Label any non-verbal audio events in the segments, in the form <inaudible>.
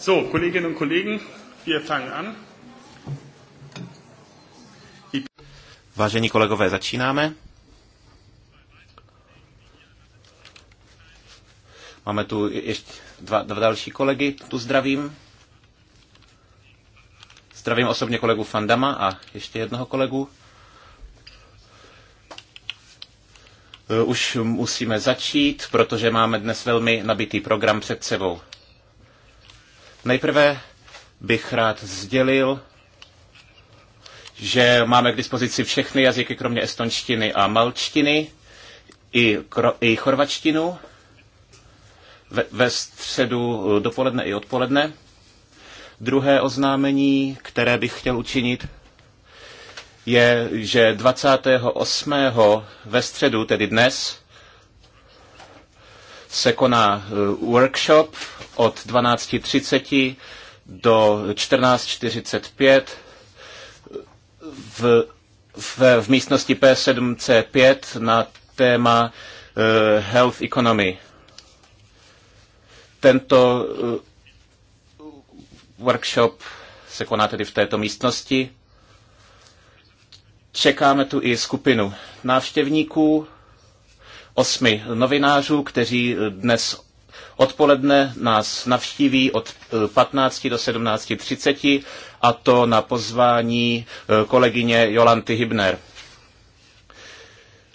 So, Kolleginnen und Kollegen, wir fangen an. Vážení kolegové, začínáme. Máme tu ještě dva, dva další kolegy, tu zdravím. Zdravím osobně kolegu Fandama a ještě jednoho kolegu. Eh, už musíme začít, protože máme dnes velmi nabitý program před sebou. Nejprve bych rád sdělil, že máme k dispozici všechny jazyky, kromě estonštiny a malčtiny, i, kro, i chorvačtinu, ve, ve středu dopoledne i odpoledne. Druhé oznámení, které bych chtěl učinit, je, že 28. ve středu, tedy dnes, se koná e, workshop od 12.30 do 14.45 v, v, v místnosti P7C5 na téma uh, Health Economy. Tento uh, workshop se koná tedy v této místnosti. Čekáme tu i skupinu návštěvníků osmi novinářů, kteří dnes odpoledne nás navštíví od 15 eh, do 17.30 a to na pozvání eh, kolegyně Jolanty Hibner.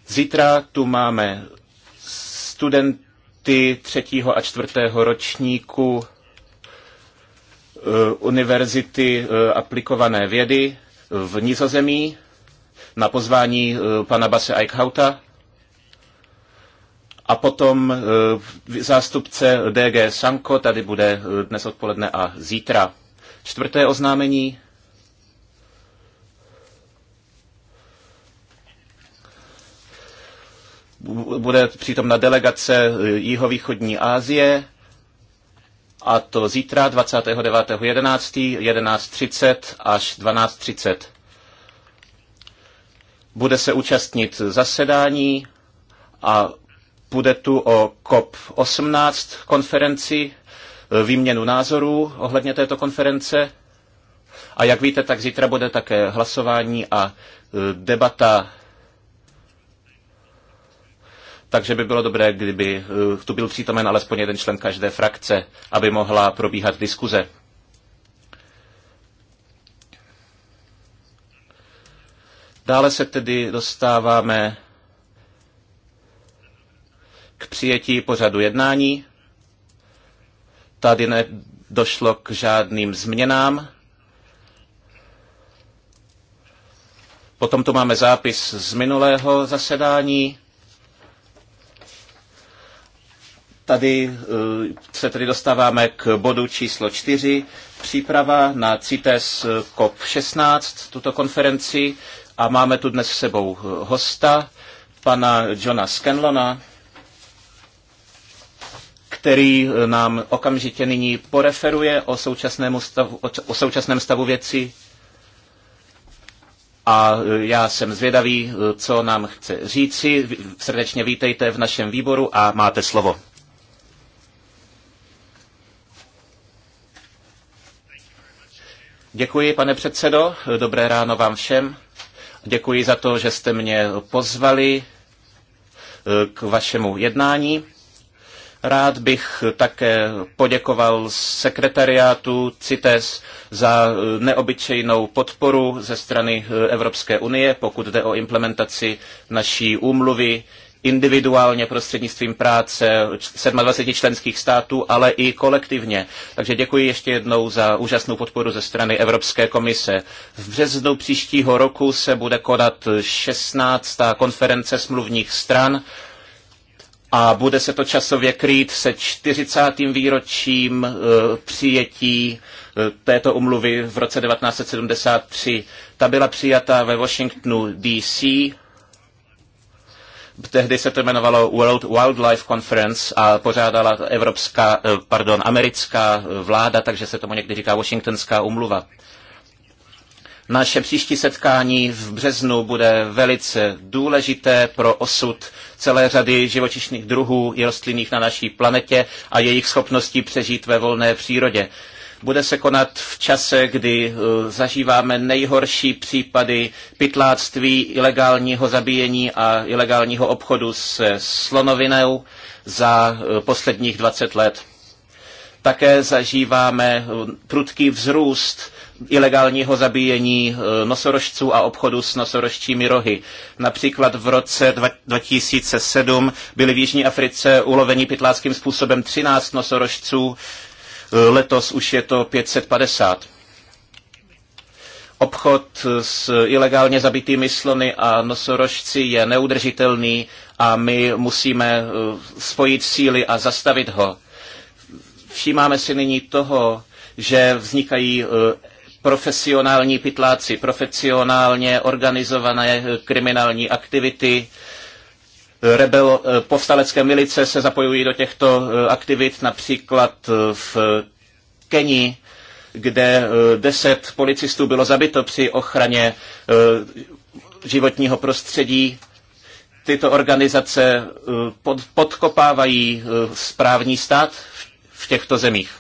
Zítra tu máme studenty třetího a čtvrtého ročníku eh, Univerzity aplikované vědy v Nizozemí na pozvání pana Base Eichhauta a potom eh, zástupce DG Sanko tady bude eh, dnes odpoledne a zítra. Čtvrté oznámení. Bude přítomna delegace eh, Jihovýchodní Asie a to zítra 29.11. 11.30 až 12.30. Bude se účastnit zasedání a Půjde tu o COP18 konferenci, e, výměnu názorů ohledně této konference. A jak víte, tak zítra bude také hlasování a e, debata. Takže by bylo dobré, kdyby e, tu byl přítomen alespoň jeden člen každé frakce, aby mohla probíhat diskuze. Dále se tedy dostáváme k přijetí pořadu jednání. Tady nedošlo k žádným změnám. Potom tu máme zápis z minulého zasedání. Tady eh, se tedy dostáváme k bodu číslo 4, příprava na CITES COP16, tuto konferenci. A máme tu dnes s sebou hosta, pana Johna Scanlona, který eh, nám okamžitě nyní poreferuje o, stavu, o současném stavu věci. A eh, já jsem zvědavý, eh, co nám chce říci. Srdečně vítejte v našem výboru a máte slovo. Děkuji, pane předsedo. Dobré ráno vám všem. Děkuji za to, že jste mě pozvali k vašemu jednání. Rád bych také poděkoval sekretariátu CITES za eh, neobyčejnou podporu ze strany eh, Evropské unie, pokud jde o implementaci naší úmluvy individuálně prostřednictvím práce 27 členských států, ale i kolektivně. Takže děkuji ještě jednou za úžasnou podporu ze strany Evropské komise. V březnu příštího roku se bude konat 16. Eh, konference smluvních stran a bude se to časově krýt se 40. výročím eh, přijetí eh, této umluvy v roce 1973. Ta byla přijata ve Washingtonu DC. Tehdy se to jmenovalo World Wildlife Conference a pořádala evropská, eh, pardon, americká vláda, takže se tomu někdy říká Washingtonská umluva. Naše příští setkání v březnu bude velice důležité pro osud celé řady živočišných druhů i rostlinných na naší planetě a jejich schopností přežít ve volné přírodě. Bude se konat v čase, kdy eh, zažíváme nejhorší případy pytláctví, ilegálního zabíjení a ilegálního obchodu se slonovinou za eh, posledních 20 let. Také zažíváme eh, prudký vzrůst ilegálního zabíjení eh, nosorožců a obchodu s nosorožčími rohy. Například v roce 2007 byly v Jižní Africe uloveni pytláckým způsobem 13 nosorožců, eh, letos už je to 550 obchod s ilegálně zabitými slony a nosorožci je neudržitelný a my musíme eh, spojit síly a zastavit ho. Všímáme si nyní toho, že vznikají profesionální pytláci, profesionálně organizované eh, kriminální aktivity, rebel, eh, povstalecké milice se zapojují do těchto eh, aktivit, například v Keni, kde deset policistů bylo zabito při ochraně životního prostředí. Tyto organizace pod, podkopávají správní stát v těchto zemích.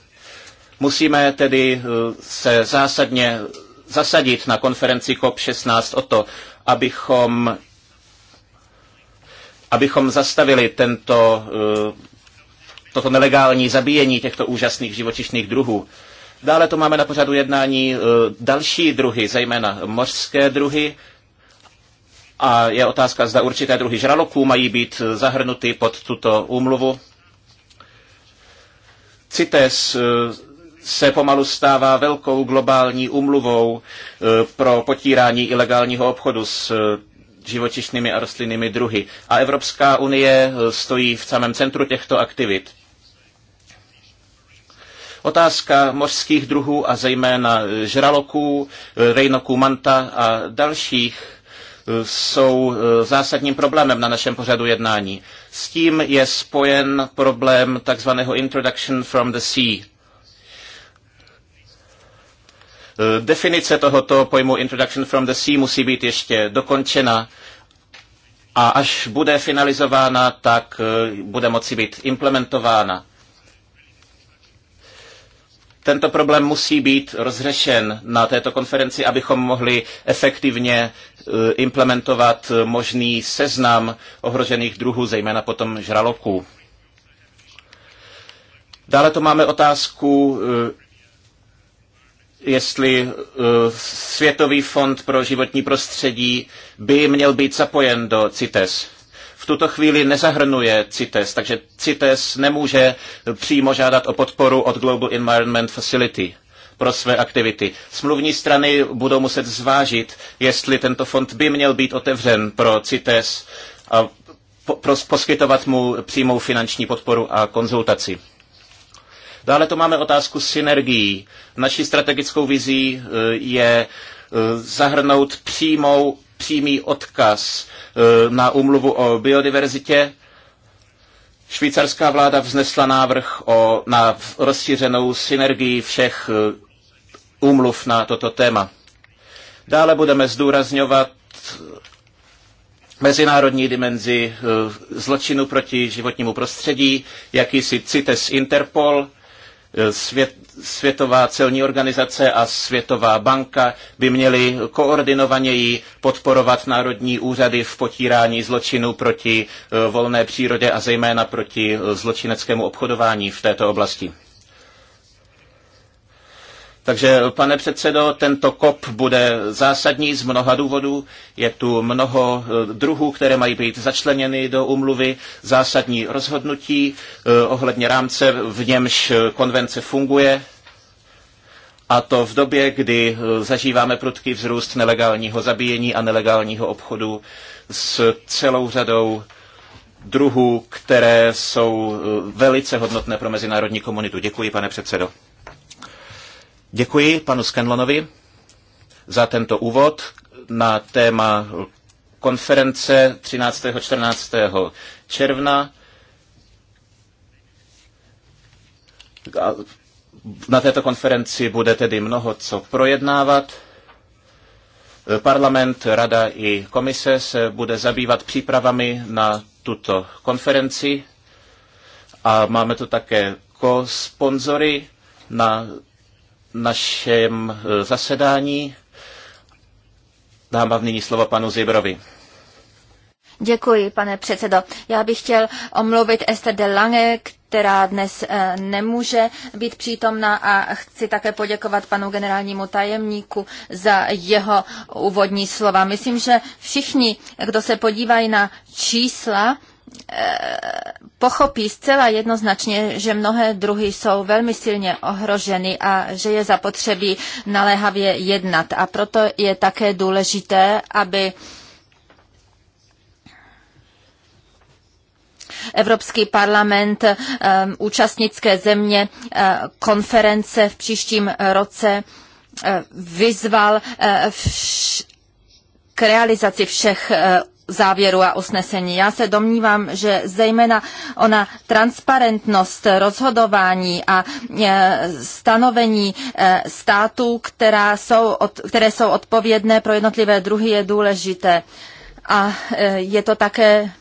Musíme tedy eh, se zásadně zasadit na konferenci COP16 o to, abychom, abychom zastavili tento, eh, toto nelegální zabíjení těchto úžasných živočišných druhů. Dále tu máme na pořadu jednání eh, další druhy, zejména mořské druhy. A je otázka, zda určité druhy žraloků mají být zahrnuty pod tuto úmluvu. CITES se pomalu stává velkou globální umluvou eh, pro potírání ilegálního obchodu s eh, živočišnými a rostlinnými druhy. A Evropská unie eh, stojí v samém centru těchto aktivit. Otázka mořských druhů a zejména žraloků, rejnoků manta a dalších jsou zásadním problémem na našem pořadu jednání. S tím je spojen problém takzvaného Introduction from the Sea, Eh, definice tohoto pojmu Introduction from the Sea musí být ještě dokončena a až bude finalizována, tak eh, bude moci být implementována. Tento problém musí být rozřešen na této konferenci, abychom mohli efektivně eh, implementovat možný seznam ohrožených druhů, zejména potom žraloků. Dále to máme otázku jestli eh, Světový fond pro životní prostředí by měl být zapojen do CITES. V tuto chvíli nezahrnuje CITES, takže CITES nemůže přímo žádat o podporu od Global Environment Facility pro své aktivity. Smluvní strany budou muset zvážit, jestli tento fond by měl být otevřen pro CITES a poskytovat mu přímou finanční podporu a konzultaci. Dále to máme otázku synergií. Naší strategickou vizí e, je e, zahrnout přímou, přímý odkaz e, na umluvu o biodiverzitě. Švýcarská vláda vznesla návrh o, na rozšířenou synergii všech úmluv na toto téma. Dále budeme zdůrazňovat mezinárodní dimenzi zločinu proti životnímu prostředí, jakýsi CITES Interpol, Svět, Světová celní organizace a Světová banka by měly koordinovaněji podporovat národní úřady v potírání zločinu proti eh, volné přírodě a zejména proti eh, zločineckému obchodování v této oblasti. Takže, pane předsedo, tento kop bude zásadní z mnoha důvodů. Je tu mnoho eh, druhů, které mají být začleněny do umluvy, zásadní rozhodnutí eh, ohledně rámce, v němž eh, konvence funguje, a to v době, kdy zažíváme prudký vzrůst nelegálního zabíjení a nelegálního obchodu s celou řadou druhů, které jsou velice hodnotné pro mezinárodní komunitu. Děkuji, pane předsedo. Děkuji panu Scanlonovi za tento úvod na téma konference 13. 14. června. Na této konferenci bude tedy mnoho co projednávat. Parlament, rada i komise se bude zabývat přípravami na tuto konferenci a máme tu také ko-sponzory na našem eh, zasedání. Dám vám nyní slovo panu Zibrovi. Děkuji, pane předsedo. Já bych chtěl omluvit Esther de Lange, která dnes eh, nemůže být přítomna a chci také poděkovat panu generálnímu tajemníku za jeho úvodní slova. Myslím, že všichni, kdo se podívají na čísla, pochopí zcela jednoznačně, že mnohé druhy jsou velmi silně ohroženy a že je zapotřebí naléhavě jednat. A proto je také důležité, aby Evropský parlament, um, účastnické země uh, konference v příštím roce uh, vyzval uh, k realizaci všech závěru a usnesení. Já se domnívám, že zejména ona transparentnost rozhodování a e, stanovení e, států, která jsou, které jsou odpovědné pro jednotlivé druhy, je důležité. A e, je to také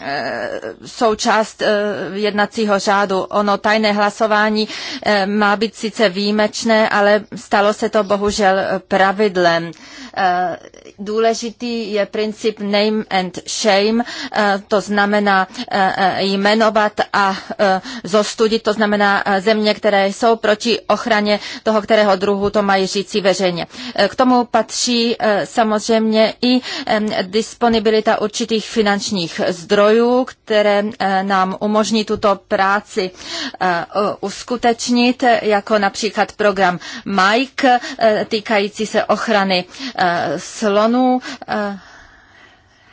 Eh, součást eh, jednacího řádu. Ono tajné hlasování eh, má být sice výjimečné, ale stalo se to bohužel pravidlem. Důležitý je princip name and shame, to znamená jmenovat a zostudit, to znamená země, které jsou proti ochraně toho, kterého druhu, to mají říci veřejně. K tomu patří samozřejmě i disponibilita určitých finančních zdrojů zdrojů, které eh, nám umožní tuto práci eh, uskutečnit, jako například program Mike eh, týkající se ochrany slonů.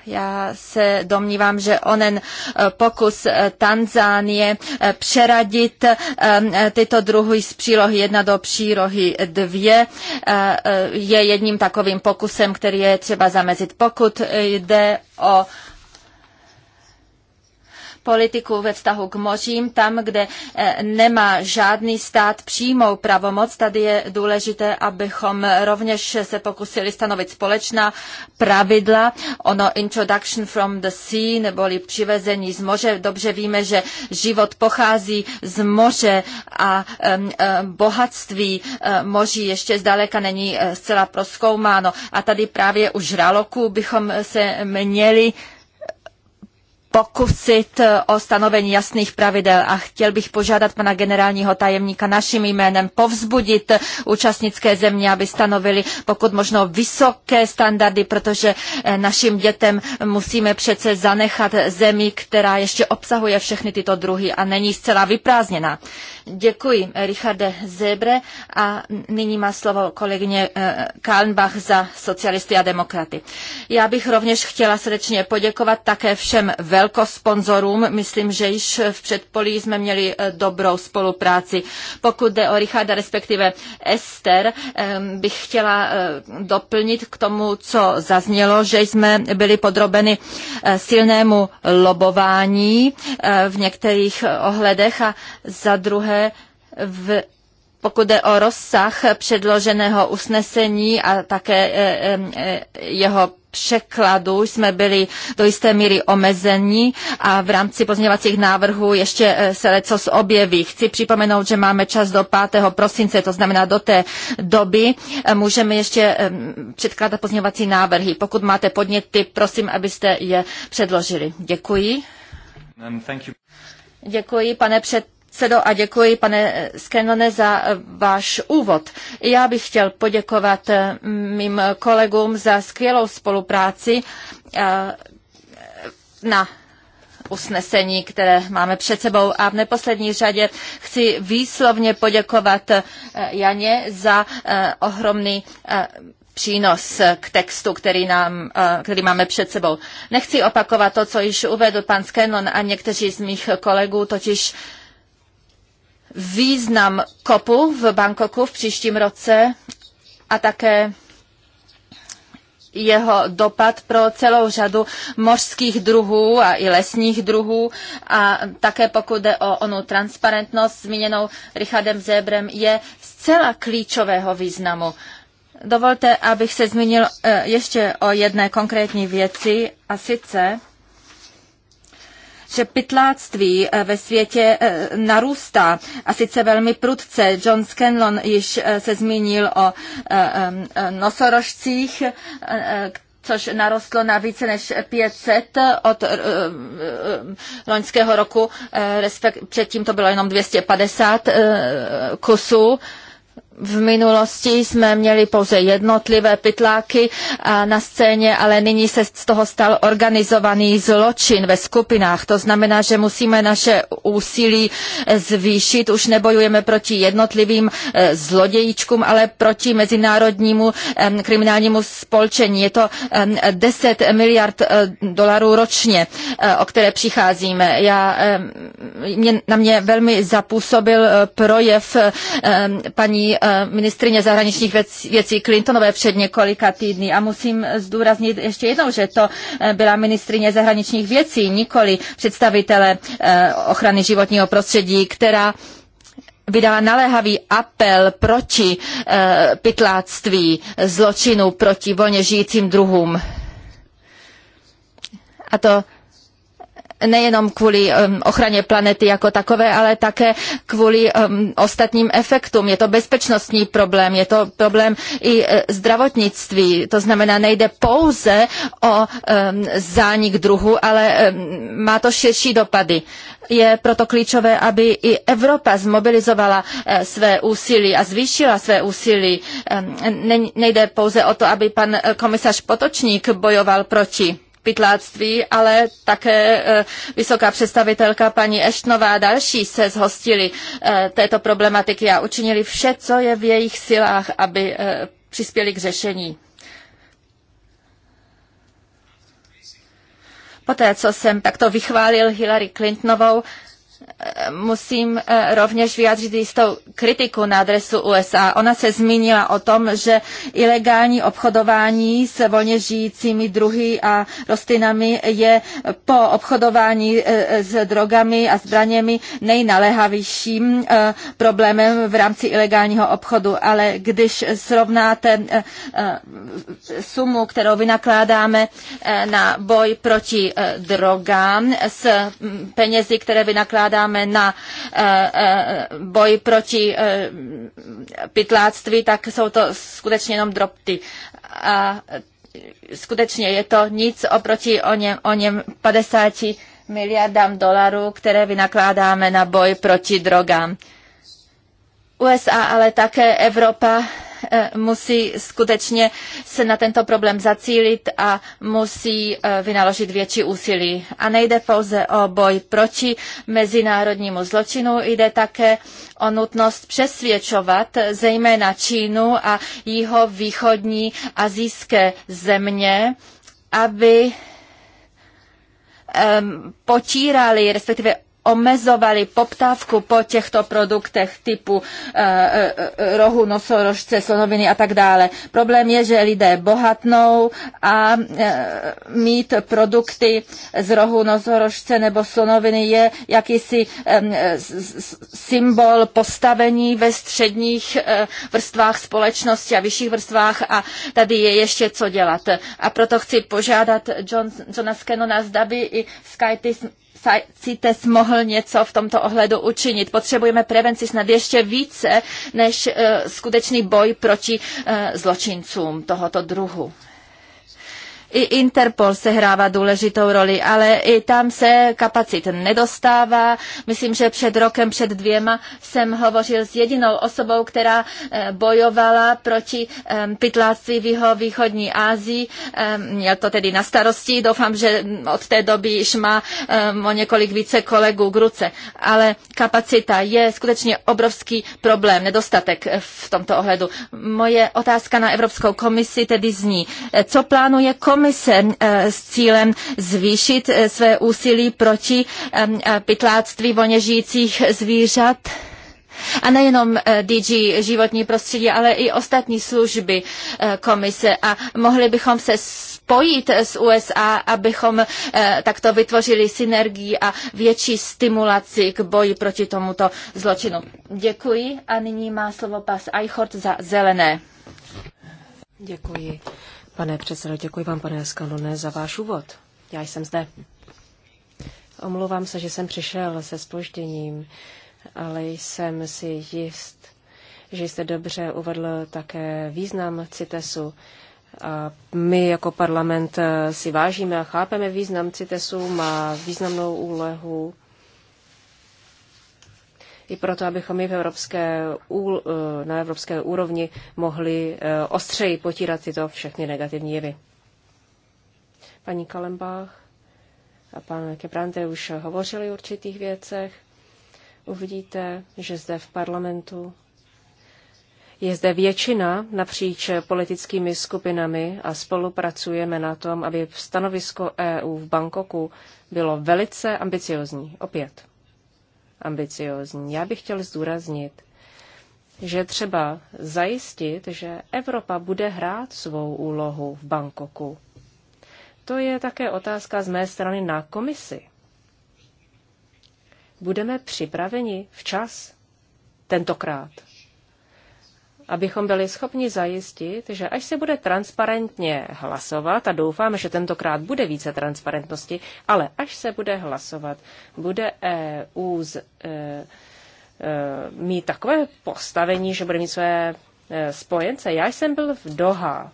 Já se domnívám, že onen pokus Tanzánie přeradit tyto druhy z přílohy 1 do přílohy 2 je jedním takovým pokusem, který je třeba zamezit. Pokud jde o politiku ve vztahu k mořím, tam, kde eh, nemá žádný stát přímou pravomoc. Tady je důležité, abychom rovněž se pokusili stanovit společná pravidla. Ono introduction from the sea, neboli přivezení z moře. Dobře víme, že život pochází z moře a eh, bohatství eh, moří ještě zdaleka není zcela proskoumáno. A tady právě u žraloků bychom se měli pokusit eh, o stanovení jasných pravidel a chtěl bych požádat pana generálního tajemníka naším jménem povzbudit eh, účastnické země, aby stanovili pokud možno vysoké standardy, protože eh, našim dětem musíme přece zanechat zemi, která ještě obsahuje všechny tyto druhy a není zcela vyprázdněná. Děkuji, Richarde Zebre. A nyní má slovo kolegyně eh, Kalnbach za socialisty a demokraty. Já bych rovněž chtěla srdečně poděkovat také všem velkosponzorům. Myslím, že již v předpolí jsme měli eh, dobrou spolupráci. Pokud jde o Richarda, respektive Ester, eh, bych chtěla doplnit k tomu, co zaznělo, že jsme byli podrobeni silnému lobování v některých ohledech a za druhé v pokud jde o rozsah předloženého usnesení a také eh, eh, jeho překladu jsme byli do jisté míry omezení a v rámci pozměňovacích návrhů ještě eh, se lecos objeví. Chci připomenout, že máme čas do 5. prosince, to znamená do té doby můžeme ještě předkládat pozměňovací návrhy. Pokud máte podněty, prosím, abyste je předložili. Děkuji. Děkuji, pane předsedo předsedo, a děkuji, pane Skenone, za eh, váš úvod. Já bych chtěl poděkovat eh, mým kolegům za skvělou spolupráci eh, na usnesení, které máme před sebou. A v neposlední řadě chci výslovně poděkovat Janě za ohromný přínos k textu, který, nám, který máme před sebou. Nechci opakovat to, co již uvedl pan Skenon a někteří z mých kolegů, totiž význam kopu v Bangkoku v příštím roce a také jeho dopad pro celou řadu mořských druhů a i lesních druhů a také pokud jde o onu transparentnost zmíněnou Richardem Zébrem je zcela klíčového významu. Dovolte, abych se zmínil eh, ještě o jedné konkrétní věci a sice že pytláctví eh, ve světě eh, narůstá a sice velmi prudce. John Scanlon již eh, se zmínil o nosorožcích, což narostlo na více než 500 od loňského roku, respekt, předtím to bylo jenom 250 kusů v minulosti jsme měli pouze jednotlivé pytláky na scéně, ale nyní se z toho stal organizovaný zločin ve skupinách. To znamená, že musíme naše úsilí zvýšit. Už nebojujeme proti jednotlivým e, zlodějíčkům, ale proti mezinárodnímu kriminálnímu spolčení. Je to 10 miliard e, dolarů ročně, e, o které přicházíme. Já, mě, na mě velmi zapůsobil projev paní Eh, ministrině zahraničních věcí Clintonové před několika týdny. A musím zdůraznit ještě jednou, že to eh, byla ministrině zahraničních věcí, nikoli představitele eh, ochrany životního prostředí, která vydala naléhavý apel proti pytláctví, zločinu proti volně žijícím druhům. A to nejenom kvůli ochraně planety jako takové, ale také kvůli ostatním efektům. Je to bezpečnostní problém, je to problém i e, zdravotnictví. To znamená, nejde pouze o zánik druhu, ale má to širší dopady. Je proto klíčové, aby i Evropa zmobilizovala e, své úsilí a zvýšila své úsilí. Nejde pouze o to, aby pan e, komisař Potočník bojoval proti pytláctví, ale také eh, vysoká představitelka paní Eštnová a další se zhostili eh, této problematiky a učinili vše, co je v jejich silách, aby eh, přispěli k řešení. Poté, co jsem takto vychválil Hillary Clintonovou, musím eh, rovněž vyjádřit jistou kritiku na adresu USA. Ona se zmínila o tom, že ilegální obchodování s volně žijícími druhy a rostlinami je po obchodování eh, s drogami a zbraněmi nejnaléhavějším eh, problémem v rámci ilegálního obchodu. Ale když srovnáte sumu, kterou vynakládáme na boj proti drogám s mm, penězi, které vynakládáme vynakládáme na eh, eh, boj proti eh, pytláctví, tak jsou to skutečně jenom dropty. A skutečně je to nic oproti o něm, o něm 50 miliardám dolarů, které vynakládáme na boj proti drogám. USA, ale také Evropa Eh, musí skutečně se na tento problém zacílit a musí eh, vynaložit větší úsilí. A nejde pouze o boj proti mezinárodnímu zločinu, jde také o nutnost přesvědčovat zejména Čínu a jeho východní azijské země, aby potírali, respektive omezovali poptávku po těchto produktech typu eh, eh, rohu, nosorožce, slonoviny a tak dále. Problém je, že lidé bohatnou a eh, mít produkty z rohu, nosorožce nebo slonoviny je jakýsi symbol postavení ve středních vrstvách společnosti a vyšších vrstvách a tady je ještě co dělat. A proto chci požádat John, Johna Kennona, zda by i Skytis CITES mohl něco v tomto ohledu učinit. Potřebujeme prevenci snad ještě více než eh, skutečný boj proti eh, zločincům tohoto druhu. I Interpol sehrává důležitou roli, ale i tam se kapacit nedostává. Myslím, že před rokem, před dvěma jsem hovořil s jedinou osobou, která eh, bojovala proti pytláctví v jeho východní Ázii. Měl to tedy na starosti. Doufám, že mm, od té doby již má o několik více kolegů k ruce. Ale kapacita je skutečně obrovský problém, nedostatek eh, v tomto ohledu. Moje otázka na Evropskou komisi tedy zní, eh, co plánuje komise komise eh, s cílem zvýšit eh, své úsilí proti eh, pytláctví voně žijících zvířat? A nejenom DG životní prostředí, ale i ostatní služby komise. A mohli bychom se spojit s USA, abychom takto vytvořili synergii a větší stimulaci k boji proti tomuto zločinu. Děkuji a nyní má slovo pas Eichhort za zelené. Děkuji. Pane předsedo, děkuji vám, pane Skalone, za váš úvod. Já jsem zde. Omlouvám se, že jsem přišel se spožděním, ale jsem si jist, že jste dobře uvedl také význam CITESu. A my jako parlament si vážíme a chápeme význam CITESu, má významnou úlehu i proto, abychom i v evropské, eh, na evropské úrovni mohli eh, ostřeji potírat tyto všechny negativní jevy. Paní Kalembach a pan Kebrante už hovořili o určitých věcech. Uvidíte, že zde v parlamentu je zde většina napříč politickými skupinami a spolupracujeme na tom, aby stanovisko EU v Bangkoku bylo velice ambiciozní. Opět ambiciózní. Já bych chtěl zdůraznit, že třeba zajistit, že Evropa bude hrát svou úlohu v Bangkoku. To je také otázka z mé strany na komisi. Budeme připraveni včas tentokrát abychom byli schopni zajistit, že až se bude transparentně hlasovat, a doufáme, že tentokrát bude více transparentnosti, ale až se bude hlasovat, bude EU z, e, e, mít takové postavení, že bude mít své e, spojence. Já jsem byl v Doha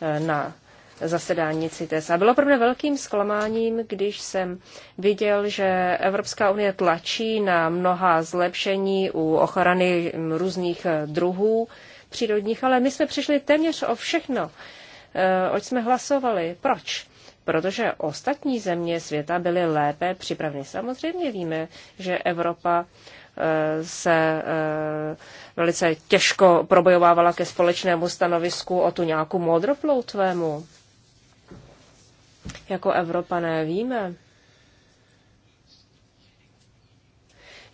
e, na zasedání CITES. A bylo pro mě velkým zklamáním, když jsem viděl, že Evropská unie tlačí na mnoha zlepšení u ochrany různých druhů přírodních, ale my jsme přišli téměř o všechno, eh, oč jsme hlasovali. Proč? Protože ostatní země světa byly lépe připraveny. Samozřejmě víme, že Evropa eh, se eh, velice těžko probojovávala ke společnému stanovisku o tu nějakou modroploutvému. Jako Evropané víme,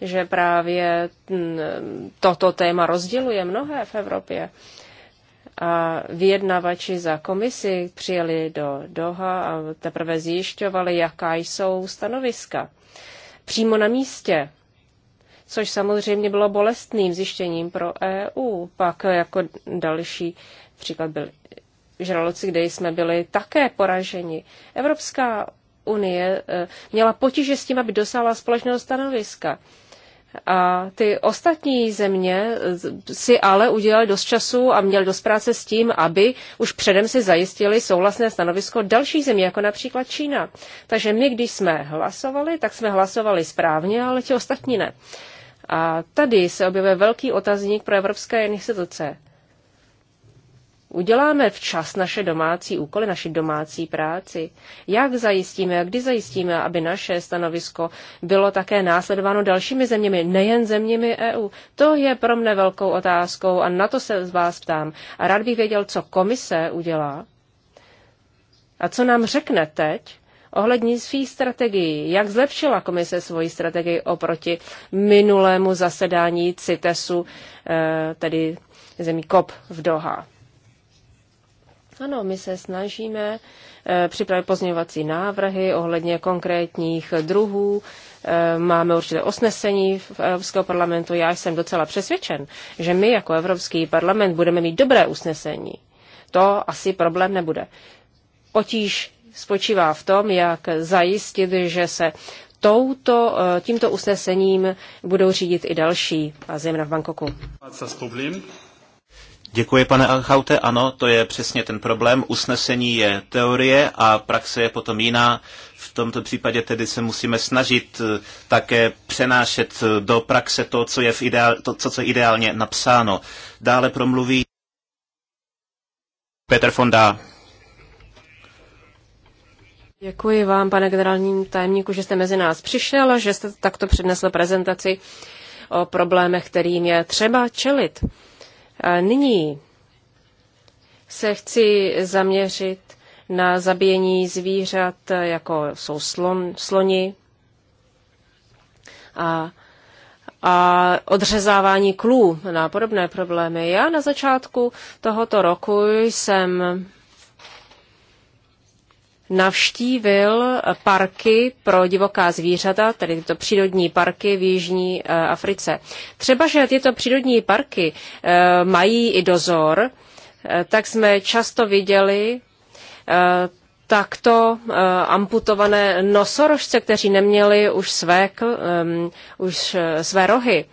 že právě mm, toto téma rozděluje mnohé v Evropě. A vyjednavači za komisi přijeli do Doha a teprve zjišťovali, jaká jsou stanoviska. Přímo na místě, což samozřejmě bylo bolestným zjištěním pro EU. Pak jako další příklad byl žraloci, kde jsme byli také poraženi. Evropská unie eh, měla potíže s tím, aby dosáhla společného stanoviska. A ty ostatní země eh, si ale udělali dost času a měli dost práce s tím, aby už předem si zajistili souhlasné stanovisko Další země jako například Čína. Takže my, když jsme hlasovali, tak jsme hlasovali správně, ale ti ostatní ne. A tady se objevuje velký otazník pro evropské instituce uděláme včas naše domácí úkoly, naši domácí práci? Jak zajistíme, kdy zajistíme, aby naše stanovisko bylo také následováno dalšími zeměmi, nejen zeměmi EU? To je pro mne velkou otázkou a na to se z vás ptám. A rád bych věděl, co komise udělá a co nám řekne teď, ohledně svých strategii. Jak zlepšila komise svoji strategii oproti minulému zasedání CITESu, eh, tedy zemí COP v Doha? Ano, my se snažíme eh, připravit pozměňovací návrhy ohledně konkrétních druhů. Eh, máme určité osnesení v Evropského parlamentu. Já jsem docela přesvědčen, že my jako Evropský parlament budeme mít dobré usnesení. To asi problém nebude. Potíž spočívá v tom, jak zajistit, že se touto, eh, tímto usnesením budou řídit i další, a zejména v Bangkoku. Děkuji, pane Anchaute. Ano, to je přesně ten problém. Usnesení je teorie a praxe je potom jiná. V tomto případě tedy se musíme snažit eh, také přenášet eh, do praxe to, co je, v ideál, to, co je ideálně napsáno. Dále promluví Petr Fonda. Děkuji vám, pane generální tajemníku, že jste mezi nás přišel a že jste takto přednesl prezentaci o problémech, kterým je třeba čelit nyní se chci zaměřit na zabíjení zvířat, jako jsou slon, sloni a, a odřezávání klů na podobné problémy. Já na začátku tohoto roku jsem navštívil parky pro divoká zvířata, tedy tyto přírodní parky v Jižní eh, Africe. Třeba, že tyto přírodní parky eh, mají i dozor, eh, tak jsme často viděli takto amputované nosorožce, kteří neměli už své, už své rohy.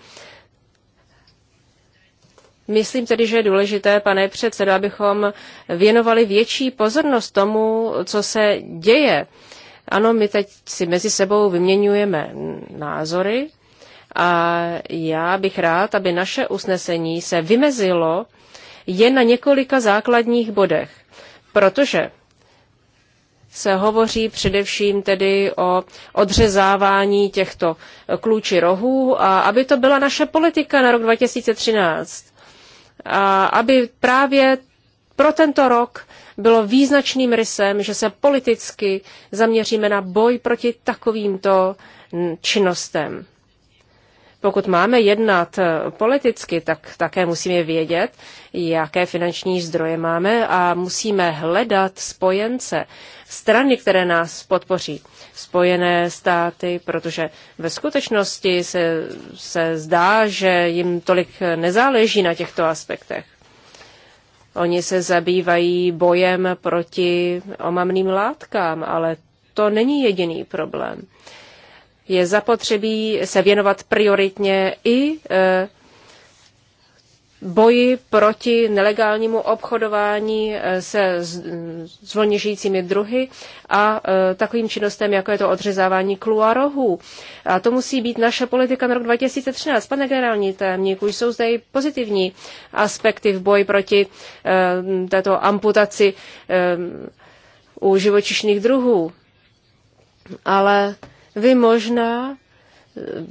Myslím tedy, že je důležité, pane předsedo, abychom věnovali větší pozornost tomu, co se děje. Ano, my teď si mezi sebou vyměňujeme názory a já bych rád, aby naše usnesení se vymezilo jen na několika základních bodech, protože se hovoří především tedy o odřezávání těchto klůči rohů a aby to byla naše politika na rok 2013 aby právě pro tento rok bylo význačným rysem, že se politicky zaměříme na boj proti takovýmto činnostem. Pokud máme jednat e, politicky, tak také musíme vědět, jaké finanční zdroje máme a musíme hledat spojence strany, které nás podpoří. Spojené státy, protože ve skutečnosti se, se zdá, že jim tolik nezáleží na těchto aspektech. Oni se zabývají bojem proti omamným látkám, ale to není jediný problém. Je zapotřebí se věnovat prioritně i e, boji proti nelegálnímu obchodování eh, se zvolně žijícími druhy a eh, takovým činnostem, jako je to odřezávání klů a rohů. A to musí být naše politika na rok 2013. Pane generální témníku, jsou zde i pozitivní aspekty v boji proti eh, této amputaci u živočišných druhů. Ale vy možná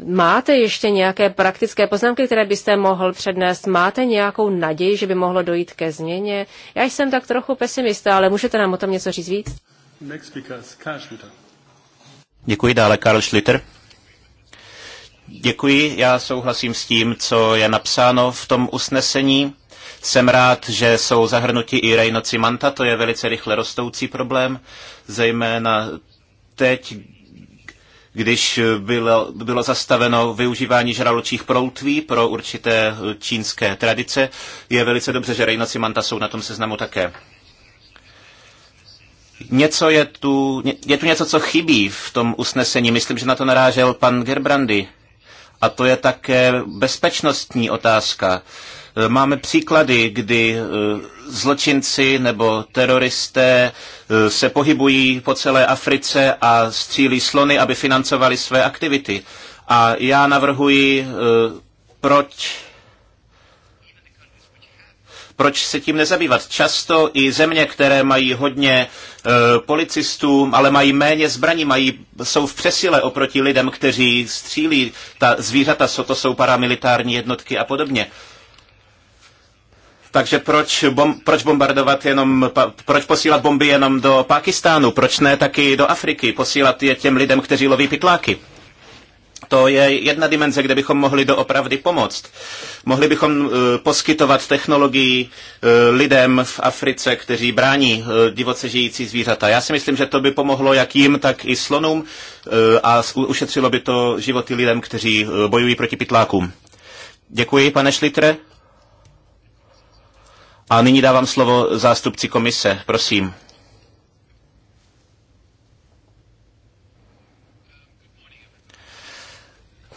Máte ještě nějaké praktické poznámky, které byste mohl přednést? Máte nějakou naději, že by mohlo dojít ke změně? Já jsem tak trochu pesimista, ale můžete nám o tom něco říct víc? Děkuji dále, Karl Schlitter. Děkuji, já souhlasím s tím, co je napsáno v tom usnesení. Jsem rád, že jsou zahrnuti i rejnoci manta, to je velice rychle rostoucí problém, zejména teď, když bylo, bylo zastaveno využívání žraločích proutví pro určité čínské tradice. Je velice dobře, že rejnoci manta jsou na tom seznamu také. Něco je tu, je tu něco, co chybí v tom usnesení. Myslím, že na to narážel pan Gerbrandy. A to je také bezpečnostní otázka. Eh, máme příklady, kdy eh, zločinci nebo teroristé eh, se pohybují po celé Africe a střílí slony, aby financovali své aktivity. A já navrhuji, proč proč se tím nezabývat. Často i země, které mají hodně e, policistů, ale mají méně zbraní, mají, jsou v přesile oproti lidem, kteří střílí ta zvířata, co to jsou paramilitární jednotky a podobně. E, takže proč, bom, proč bombardovat jenom, proč posílat bomby jenom do Pakistánu, proč ne taky do Afriky, posílat je těm lidem, kteří loví pytláky? To je jedna dimenze, kde bychom mohli doopravdy pomoct. Mohli bychom eh, poskytovat technologii eh, lidem v Africe, kteří brání eh, divoce žijící zvířata. Já si myslím, že to by pomohlo jak jim, tak i slonům a ušetřilo by to životy lidem, kteří bojují proti pytlákům. Děkuji, pane Šlitre. A nyní dávám slovo zástupci komise, prosím.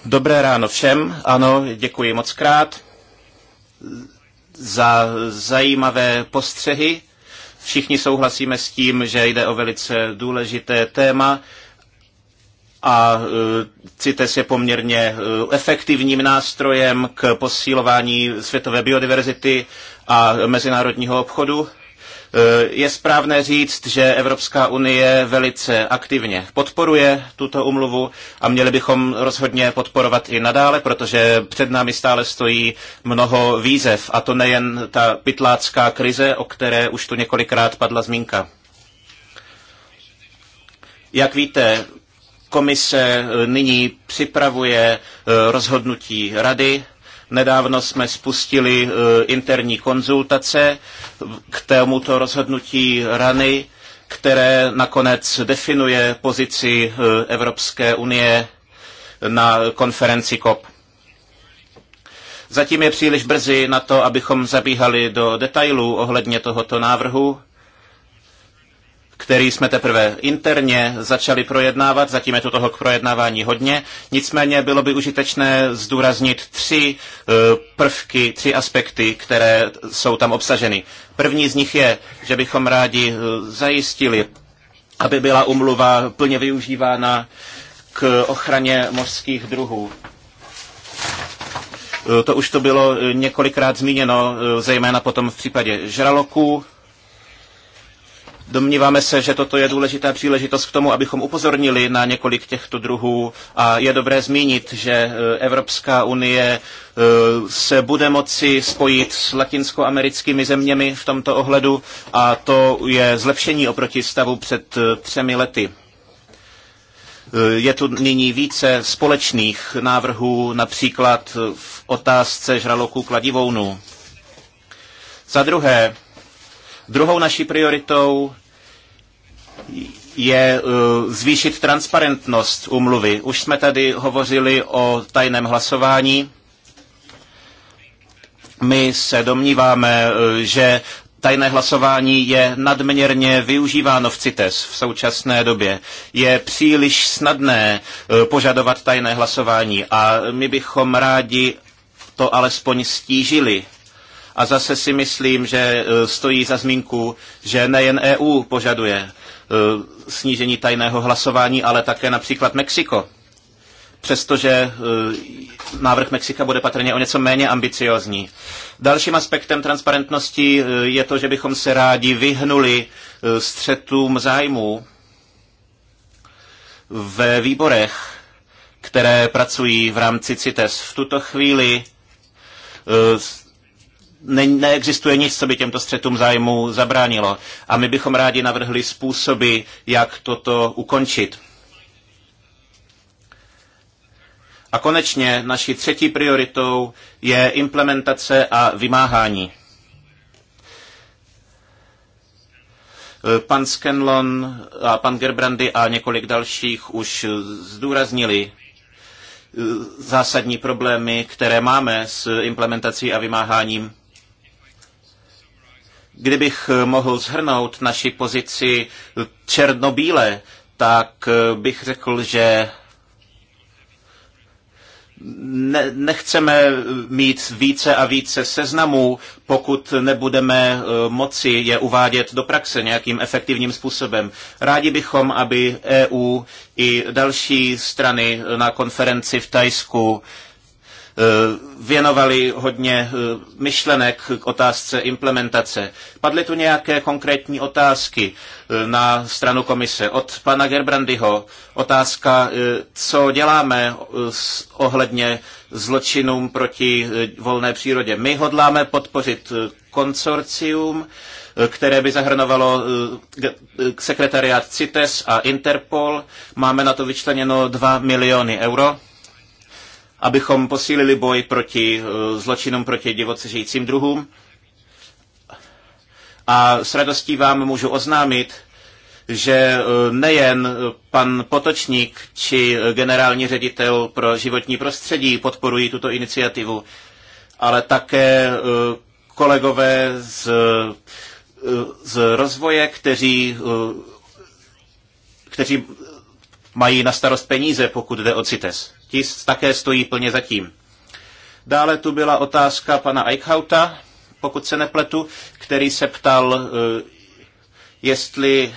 Dobré ráno všem, ano, děkuji moc krát za zajímavé postřehy. Všichni souhlasíme s tím, že jde o velice důležité téma, a e, CITES je poměrně e, efektivním nástrojem k posílování světové biodiverzity a mezinárodního obchodu. E, je správné říct, že Evropská unie velice aktivně podporuje tuto umluvu a měli bychom rozhodně podporovat i nadále, protože před námi stále stojí mnoho výzev, a to nejen ta pytlácká krize, o které už tu několikrát padla zmínka. Jak víte, Komise eh, nyní připravuje eh, rozhodnutí rady. Nedávno jsme spustili eh, interní konzultace k tomuto rozhodnutí rany, které nakonec definuje pozici Evropské unie na konferenci COP. Zatím je příliš brzy na to, abychom zabíhali do detailů ohledně tohoto návrhu, který jsme teprve interně začali projednávat, zatím je tu toho k projednávání hodně, nicméně bylo by užitečné zdůraznit tři eh, prvky, tři aspekty, které jsou tam obsaženy. První z nich je, že bychom rádi eh, zajistili, aby byla umluva plně využívána k ochraně mořských druhů. Eh, to už to bylo několikrát zmíněno, zejména potom v případě žraloků, Domníváme se, že toto je důležitá příležitost k tomu, abychom upozornili na několik těchto druhů a je dobré zmínit, že e, Evropská unie e, se bude moci spojit s latinskoamerickými zeměmi v tomto ohledu a to je zlepšení oproti stavu před e, třemi lety. Je tu nyní více společných návrhů, například v otázce žraloků kladivounů. Za druhé, Druhou naší prioritou je e, zvýšit transparentnost umluvy. Už jsme tady hovořili o tajném hlasování. My se domníváme, e, že tajné hlasování je nadměrně využíváno v CITES v současné době. Je příliš snadné e, požadovat tajné hlasování a my bychom rádi to alespoň stížili a zase si myslím, že e, stojí za zmínku, že nejen EU požaduje e, snížení tajného hlasování, ale také například Mexiko. Přestože e, návrh Mexika bude patrně o něco méně ambiciozní. Dalším aspektem transparentnosti je to, že bychom se rádi vyhnuli střetům zájmů ve výborech, které pracují v rámci CITES. V tuto chvíli ne, neexistuje nic, co by těmto střetům zájmu zabránilo. A my bychom rádi navrhli způsoby, jak toto ukončit. A konečně naší třetí prioritou je implementace a vymáhání. Pan Scanlon a pan Gerbrandy a několik dalších už zdůraznili eh, zásadní problémy, které máme s implementací a vymáháním Kdybych eh, mohl zhrnout naši pozici černobíle, tak eh, bych řekl, že ne, nechceme mít více a více seznamů, pokud nebudeme eh, moci je uvádět do praxe nějakým efektivním způsobem. Rádi bychom, aby EU i další strany na konferenci v Tajsku Eh, věnovali hodně eh, myšlenek k otázce implementace. Padly tu nějaké konkrétní otázky eh, na stranu komise. Od pana Gerbrandyho otázka, co děláme ohledně zločinům proti volné přírodě. My hodláme podpořit konsorcium, které by zahrnovalo sekretariát CITES a Interpol. Máme na to vyčleněno 2 miliony euro abychom posílili boj proti eh, zločinům proti divoce žijícím druhům. A s radostí vám můžu oznámit, že eh, nejen pan Potočník či generální ředitel pro životní prostředí podporují tuto iniciativu, ale také eh, kolegové z, z rozvoje, kteří, kteří mají na starost peníze, pokud jde o CITES ti také stojí plně zatím. Dále tu byla otázka pana Eichhauta, pokud se nepletu, který se ptal, eh, jestli,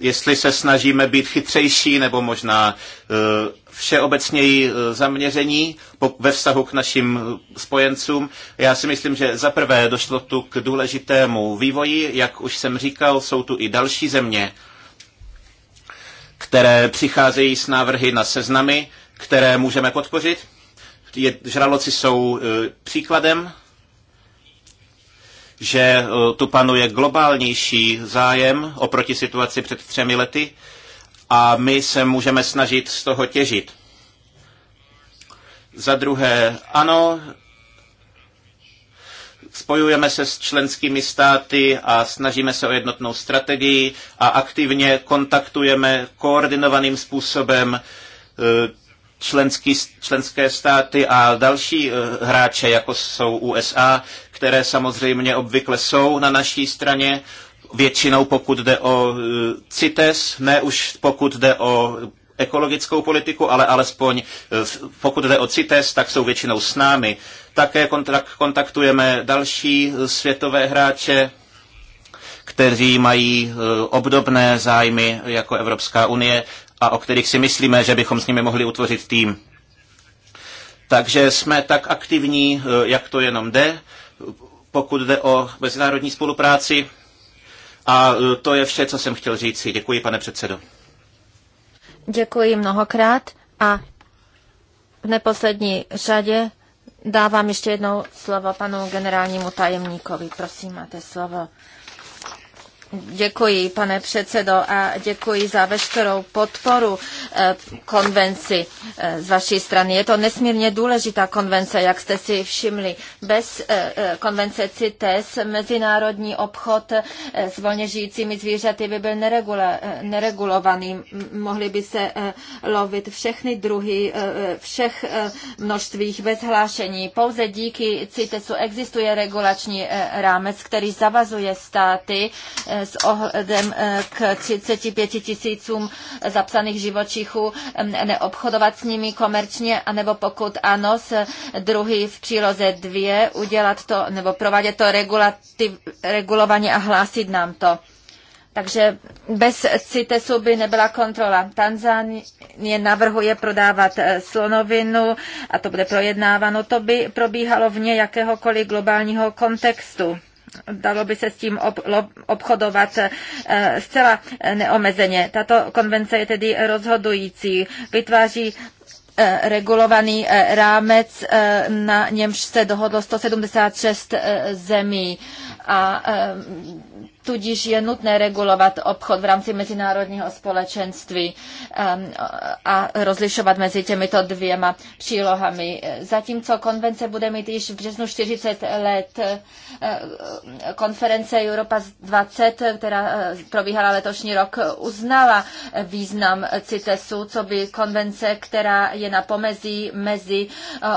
jestli se snažíme být chytřejší nebo možná eh, všeobecněji eh, zaměření ve vztahu k našim spojencům. Já si myslím, že za prvé došlo tu k důležitému vývoji, jak už jsem říkal, jsou tu i další země, které přicházejí s návrhy na seznamy, které můžeme podpořit. Je, žraloci jsou e, příkladem, že e, tu panuje globálnější zájem oproti situaci před třemi lety a my se můžeme snažit z toho těžit. Za druhé, ano, Spojujeme se s členskými státy a snažíme se o jednotnou strategii a aktivně kontaktujeme koordinovaným způsobem e, členský, členské státy a další e, hráče, jako jsou USA, které samozřejmě obvykle jsou na naší straně, většinou pokud jde o e, CITES, ne už pokud jde o ekologickou politiku, ale alespoň pokud jde o CITES, tak jsou většinou s námi. Také kontaktujeme další světové hráče, kteří mají e, obdobné zájmy jako Evropská unie a o kterých si myslíme, že bychom s nimi mohli utvořit tým. Takže jsme tak aktivní, e, jak to jenom jde, pokud jde o mezinárodní spolupráci. A e, to je vše, co jsem chtěl říct. Děkuji, pane předsedo. Děkuji mnohokrát a v neposlední řadě Dávám ještě jednou slovo panu generálnímu tajemníkovi. Prosím, máte slovo. Děkuji, pane předsedo, a děkuji za veškerou podporu eh, konvenci eh, z vaší strany. Je to nesmírně důležitá konvence, jak jste si všimli. Bez eh, konvence CITES mezinárodní obchod s volně žijícími zvířaty by byl neregulovaný. Mohly by se lovit všechny druhy, všech množstvích bez hlášení. Pouze díky CITESu existuje regulační rámec, který zavazuje státy s ohledem eh, k 35 tisícům zapsaných živočichů neobchodovat s nimi komerčně, anebo pokud ano, s druhý v příloze 2 udělat to, nebo provádět to regulovaně a hlásit nám to. Takže bez CITESu by nebyla kontrola. Tanzánie navrhuje prodávat eh, slonovinu a to bude projednáváno. To by probíhalo vně jakéhokoliv globálního kontextu dalo by se s tím obchodovat eh, zcela neomezeně. Tato konvence je tedy rozhodující, vytváří eh, regulovaný eh, rámec, na němž se dohodlo 176 zemí a tudíž je nutné regulovat obchod v rámci mezinárodního společenství um, a rozlišovat mezi těmito dvěma přílohami. Zatímco konvence bude mít již v březnu 40 let eh, konference Europa 20, která eh, probíhala letošní rok, uznala význam CITESu, co by konvence, která je na pomezí mezi eh,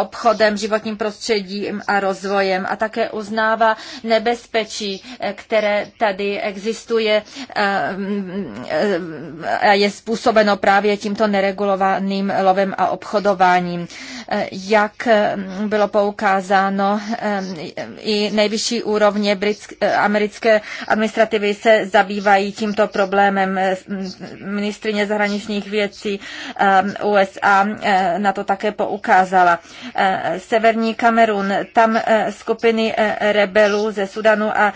obchodem, životním prostředím a rozvojem a také uznává nebezpečí, které které tady existuje a eh, eh, je způsobeno právě tímto neregulovaným lovem a obchodováním. Eh, jak bylo poukázáno, i nejvyšší úrovně americké administrativy se zabývají tímto problémem. Ministrině zahraničních věcí USA na to také poukázala. Severní Kamerun, tam skupiny rebelů ze Sudanu a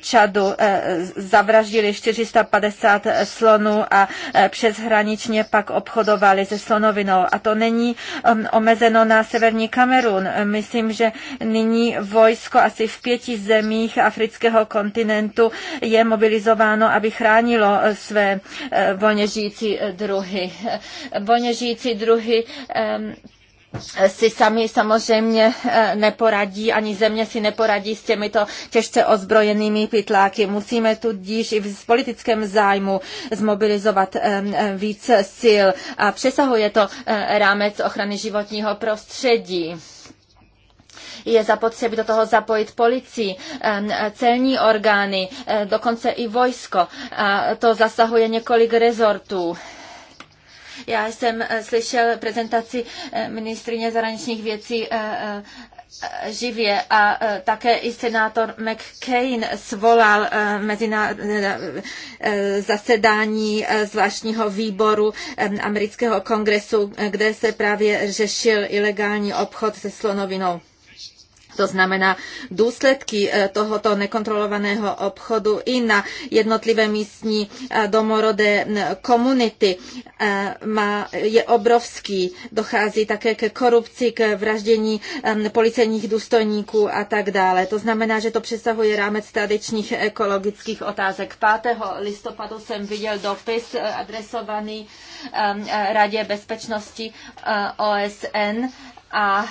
Ča sadu eh, zavraždili 450 slonů a eh, přeshraničně pak obchodovali se slonovinou. A to není um, omezeno na severní Kamerun. Myslím, že nyní vojsko asi v pěti zemích afrického kontinentu je mobilizováno, aby chránilo eh, své volně žijící druhy. Volně žijící druhy ehm, si sami samozřejmě eh, neporadí, ani země si neporadí s těmito těžce ozbrojenými pytláky. Musíme tudíž i v politickém zájmu zmobilizovat eh, eh, víc sil a přesahuje to rámec ochrany životního prostředí je zapotřebí do toho zapojit policii, celní orgány, dokonce i vojsko. A to zasahuje několik rezortů. Já jsem eh, slyšel prezentaci eh, ministrině zahraničních věcí eh, živě a také i senátor McCain svolal zasedání zvláštního výboru amerického kongresu, kde se právě řešil ilegální obchod se slonovinou. To znamená důsledky eh, tohoto nekontrolovaného obchodu i na jednotlivé místní eh, domorodé komunity eh, je obrovský. Dochází také ke korupci, k vraždění policejních důstojníků a tak dále. To znamená, že to přesahuje rámec tradičních ekologických otázek. 5. listopadu jsem viděl dopis adresovaný Radě bezpečnosti OSN a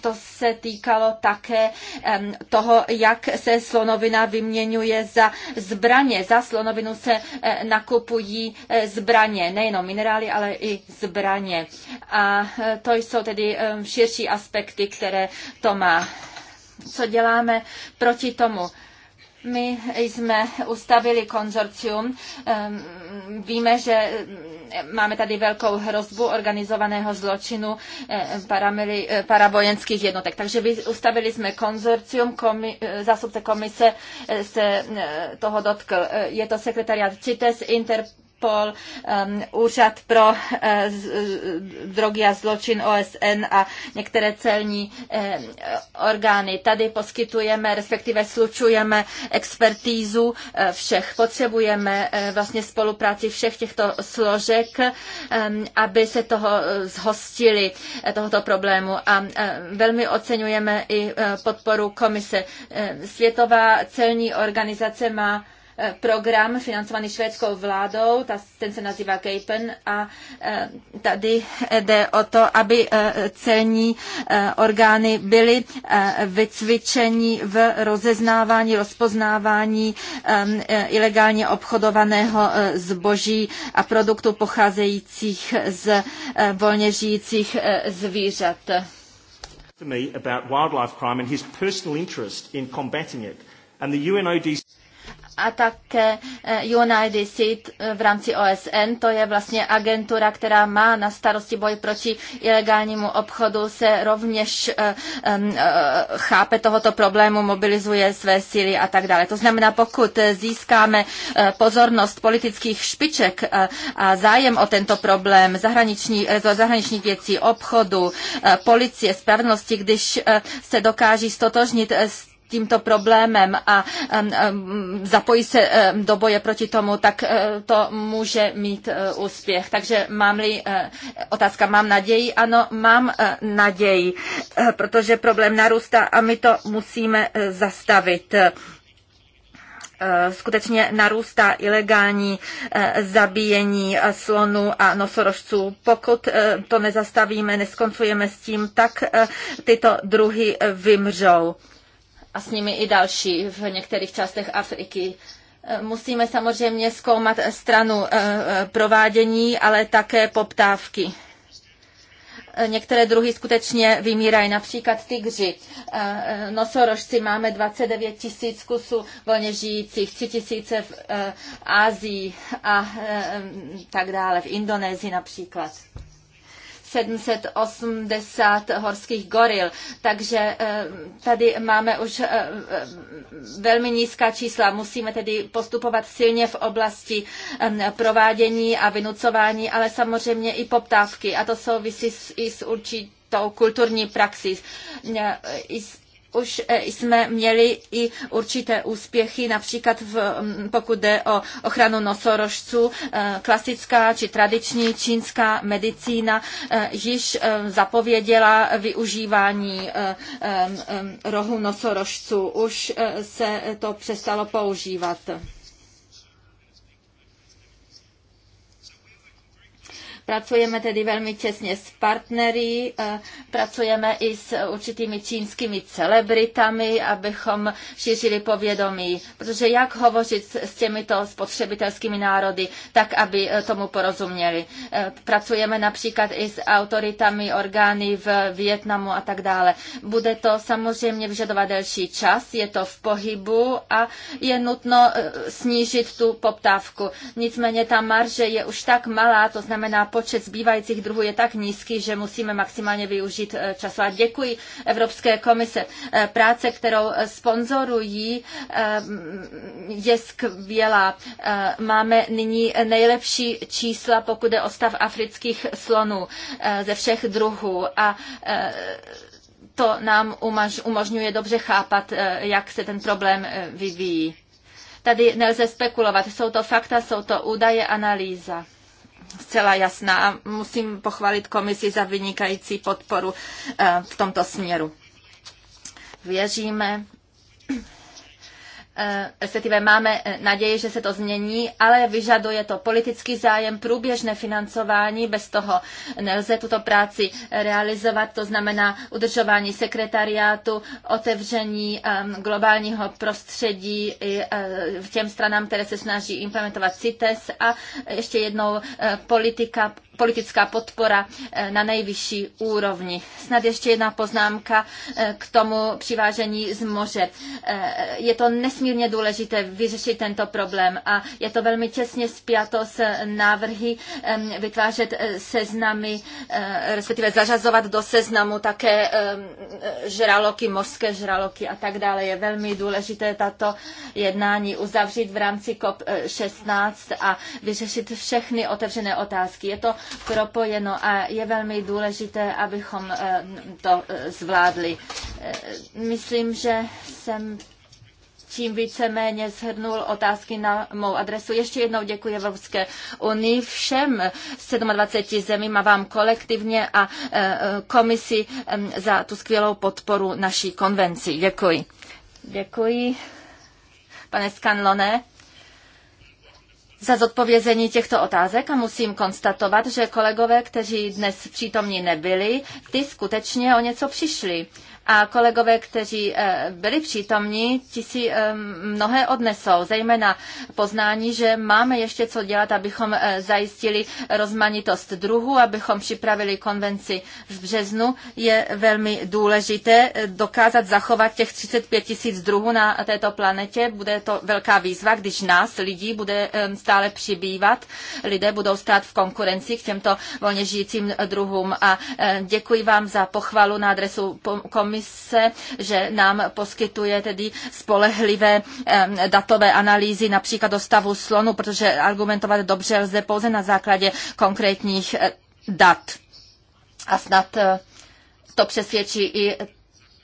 to se týkalo také toho, jak se slonovina vyměňuje za zbraně. Za slonovinu se e, nakupují e, zbraně, nejenom minerály, ale i zbraně. A e, to jsou tedy širší aspekty, které to má. Co děláme proti tomu? My jsme ustavili konzorcium. Ehm, víme, že máme tady velkou hrozbu organizovaného zločinu ehm, paramili, eh, paravojenských jednotek. Takže ustavili jsme konzorcium, komi, eh, komise eh, se toho dotkl. Je to sekretariat CITES, Inter, Europol, um, Úřad pro uh, drogy a zločin OSN a některé celní eh, orgány. Tady poskytujeme, respektive slučujeme expertízu eh, všech. Potřebujeme eh, vlastně spolupráci všech těchto složek, ehm, aby se toho zhostili, tohoto problému. A velmi oceňujeme i podporu komise. Světová celní organizace má Eh, program financovaný švédskou vládou, ta, ten se nazývá Capen a eh, tady jde o to, aby eh, celní orgány byly vycvičeni v rozeznávání, rozpoznávání ilegálně obchodovaného zboží a produktů pocházejících z volně žijících zvířat about wildlife crime and his personal interest in combating it. And the UNODC a také Seed eh, eh, v rámci OSN. To je vlastně agentura, která má na starosti boj proti ilegálnímu obchodu, se rovněž eh, chápe tohoto problému, mobilizuje své síly a tak dále. To znamená, pokud získáme pozornost politických špiček a zájem o tento problém zahraniční, zahraničních věcí, obchodu, policie, spravedlnosti, když se dokáží stotožnit s tímto problémem a zapojí se e, do boje proti tomu, tak e, to může mít e, úspěch. Takže mám-li, otázka, mám naději? Ano, mám naději, protože problém narůstá a my to musíme zastavit skutečně narůstá ilegální zabíjení slonů a nosorožců. Pokud to nezastavíme, neskoncujeme s tím, tak tyto druhy vymřou a s nimi i další v některých částech Afriky. E, musíme samozřejmě zkoumat stranu e, e, provádění, ale také poptávky. Některé druhy skutečně vymírají, například tygři. Nosorožci máme 29 tisíc kusů volně žijících, 3 tisíce v Ázii a tak dále, v Indonésii například. 780 horských goril. Takže eh, tady máme už eh, eh, velmi nízká čísla. Musíme tedy postupovat silně v oblasti ehm, provádění a vynucování, ale samozřejmě i poptávky. A to souvisí i s určitou kulturní praxi už eh, jsme měli i určité úspěchy, například v, mm, pokud jde o ochranu nosorožců. Eh, klasická či tradiční čínská medicína eh, již zapověděla využívání rohu nosorožců. Už se to přestalo používat. Pracujeme tedy velmi těsně s partnery, eh, pracujeme i s určitými čínskými celebritami, abychom šířili povědomí. Protože jak hovořit s těmito spotřebitelskými národy, tak aby eh, tomu porozuměli. Eh, pracujeme například i s autoritami, orgány v Větnamu a tak dále. Bude to samozřejmě vyžadovat delší čas, je to v pohybu a je nutno snížit tu poptávku. Nicméně ta marže je už tak malá, to znamená počet zbývajících druhů je tak nízký, že musíme maximálně využít eh, času. A děkuji Evropské komise. Eh, práce, kterou eh, sponzorují, je skvělá. Máme nyní nejlepší čísla, pokud jde o stav afrických slonů ze všech druhů. A to nám umožňuje dobře chápat, jak se ten problém vyvíjí. Tady nelze spekulovat, jsou to fakta, jsou to údaje, analýza zcela jasná a musím pochválit komisi za vynikající podporu eh, v tomto směru. Věříme, Eh, respektive máme eh, naději, že se to změní, ale vyžaduje to politický zájem, průběžné financování, bez toho nelze tuto práci realizovat, to znamená udržování sekretariátu, otevření globálního prostředí i eh, těm stranám, které se snaží implementovat CITES a ještě jednou politika politická podpora eh, na nejvyšší úrovni. Snad ještě jedna poznámka eh, k tomu přivážení z moře. Eh, je to nesmírně důležité vyřešit tento problém a je to velmi těsně spjato s návrhy vytvářet seznamy, respektive zařazovat do seznamu také žraloky, mořské žraloky a tak dále. Je velmi důležité tato jednání uzavřít v rámci COP16 a vyřešit všechny otevřené otázky. Je to propojeno a je velmi důležité, abychom eh, to eh, zvládli. Eh, myslím, že jsem tím víceméně shrnul otázky na mou adresu. Ještě jednou děkuji Evropské unii všem 27 zemím a vám kolektivně a komisi za tu skvělou podporu naší konvenci. Děkuji. Děkuji, pane Scanlone za zodpovězení těchto otázek a musím konstatovat, že kolegové, kteří dnes přítomní nebyli, ty skutečně o něco přišli. A kolegové, kteří eh, byli přítomní, ti si eh, mnohé odnesou, zejména poznání, že máme ještě co dělat, abychom eh, zajistili rozmanitost druhů, abychom připravili konvenci v březnu. Je velmi důležité dokázat zachovat těch 35 tisíc druhů na této planetě. Bude to velká výzva, když nás, lidí, bude stále přibývat. Lidé budou stát v konkurenci k těmto volně žijícím druhům. A děkuji vám za pochvalu na adresu komisí komise, že nám poskytuje tedy spolehlivé datové analýzy například o stavu slonu, protože argumentovat dobře lze pouze na základě konkrétních eh, dat. A snad eh, to přesvědčí i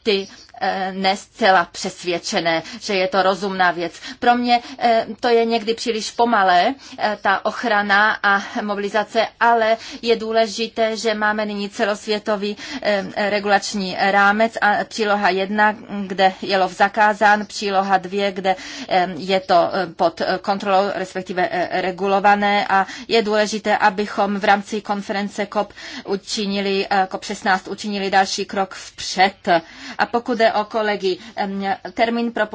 ty Eh, ne zcela přesvědčené, že je to rozumná věc. Pro mě eh, to je někdy příliš pomalé, eh, ta ochrana a mobilizace, ale je důležité, že máme nyní celosvětový regulační rámec a příloha 1, kde je lov zakázán, příloha 2, kde je to pod kontrolou, respektive regulované a je důležité, abychom v rámci konference COP učinili, COP16 učinili další krok vpřed. A pokud o kolegy. Termín pro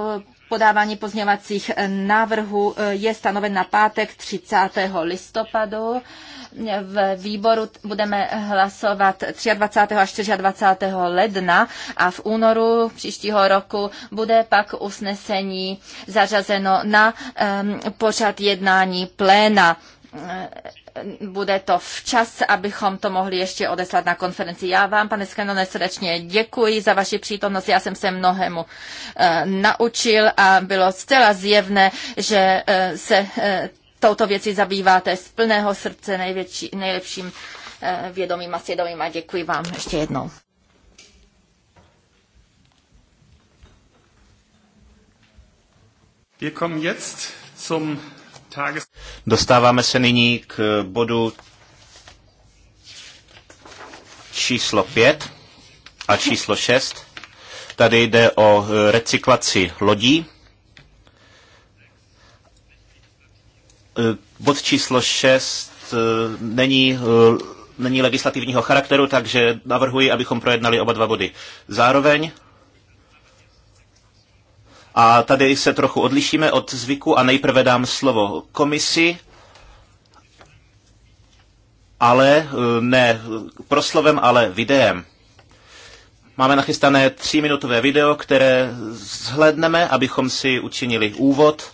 podávání pozměňovacích eh, návrhů eh, je stanoven na pátek 30. listopadu. V výboru budeme hlasovat 23. a 24. ledna a v únoru příštího roku bude pak usnesení zařazeno na um, pořad jednání pléna bude to včas, abychom to mohli ještě odeslat na konferenci. Já vám, pane Skenone, srdečně děkuji za vaši přítomnost. Já jsem se mnohému eh, naučil a bylo zcela zjevné, že eh, se eh, touto věci zabýváte z plného srdce největší, nejlepším vědomím a svědomím a děkuji vám ještě jednou. Wir kommen jetzt zum Dostáváme se nyní k bodu číslo 5 a číslo 6. Tady jde o e, recyklaci lodí. E, bod číslo 6 e, není, není legislativního charakteru, takže navrhuji, abychom projednali oba dva body. Zároveň a tady se trochu odlišíme od zvyku a nejprve dám slovo komisi, ale eh, ne proslovem, ale videem. Máme nachystané tříminutové video, které zhledneme, abychom si učinili úvod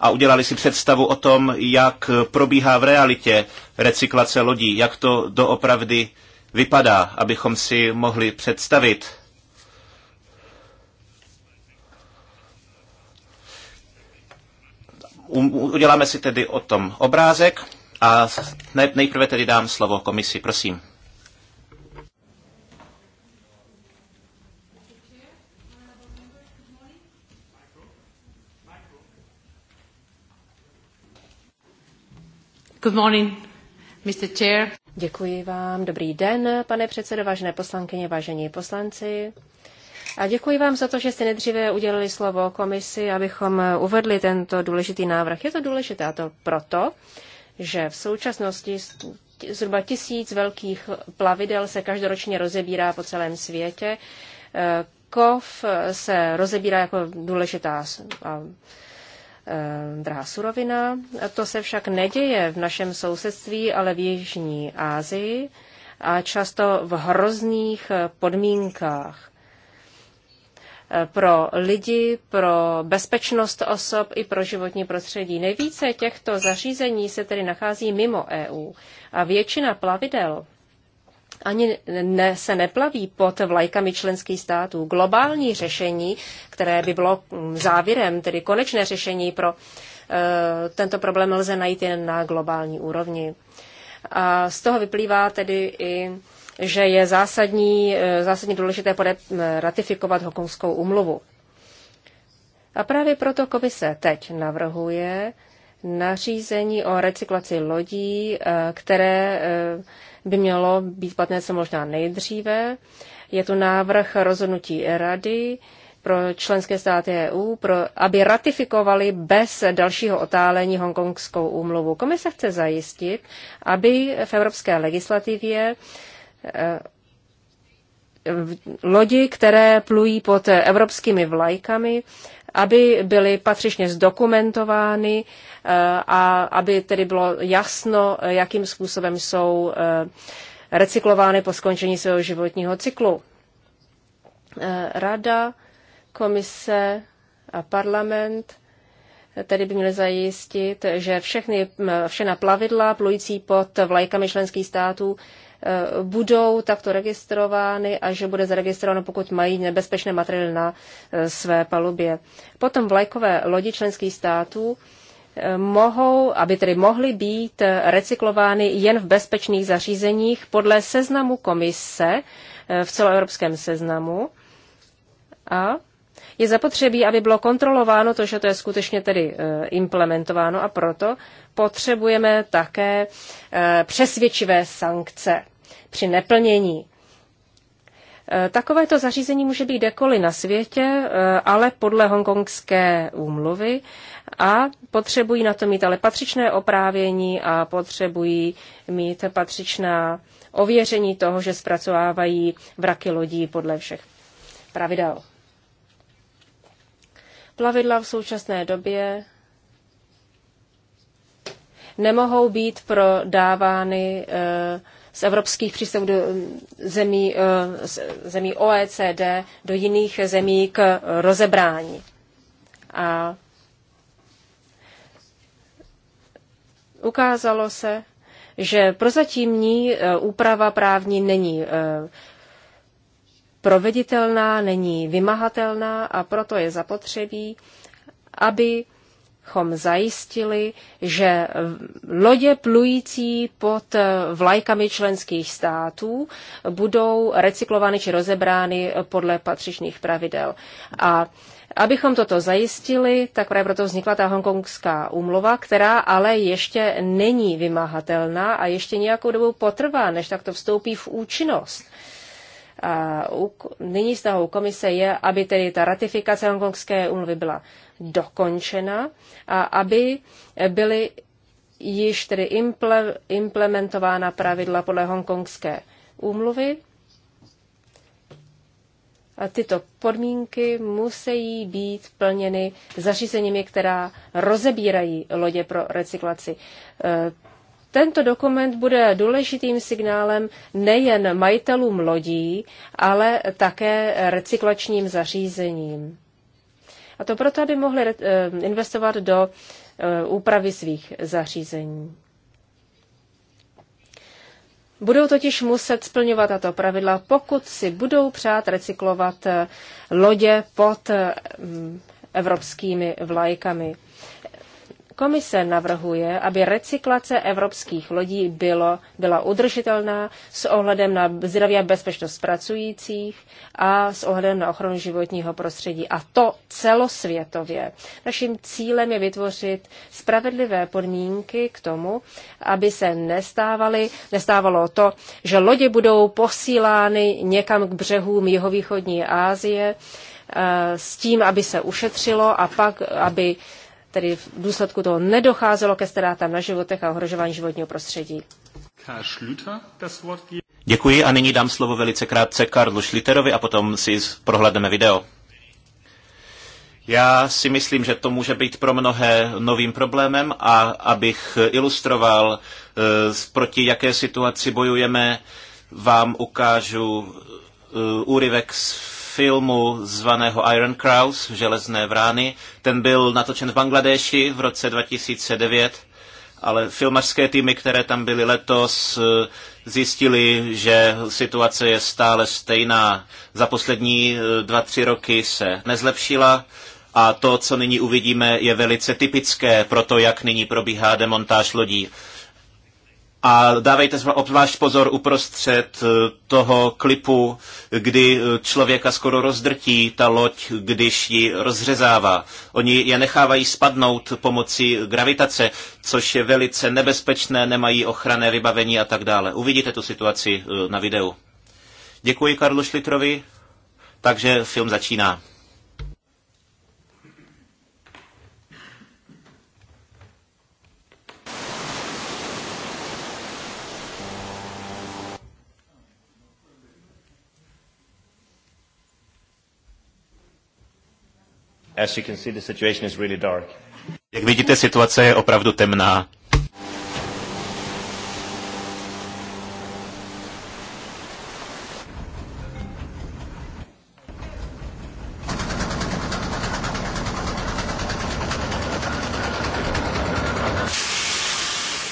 a udělali si představu o tom, jak probíhá v realitě recyklace lodí, jak to doopravdy vypadá, abychom si mohli představit, Um, uděláme si tedy o tom obrázek a nejprve tedy dám slovo komisi. Prosím. Good morning, Mr. Chair. Děkuji vám. Dobrý den, pane předsedo, vážené poslankyně, vážení poslanci. A děkuji vám za to, že jste nejdříve udělali slovo komisi, abychom uvedli tento důležitý návrh. Je to důležité a to proto, že v současnosti zhruba tisíc velkých plavidel se každoročně rozebírá po celém světě. E, kov se rozebírá jako důležitá a e, drahá surovina. To se však neděje v našem sousedství, ale v Jižní Asii a často v hrozných podmínkách pro lidi, pro bezpečnost osob i pro životní prostředí. Nejvíce těchto zařízení se tedy nachází mimo EU a většina plavidel ani ne, se neplaví pod vlajkami členských států. Globální řešení, které by bylo mm, závěrem, tedy konečné řešení pro uh, tento problém lze najít jen na globální úrovni. A z toho vyplývá tedy i že je zásadní, eh, zásadně důležité eh, ratifikovat Hokonskou umluvu. A právě proto komise teď navrhuje nařízení o recyklaci lodí, eh, které by mělo být platné co možná nejdříve. Je tu návrh rozhodnutí Rady pro členské státy EU, pro, aby ratifikovali bez dalšího otálení hongkongskou úmluvu. Komise chce zajistit, aby v evropské legislativě Eh, lodi, které plují pod evropskými vlajkami, aby byly patřičně zdokumentovány eh, a aby tedy bylo jasno, eh, jakým způsobem jsou recyklovány po skončení svého životního cyklu. Rada, komise a parlament tedy by měly zajistit, že všechny, všechna plavidla plující pod vlajkami členských států Eh, budou takto registrovány a že bude zaregistrováno, pokud mají nebezpečné materiály na eh, své palubě. Potom vlajkové lodi členských států eh, mohou, aby tedy mohly být recyklovány jen v bezpečných zařízeních podle seznamu komise v celoevropském seznamu. A je zapotřebí, aby bylo kontrolováno to, že to je skutečně tedy implementováno a proto potřebujeme také přesvědčivé sankce při neplnění. E, takovéto zařízení může být kdekoliv na světě, e, ale podle hongkongské úmluvy a potřebují na to mít ale patřičné oprávění a potřebují mít patřičná ověření toho, že zpracovávají vraky lodí podle všech pravidel. Plavidla v současné době nemohou být prodávány e, z evropských přístavů do um, zemí, uh, zemí OECD do jiných zemí k rozebrání. A ukázalo se, že prozatímní uh, úprava právní není uh, proveditelná, není vymahatelná a proto je zapotřebí, aby chom zajistili, že lodě plující pod vlajkami členských států budou recyklovány či rozebrány podle patřičných pravidel. A Abychom toto zajistili, tak právě proto vznikla ta hongkongská úmluva, která ale ještě není vymahatelná a ještě nějakou dobu potrvá, než tak to vstoupí v účinnost nyní snahou komise je, aby tedy ta ratifikace hongkongské úmluvy byla dokončena a aby byly již tedy implementována pravidla podle hongkongské úmluvy. A tyto podmínky musí být plněny zařízeními, která rozebírají lodě pro recyklaci. Eh, tento dokument bude důležitým signálem nejen majitelům lodí, ale také recyklačním zařízením. A to proto, aby mohli eh, investovat do eh, úpravy svých zařízení. Budou totiž muset splňovat tato pravidla, pokud si budou přát recyklovat eh, lodě pod evropskými vlajkami. Komise navrhuje, aby recyklace evropských lodí bylo, byla udržitelná s ohledem na zdraví a bezpečnost pracujících a s ohledem na ochranu životního prostředí. A to celosvětově. Naším cílem je vytvořit spravedlivé podmínky k tomu, aby se nestávaly, nestávalo to, že lodě budou posílány někam k břehům jihovýchodní Asie eh, s tím, aby se ušetřilo a pak, aby tedy v důsledku toho nedocházelo ke ztrátám na životech a ohrožování životního prostředí. Děkuji a nyní dám slovo velice krátce Karlu Schlitterovi a potom si prohlédneme video. Já si myslím, že to může být pro mnohé novým problémem a abych ilustroval, eh, proti jaké situaci bojujeme, vám ukážu eh, úryvek z filmu zvaného Iron Kraus, Železné vrány. Ten byl natočen v Bangladeši v roce 2009, ale filmařské týmy, které tam byly letos, eh, zjistili, že situace je stále stejná. Za poslední eh, dva, tři roky se nezlepšila a to, co nyní uvidíme, je velice typické pro to, jak nyní probíhá demontáž lodí. A dávejte obzvlášť pozor uprostřed eh, toho klipu, kdy eh, člověka skoro rozdrtí ta loď, když ji rozřezává. Oni je nechávají spadnout pomocí gravitace, což je velice nebezpečné, nemají ochranné vybavení a tak dále. Uvidíte tu situaci eh, na videu. Děkuji Karlu Šlitrovi, takže film začíná. As you can see, the situation is really dark. Jak vidíte, situace je opravdu temná.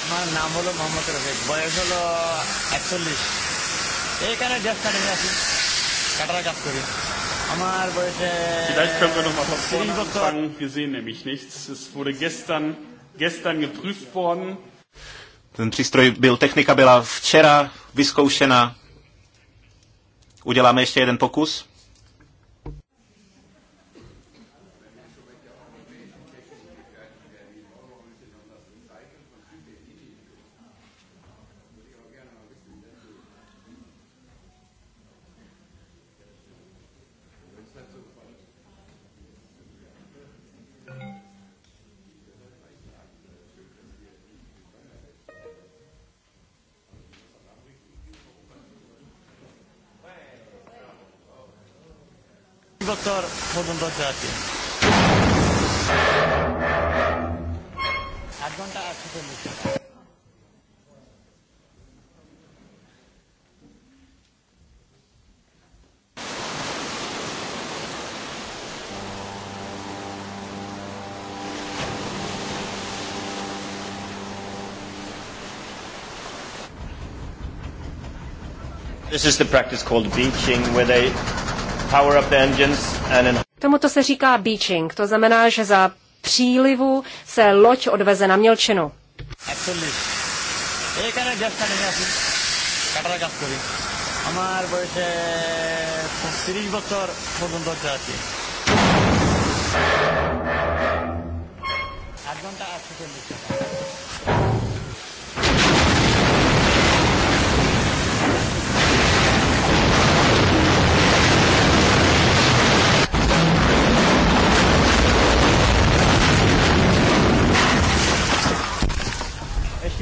আমার নাম হলো মোহাম্মদ রফিক বয়স হলো একচল্লিশ কাজ করি Vielleicht können wir noch mal von vorne anfangen. Wir sehen nämlich nichts. Es wurde gestern, gestern geprüft worden. Ten přístroj byl, technika byla včera vyzkoušena. Uděláme ještě jeden pokus. doktor, hodun doktor আছে This is the practice called beaching, where they power up the engines and in... Tomuto se říká beaching, to znamená, že za přílivu se loď odveze na mělčinu. আমার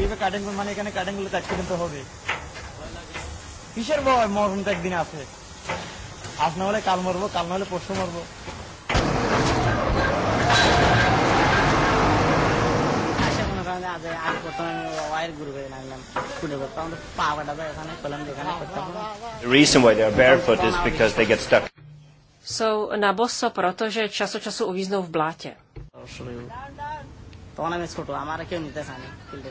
সেইভাবে কাটিং মানে এখানে কাটিং গুলো কাটতে কিন্তু হবে কিসের ভয় মরণ তো একদিন আছে আজ না হলে কাল মরবো কাল না হলে পরশু মরবো Jsou na boso, protože času času uvíznou v blátě. To ona mi skutu, a mara kio nite sani, kilde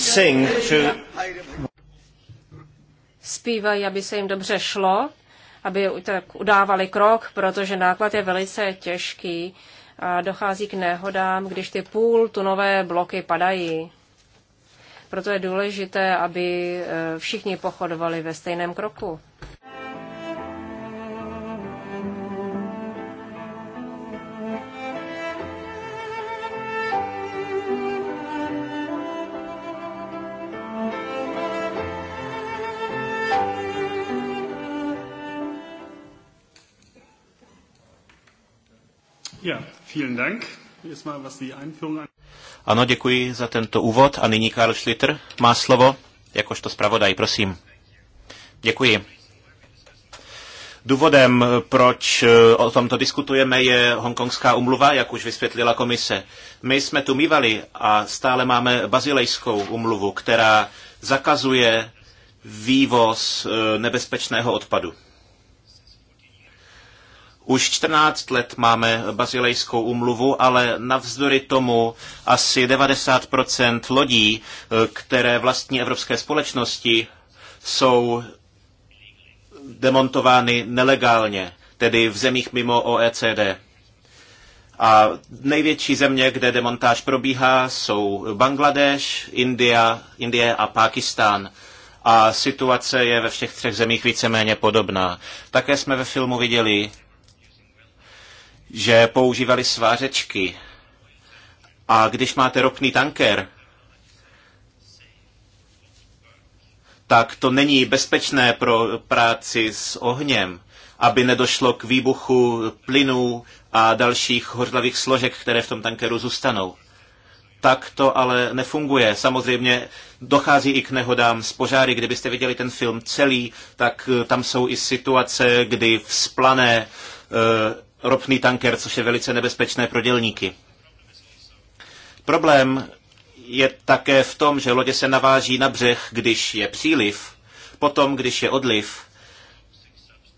sing to... Zpívají, aby se jim dobře šlo, aby tak udávali krok, protože náklad je velice těžký a dochází k nehodám, když ty půl tunové bloky padají. Proto je důležité, aby eh, všichni pochodovali ve stejném kroku. Ja, vielen Dank. was die Einführung an... Ano, děkuji za tento úvod a nyní Karl Schlitter má slovo jakožto zpravodaj, prosím. Děkuji. Důvodem, proč eh, o tomto diskutujeme, je hongkongská umluva, jak už vysvětlila komise. My jsme tu mývali a stále máme bazilejskou umluvu, která zakazuje vývoz eh, nebezpečného odpadu. Už 14 let máme bazilejskou umluvu, ale navzdory tomu asi 90% lodí, eh, které vlastní evropské společnosti, jsou demontovány nelegálně, tedy v zemích mimo OECD. A největší země, kde demontáž probíhá, jsou Bangladeš, India, Indie a Pákistán. A situace je ve všech třech zemích víceméně podobná. Také jsme ve filmu viděli, že používali svářečky. A když máte ropný tanker, tak to není bezpečné pro práci s ohněm, aby nedošlo k výbuchu plynů a dalších hořlavých složek, které v tom tankeru zůstanou. Tak to ale nefunguje. Samozřejmě dochází i k nehodám z požáry. Kdybyste viděli ten film celý, tak tam jsou i situace, kdy vzplané eh, ropný tanker, což je velice nebezpečné pro dělníky. Problém je také v tom, že lodě se naváží na břeh, když je příliv, potom, když je odliv,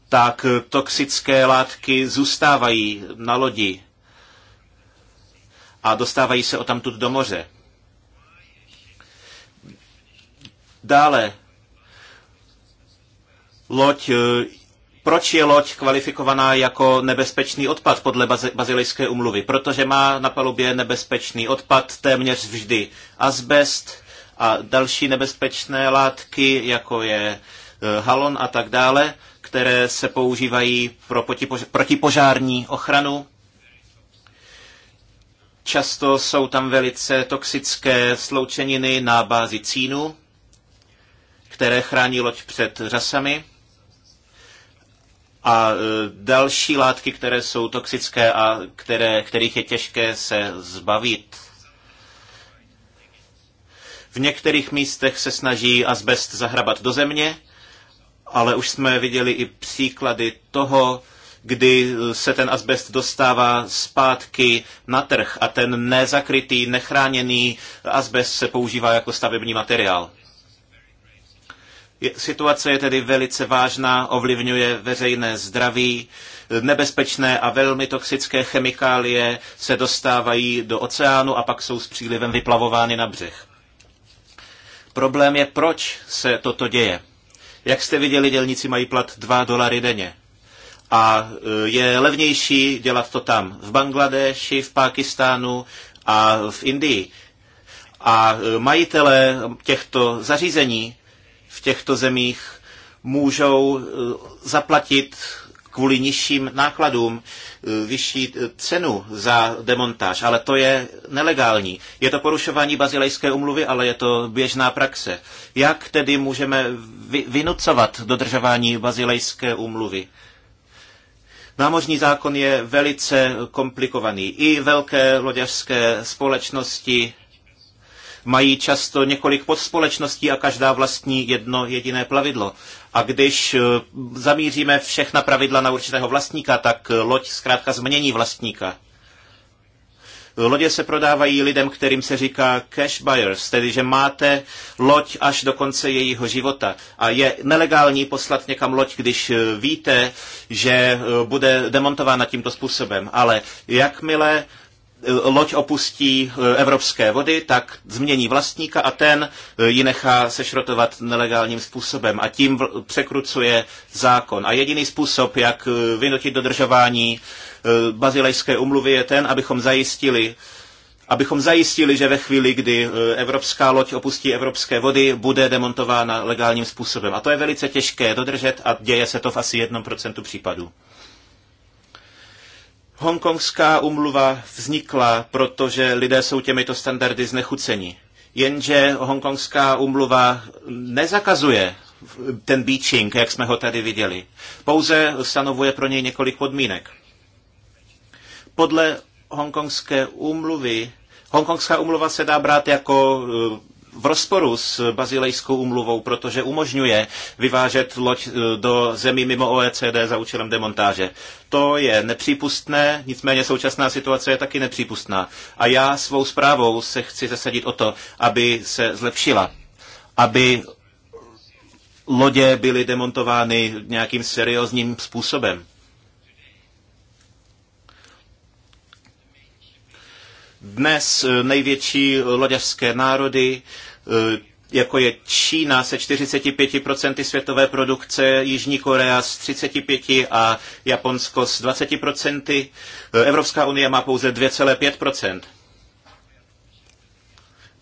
tak toxické látky zůstávají na lodi a dostávají se odtamtud do moře. Dále, loď proč je loď kvalifikovaná jako nebezpečný odpad podle bazilejské umluvy? Protože má na palubě nebezpečný odpad téměř vždy asbest a další nebezpečné látky, jako je e, halon a tak dále, které se používají pro protipožární ochranu. Často jsou tam velice toxické sloučeniny na bázi cínu, které chrání loď před řasami a e, další látky, které jsou toxické a které, kterých je těžké se zbavit. V některých místech se snaží azbest zahrabat do země, ale už jsme viděli i příklady toho, kdy se ten azbest dostává zpátky na trh a ten nezakrytý, nechráněný azbest se používá jako stavební materiál. Situace je tedy velice vážná, ovlivňuje veřejné zdraví, nebezpečné a velmi toxické chemikálie se dostávají do oceánu a pak jsou s přílivem vyplavovány na břeh. Problém je, proč se toto děje. Jak jste viděli, dělníci mají plat 2 dolary denně. A e, je levnější dělat to tam, v Bangladeši, v Pákistánu a v Indii. A e, majitele těchto zařízení v těchto zemích můžou eh, zaplatit kvůli nižším nákladům eh, vyšší eh, cenu za demontáž, ale to je nelegální. Je to porušování bazilejské umluvy, ale je to běžná praxe. Jak tedy můžeme vynucovat dodržování bazilejské umluvy? Námořní zákon je velice komplikovaný. I velké loďařské společnosti mají často několik podspolečností a každá vlastní jedno jediné plavidlo. A když eh, zamíříme všechna pravidla na určitého vlastníka, tak eh, loď zkrátka změní vlastníka. Lodě se prodávají lidem, kterým se říká cash buyers, tedy že máte loď až do konce jejího života. A je nelegální poslat někam loď, když eh, víte, že bude demontována tímto způsobem. Ale jakmile Eh, loď opustí eh, evropské vody, tak změní vlastníka a ten eh, ji nechá sešrotovat nelegálním způsobem a tím překrucuje zákon. A jediný způsob, jak vynutit dodržování bazilejské umluvy je ten, abychom zajistili abychom zajistili, že ve chvíli, kdy evropská loď opustí evropské vody, bude demontována legálním způsobem. A to je velice těžké dodržet a děje se to v asi 1% případů. Hongkongská umluva vznikla, protože lidé jsou těmito standardy znechuceni. Jenže Hongkongská umluva nezakazuje ten beaching, jak jsme ho tady viděli. Pouze stanovuje pro něj několik podmínek. Podle hongkongské umluvy Hongkongská umluva se dá brát jako eh, v rozporu s bazilejskou umluvou, protože umožňuje vyvážet loď eh, do zemí mimo OECD za účelem demontáže. To je nepřípustné, nicméně současná situace je taky nepřípustná. A já svou zprávou se chci zasadit o to, aby se zlepšila, aby lodě byly demontovány nějakým seriózním způsobem. Dnes eh, největší loďařské národy eh, jako je Čína se 45% světové produkce, Jižní Korea s 35% a Japonsko s 20%. Eh, Evropská unie má pouze 2,5%.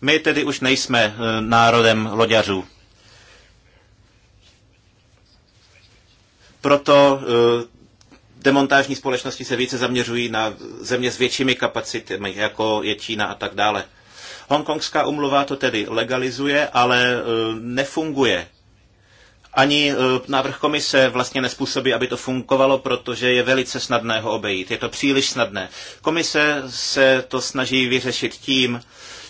My tedy už nejsme národem loďařů. Proto demontážní společnosti se více zaměřují na země s většími kapacitami, jako je Čína a tak dále. Hongkongská umluva to tedy legalizuje, ale e, nefunguje. Ani e, návrh komise vlastně nespůsobí, aby to fungovalo, protože je velice snadné ho obejít. Je to příliš snadné. Komise se to snaží vyřešit tím,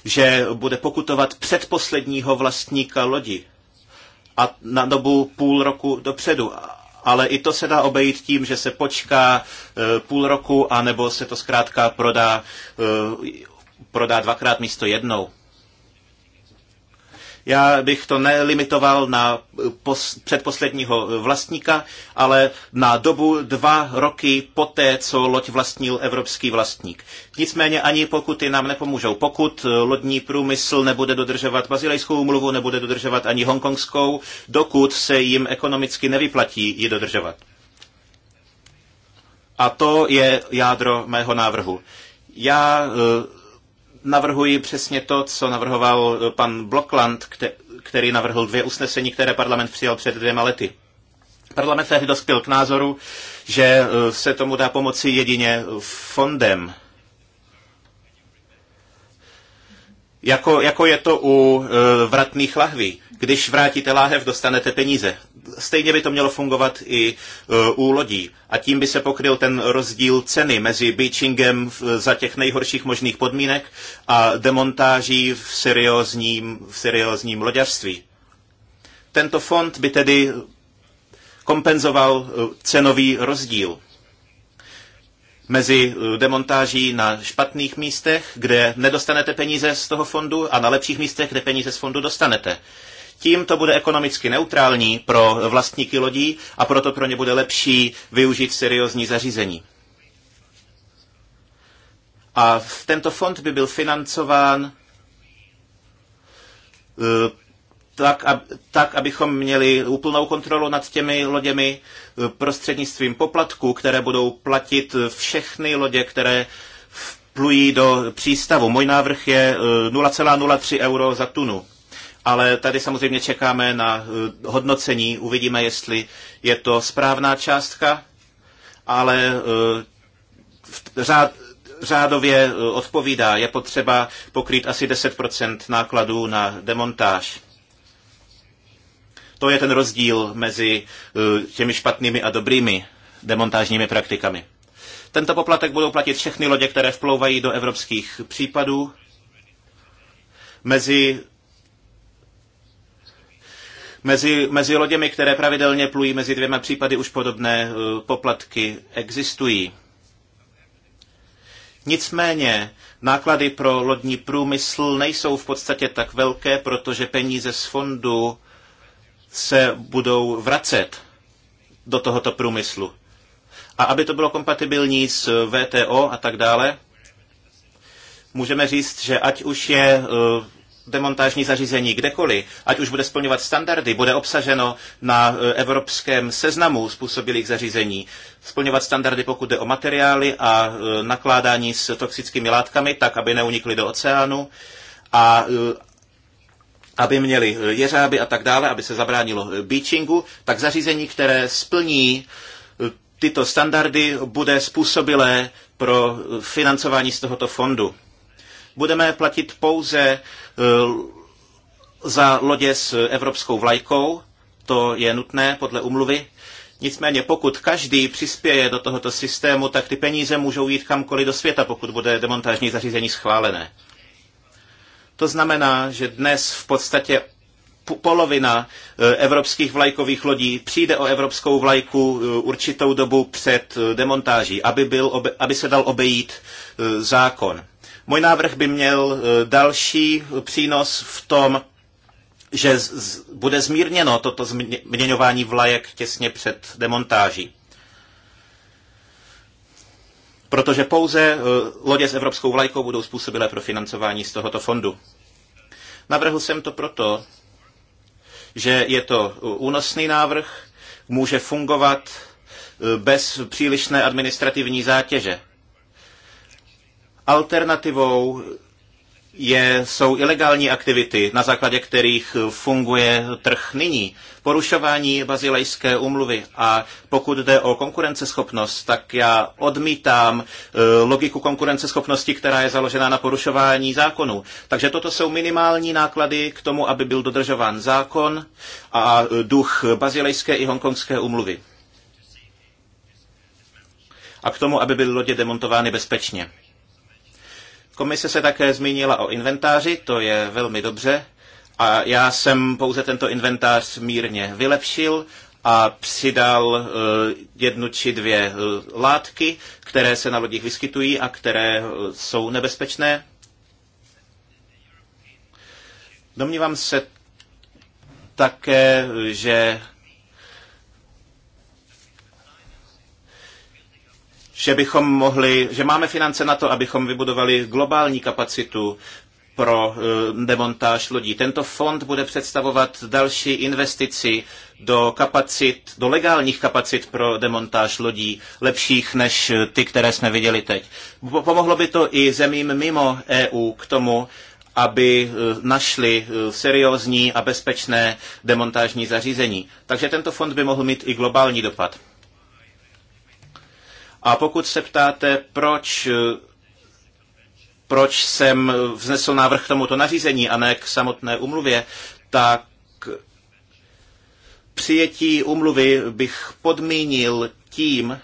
že bude pokutovat předposledního vlastníka lodi a na dobu půl roku dopředu ale i to se dá obejít tím, že se počká eh, půl roku, anebo se to zkrátka prodá, eh, prodá dvakrát místo jednou. Já bych to nelimitoval na eh, pos- předposledního eh, vlastníka, ale na dobu dva roky poté, co loď vlastnil evropský vlastník. Nicméně ani pokuty nám nepomůžou. Pokud eh, lodní průmysl nebude dodržovat bazilejskou umluvu, nebude dodržovat ani hongkongskou, dokud se jim ekonomicky nevyplatí ji dodržovat. A to je jádro mého návrhu. Já navrhuji přesně to, co navrhoval pan Blokland, který navrhl dvě usnesení, které parlament přijal před dvěma lety. Parlament tehdy dospěl k názoru, že eh, se tomu dá pomoci jedině fondem. Jako, jako je to u eh, vratných lahví. Když vrátíte láhev, dostanete peníze. Stejně by to mělo fungovat i e, u lodí. A tím by se pokryl ten rozdíl ceny mezi beachingem za těch nejhorších možných podmínek a demontáží v seriózním, v seriózním loďařství. Tento fond by tedy kompenzoval e, cenový rozdíl mezi e, demontáží na špatných místech, kde nedostanete peníze z toho fondu a na lepších místech, kde peníze z fondu dostanete. Tím to bude ekonomicky neutrální pro vlastníky lodí a proto pro ně bude lepší využít seriózní zařízení. A tento fond by byl financován eh, tak, ab, tak, abychom měli úplnou kontrolu nad těmi loděmi eh, prostřednictvím poplatků, které budou platit všechny lodě, které plují do přístavu. Můj návrh je 0,03 eh, euro za tunu ale tady samozřejmě čekáme na eh, hodnocení, uvidíme, jestli je to správná částka, ale eh, řád, řádově eh, odpovídá. Je potřeba pokrýt asi 10% nákladů na demontáž. To je ten rozdíl mezi těmi špatnými a dobrými demontážními praktikami. Tento poplatek budou platit všechny lodě, které vplouvají do evropských případů mezi Mezi, mezi loděmi, které pravidelně plují mezi dvěma případy, už podobné eh, poplatky existují. Nicméně náklady pro lodní průmysl nejsou v podstatě tak velké, protože peníze z fondu se budou vracet do tohoto průmyslu. A aby to bylo kompatibilní s eh, VTO a tak dále, můžeme říct, že ať už je eh, demontážní zařízení kdekoliv, ať už bude splňovat standardy, bude obsaženo na e, evropském seznamu způsobilých zařízení, splňovat standardy, pokud jde o materiály a e, nakládání s toxickými látkami, tak, aby neunikly do oceánu a e, aby měli jeřáby a tak dále, aby se zabránilo beachingu, tak zařízení, které splní tyto standardy, bude způsobilé pro financování z tohoto fondu budeme platit pouze e, za lodě s evropskou vlajkou, to je nutné podle umluvy. Nicméně pokud každý přispěje do tohoto systému, tak ty peníze můžou jít kamkoliv do světa, pokud bude demontážní zařízení schválené. To znamená, že dnes v podstatě polovina e, evropských vlajkových lodí přijde o evropskou vlajku e, určitou dobu před demontáží, aby, byl, aby se dal obejít zákon. Můj návrh by měl eh, další přínos v tom, že z, bude zmírněno toto změňování vlajek těsně před demontáží. Protože pouze eh, lodě s evropskou vlajkou budou způsobilé pro financování z tohoto fondu. Navrhl jsem to proto, že je to eh, únosný návrh, může fungovat bez přílišné administrativní zátěže. Alternativou je, jsou ilegální aktivity, na základě kterých funguje trh nyní. Porušování bazilejské umluvy a pokud jde o konkurenceschopnost, tak já odmítám eh, logiku konkurenceschopnosti, která je založena na porušování zákonu. Takže toto jsou minimální náklady k tomu, aby byl dodržován zákon a duch bazilejské i hongkongské umluvy. A k tomu, aby byly lodě demontovány bezpečně. Komise se také zmínila o inventáři, to je velmi dobře. A já jsem pouze tento inventář mírně vylepšil a přidal eh, jednu či dvě eh, látky, které se na lodích vyskytují a které eh, jsou nebezpečné. Domnívám se také, že že bychom mohli, že máme finance na to, abychom vybudovali globální kapacitu pro eh, demontáž lodí. Tento fond bude představovat další investici do kapacit, do legálních kapacit pro demontáž lodí, lepších než eh, ty, které jsme viděli teď. Pomohlo by to i zemím mimo EU k tomu, aby eh, našli seriózní a bezpečné demontážní zařízení. Takže tento fond by mohl mít i globální dopad. A pokud se ptáte, proč proč jsem vznesl návrh k tomuto nařízení a ne k samotné umluvě, tak přijetí umluvy bych podmínil tím,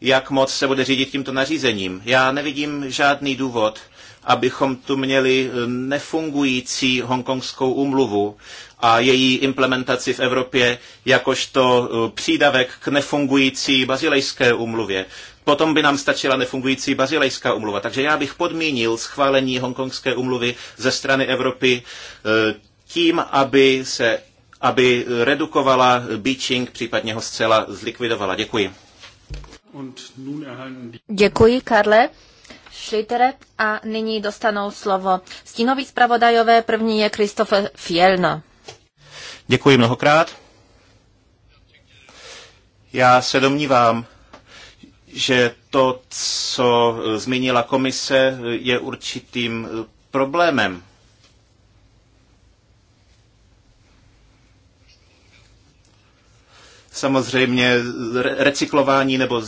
jak moc se bude řídit tímto nařízením. Já nevidím žádný důvod, abychom tu měli nefungující hongkongskou umluvu a její implementaci v Evropě jakožto eh, přídavek k nefungující bazilejské umluvě. Potom by nám stačila nefungující bazilejská umluva. Takže já bych podmínil schválení hongkongské umluvy ze strany Evropy eh, tím, aby se aby redukovala Beijing, případně ho zcela zlikvidovala. Děkuji. Děkuji, Karle. Schlitere a nyní dostanou slovo stínový zpravodajové. První je Kristof Fielna. Děkuji mnohokrát. Já se domnívám, že to, co zmínila komise, je určitým eh, problémem. Samozřejmě recyklování nebo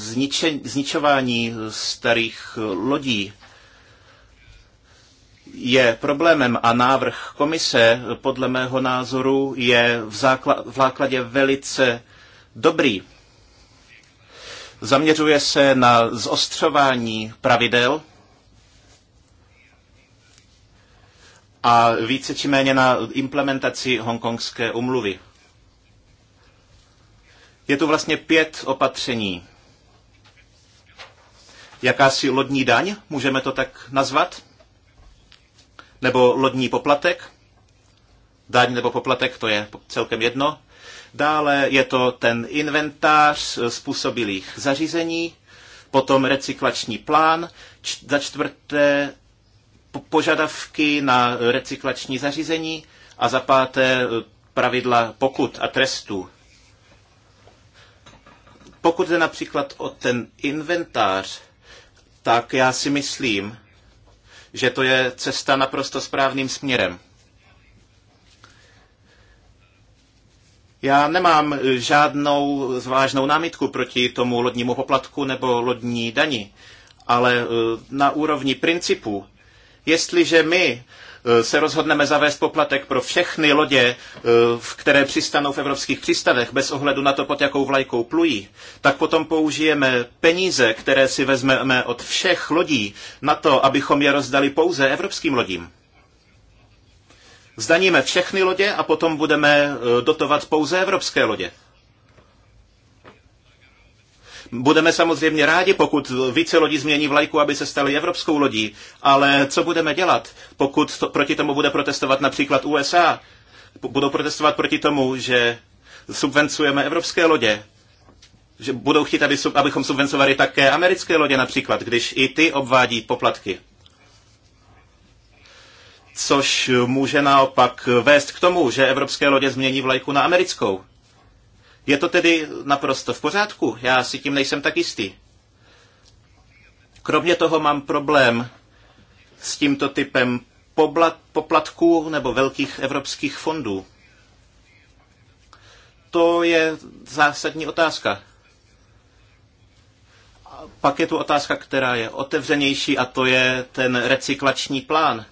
zničování starých eh, lodí je problémem a návrh komise, podle mého názoru, je v, zákla- v základě velice dobrý. Zaměřuje se na zostřování pravidel a více či méně na implementaci hongkongské umluvy. Je tu vlastně pět opatření. Jakási lodní daň, můžeme to tak nazvat? nebo lodní poplatek, daň nebo poplatek, to je celkem jedno. Dále je to ten inventář způsobilých zařízení, potom recyklační plán, č- za čtvrté požadavky na recyklační zařízení a za páté e, pravidla pokut a trestů. Pokud jde například o ten inventář, tak já si myslím, že to je cesta naprosto správným směrem. Já nemám žádnou zvážnou námitku proti tomu lodnímu poplatku nebo lodní dani, ale eh, na úrovni principu, jestliže my Eh, se rozhodneme zavést poplatek pro všechny lodě, eh, které přistanou v evropských přístavech, bez ohledu na to, pod jakou vlajkou plují, tak potom použijeme peníze, které si vezmeme od všech lodí, na to, abychom je rozdali pouze evropským lodím. Zdaníme všechny lodě a potom budeme eh, dotovat pouze evropské lodě. Budeme samozřejmě rádi, pokud více lodí změní vlajku, aby se staly evropskou lodí, ale co budeme dělat, pokud to, proti tomu bude protestovat například USA? Budou protestovat proti tomu, že subvencujeme evropské lodě, že budou chtít, aby, abychom subvencovali také americké lodě například, když i ty obvádí poplatky. Což může naopak vést k tomu, že evropské lodě změní vlajku na americkou. Je to tedy naprosto v pořádku? Já si tím nejsem tak jistý. Kromě toho mám problém s tímto typem poplatků nebo velkých evropských fondů. To je zásadní otázka. Pak je tu otázka, která je otevřenější a to je ten recyklační plán.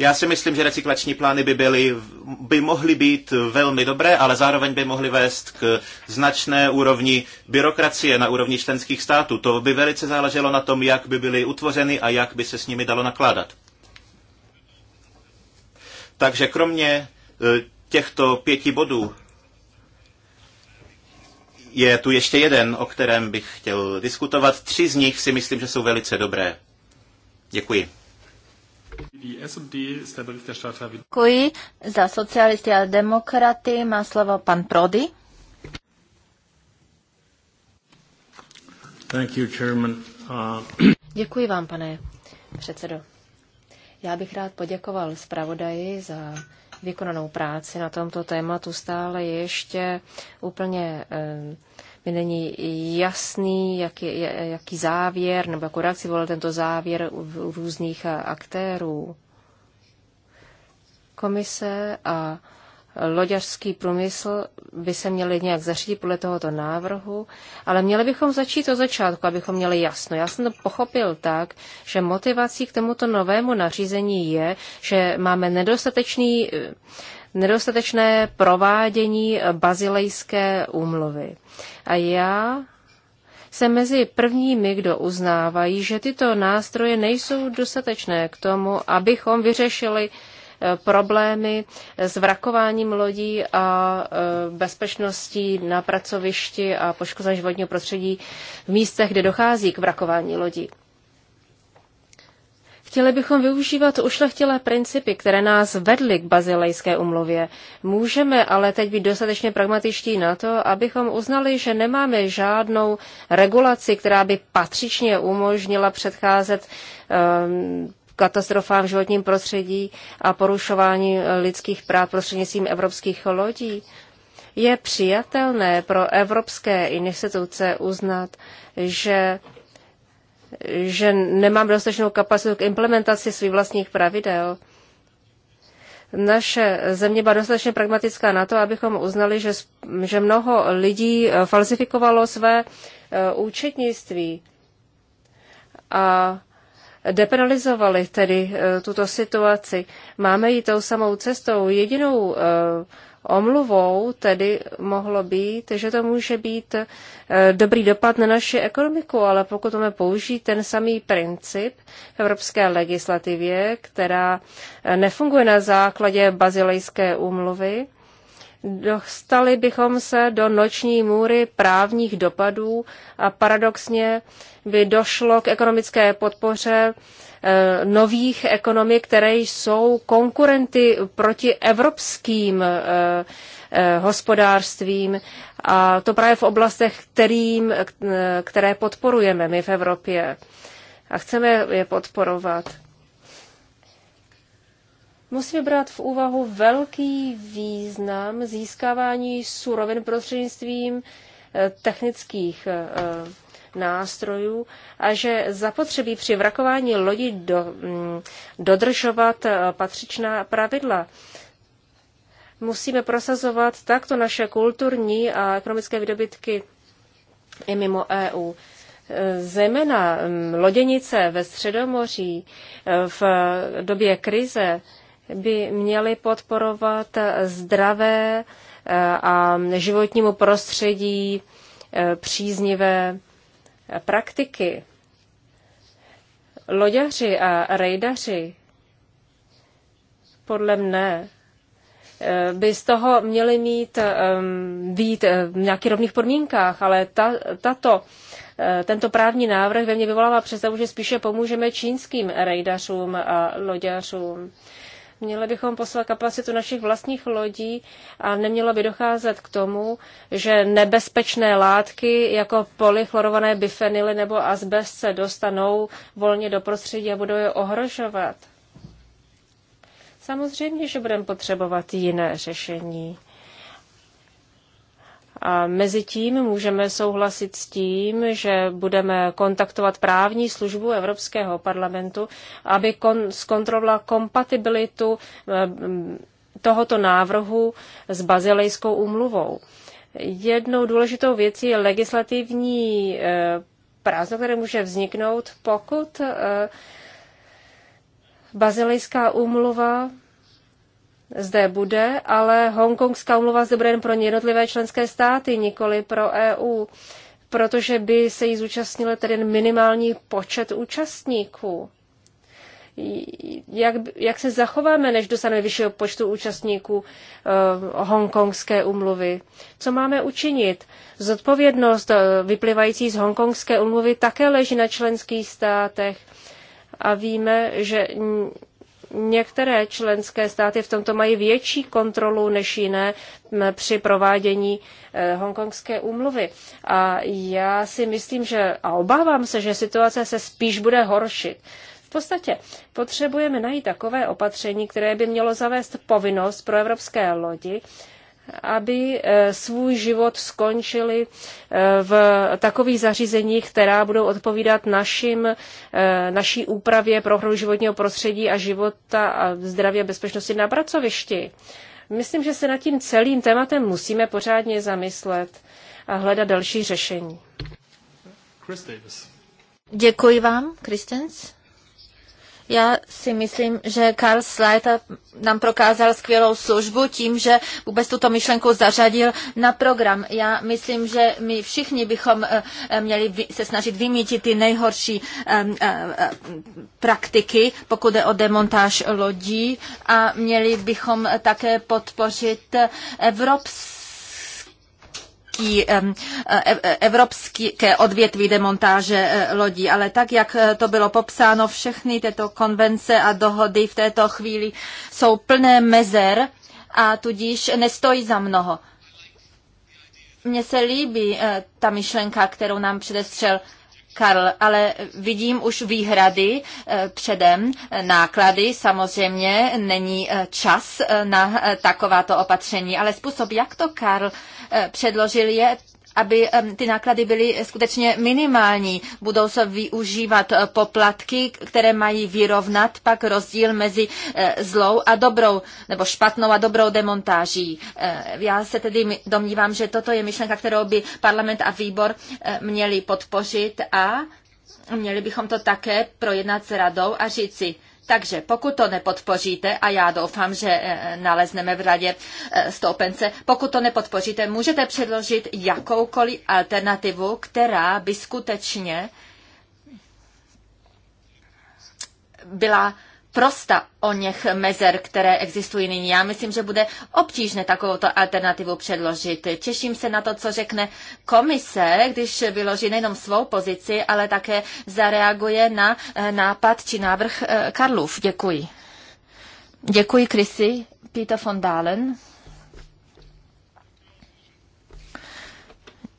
Já si myslím, že recyklační plány by, byly, by mohly být velmi dobré, ale zároveň by mohly vést k značné úrovni byrokracie na úrovni členských států. To by velice záleželo na tom, jak by byly utvořeny a jak by se s nimi dalo nakládat. Takže kromě e, těchto pěti bodů je tu ještě jeden, o kterém bych chtěl diskutovat. Tři z nich si myslím, že jsou velice dobré. Děkuji. Děkuji za socialisty a demokraty. Má slovo pan Prody. Thank you, Chairman. Uh... <clears throat> Děkuji vám, pane předsedo. Já bych rád poděkoval zpravodaji za vykonanou práci na tomto tématu. Stále ještě úplně eh, mi není jasný, jak je, jaký závěr nebo jakou reakci volal tento závěr u různých eh, aktérů. Komise a loďařský průmysl by se měli nějak zařídit podle tohoto návrhu, ale měli bychom začít od začátku, abychom měli jasno. Já jsem to pochopil tak, že motivací k tomuto novému nařízení je, že máme nedostatečný eh, nedostatečné provádění bazilejské úmluvy. A já jsem mezi prvními, kdo uznávají, že tyto nástroje nejsou dostatečné k tomu, abychom vyřešili eh, problémy s vrakováním lodí a eh, bezpečností na pracovišti a poškození životního prostředí v místech, kde dochází k vrakování lodí. Chtěli bychom využívat ušlechtilé principy, které nás vedly k bazilejské umluvě. Můžeme ale teď být dostatečně pragmatičtí na to, abychom uznali, že nemáme žádnou regulaci, která by patřičně umožnila předcházet um, katastrofám v životním prostředí a porušování eh, lidských práv prostřednictvím evropských lodí je přijatelné pro evropské instituce uznat, že že nemám dostatečnou kapacitu k implementaci svých vlastních pravidel. Naše země byla dostatečně pragmatická na to, abychom uznali, že, že mnoho lidí eh, falsifikovalo své eh, účetnictví a depenalizovali tedy eh, tuto situaci. Máme jít tou samou cestou. Jedinou omluvou tedy mohlo být, že to může být eh, dobrý dopad na naši ekonomiku, ale pokud máme použít ten samý princip v evropské legislativě, která eh, nefunguje na základě bazilejské úmluvy, dostali bychom se do noční můry právních dopadů a paradoxně by došlo k ekonomické podpoře Eh, nových ekonomik, které jsou konkurenty proti evropským eh, eh, hospodářstvím a to právě v oblastech, kterým, které podporujeme my v Evropě a chceme je podporovat. Musíme brát v úvahu velký význam získávání surovin prostřednictvím technických nástrojů a že zapotřebí při vrakování lodi do, mm, dodržovat eh, patřičná pravidla. Musíme prosazovat takto naše kulturní a ekonomické vydobytky i mimo EU. Eh, zejména mm, loděnice ve Středomoří eh, v době krize by měly podporovat zdravé a životnímu prostředí příznivé praktiky. Loďaři a rejdaři podle mne eh, by z toho měli mít ehm, být eh, v nějakých rovných podmínkách, ale ta, tato, eh, tento právní návrh ve mně vyvolává představu, že spíše pomůžeme čínským rejdařům a loďařům. Měli bychom poslat kapacitu našich vlastních lodí a nemělo by docházet k tomu, že nebezpečné látky jako polychlorované bifenily nebo asbest se dostanou volně do prostředí a budou je ohrožovat. Samozřejmě, že budeme potřebovat jiné řešení. A mezitím můžeme souhlasit s tím, že budeme kontaktovat právní službu Evropského parlamentu, aby kon- zkontrolovala kompatibilitu eh, tohoto návrhu s bazilejskou úmluvou. Jednou důležitou věcí je legislativní eh, prázdno, které může vzniknout, pokud eh, bazilejská úmluva zde bude, ale Hongkongská umluva zde bude jen pro jednotlivé členské státy, nikoli pro EU, protože by se jí zúčastnil tedy minimální počet účastníků. Jak, jak se zachováme, než dosáhneme vyššího počtu účastníků uh, hongkongské umluvy? Co máme učinit? Zodpovědnost eh, vyplývající z hongkongské umluvy také leží na členských státech a víme, že Některé členské státy v tomto mají větší kontrolu než jiné při provádění eh, hongkongské úmluvy. A já si myslím, že a obávám se, že situace se spíš bude horšit. V podstatě potřebujeme najít takové opatření, které by mělo zavést povinnost pro evropské lodi, aby eh, svůj život skončili eh, v takových zařízeních, která budou odpovídat našim, eh, naší úpravě pro ochranu životního prostředí a života a zdraví a bezpečnosti na pracovišti. Myslím, že se nad tím celým tématem musíme pořádně zamyslet a hledat další řešení. Chris Davis. Děkuji vám, Kristens. Já si myslím, že Karl Slater nám prokázal skvělou službu tím, že vůbec tuto myšlenku zařadil na program. Já myslím, že my všichni bychom eh, eh, měli se snažit vymítit ty nejhorší eh, praktiky, pokud je o demontáž lodí a měli bychom také podpořit evropské i e, e, evropské odvětví demontáže e, lodí, ale tak, jak to bylo popsáno, všechny tyto konvence a dohody v této chvíli jsou plné mezer a tudíž nestojí za mnoho. Mně se líbí ta myšlenka, kterou nám předestřel Karl, ale vidím už výhrady eh, předem, náklady samozřejmě, není eh, čas eh, na takováto opatření, ale způsob, jak to Karl předložil, je aby ty náklady byly skutečně minimální. Budou se využívat eh, poplatky, které mají vyrovnat pak rozdíl mezi eh, zlou a dobrou, nebo špatnou a dobrou demontáží. Eh, já se tedy domnívám, že toto je myšlenka, kterou by parlament a výbor měli podpořit a měli bychom to také projednat s radou a říci, takže pokud to nepodpoříte, a já doufám, že eh, nalezneme v radě eh, stoupence, pokud to nepodpoříte, můžete předložit jakoukoliv alternativu, která by skutečně byla prosta o něch mezer, které existují nyní. Já myslím, že bude obtížné takovouto alternativu předložit. Těším se na to, co řekne komise, když vyloží nejenom svou pozici, ale také zareaguje na eh, nápad či návrh eh, Karlův. Děkuji. Děkuji, Krisi. Peter von Dalen.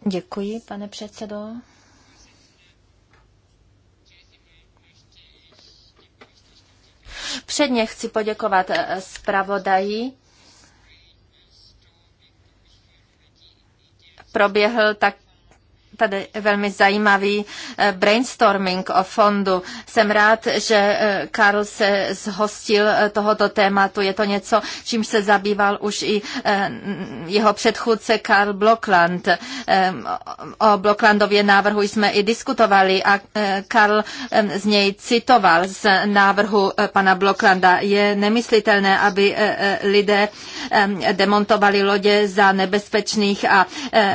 Děkuji, pane předsedo. Předně chci poděkovat eh, zpravodaji. Proběhl tak tady velmi zajímavý eh, brainstorming o fondu. Jsem rád, že eh, Karl se zhostil eh, tohoto tématu. Je to něco, čím se zabýval už i jeho předchůdce Karl Blokland. O Bloklandově návrhu jsme i diskutovali a Karl z něj citoval z návrhu pana Bloklanda. Je nemyslitelné, aby lidé demontovali lodě za nebezpečných a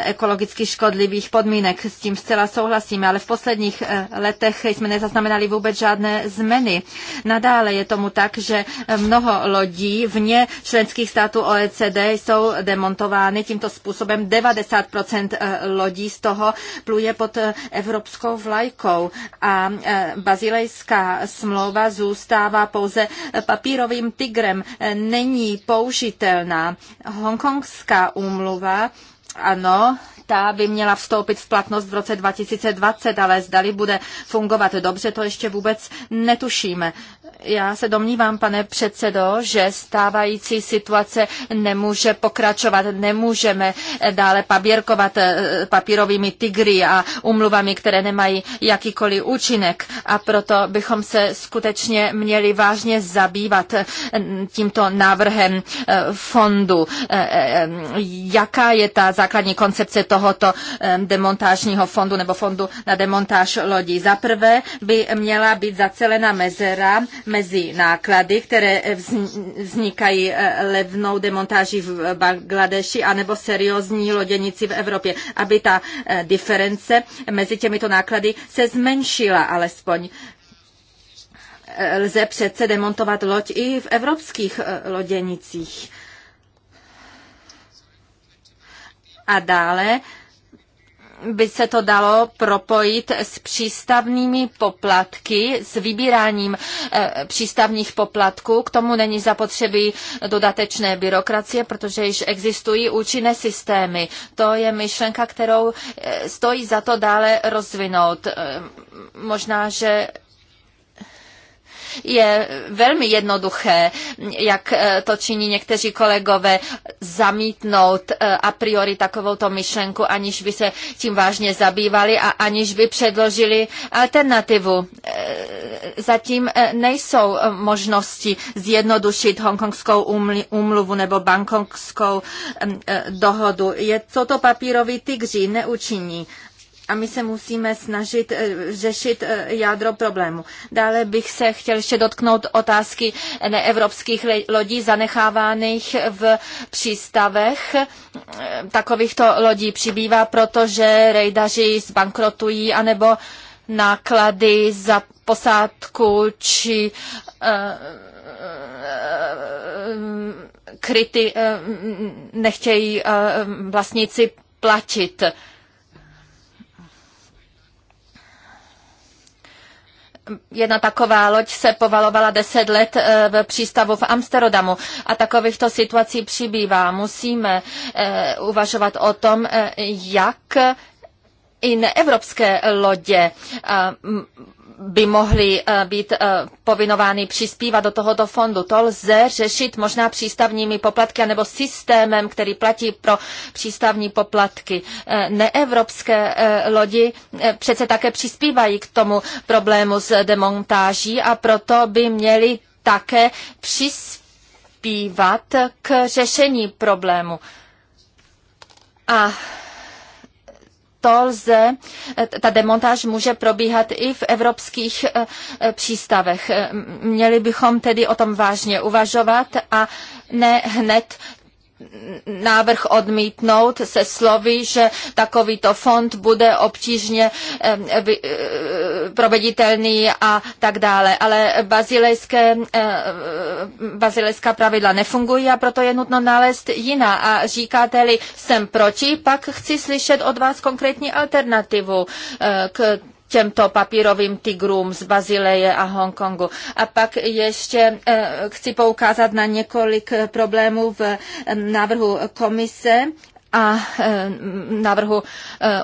ekologicky škodlivých podmínek podmínek, s tím zcela souhlasíme, ale v posledních eh, letech jsme nezaznamenali vůbec žádné změny. Nadále je tomu tak, že eh, mnoho lodí vně členských států OECD jsou demontovány tímto způsobem. 90% eh, lodí z toho pluje pod evropskou vlajkou a bazilejská smlouva zůstává pouze papírovým tigrem. Není použitelná. Hongkongská úmluva ano, ta by měla vstoupit v platnost v roce 2020, ale zdali bude fungovat dobře, to ještě vůbec netušíme. Já se domnívám, pane předsedo, že stávající situace nemůže pokračovat. Nemůžeme dále papírkovat eh, papírovými tygry a umluvami, které nemají jakýkoliv účinek. A proto bychom se skutečně měli vážně zabývat eh, tímto návrhem eh, fondu. Jaká je ta základní koncepce toho, tohoto demontážního fondu nebo fondu na demontáž lodí. Za prvé by měla být zacelena mezera mezi náklady, které eh, vznikají eh, levnou demontáží v Bangladeši anebo seriózní loděnici v Evropě, aby ta eh, diference mezi těmito náklady se zmenšila alespoň lze přece demontovat loď i v evropských loděnicích. A dále by se to dalo propojit s přístavnými poplatky, s vybíráním e, přístavních poplatků. K tomu není zapotřebí dodatečné byrokracie, protože již existují účinné systémy. To je myšlenka, kterou e, stojí za to dále rozvinout. E, možná, že je velmi jednoduché, jak eh, to činí někteří kolegové, zamítnout eh, a priori takovouto myšlenku, aniž by se tím vážně zabývali a aniž by předložili alternativu. Eh, zatím nejsou možnosti zjednodušit hongkongskou úmluvu nebo bankongskou dohodu. Je to papírový tygří, neučiní a my se musíme snažit eh, řešit eh, jádro problému. Dále bych se chtěl ještě dotknout otázky neevropských lodí zanechávaných v přístavech. Eh, takovýchto lodí přibývá, protože rejdaři zbankrotují anebo náklady za posádku či kryty nechtějí vlastníci platit. Jedna taková loď se povalovala deset let eh, v přístavu v Amsterdamu a takovýchto situací přibývá. Musíme eh, uvažovat o tom, eh, jak i neevropské lodě by mohly eh, být eh, povinovány přispívat do tohoto fondu. To lze řešit možná přístavními poplatky anebo systémem, který platí pro přístavní poplatky. Eh, neevropské lodi přece také přispívají k tomu problému s demontáží a proto by měly také přispívat k řešení problému. A to lze, ta demontáž může probíhat i v evropských eh, přístavech. Měli bychom tedy o tom vážně uvažovat a ne hned návrh odmítnout se slovy, že takovýto fond bude obtížně e, proveditelný a tak dále. Ale bazilejské, bazilejská pravidla nefungují a proto je nutno nalézt jiná. A říkáte-li, jsem proti, pak chci slyšet od vás konkrétní alternativu e, k těmto papírovým tigrům z Bazileje a Hongkongu. A pak ještě eh, chci poukázat na několik problémů v eh, návrhu komise a eh, návrhu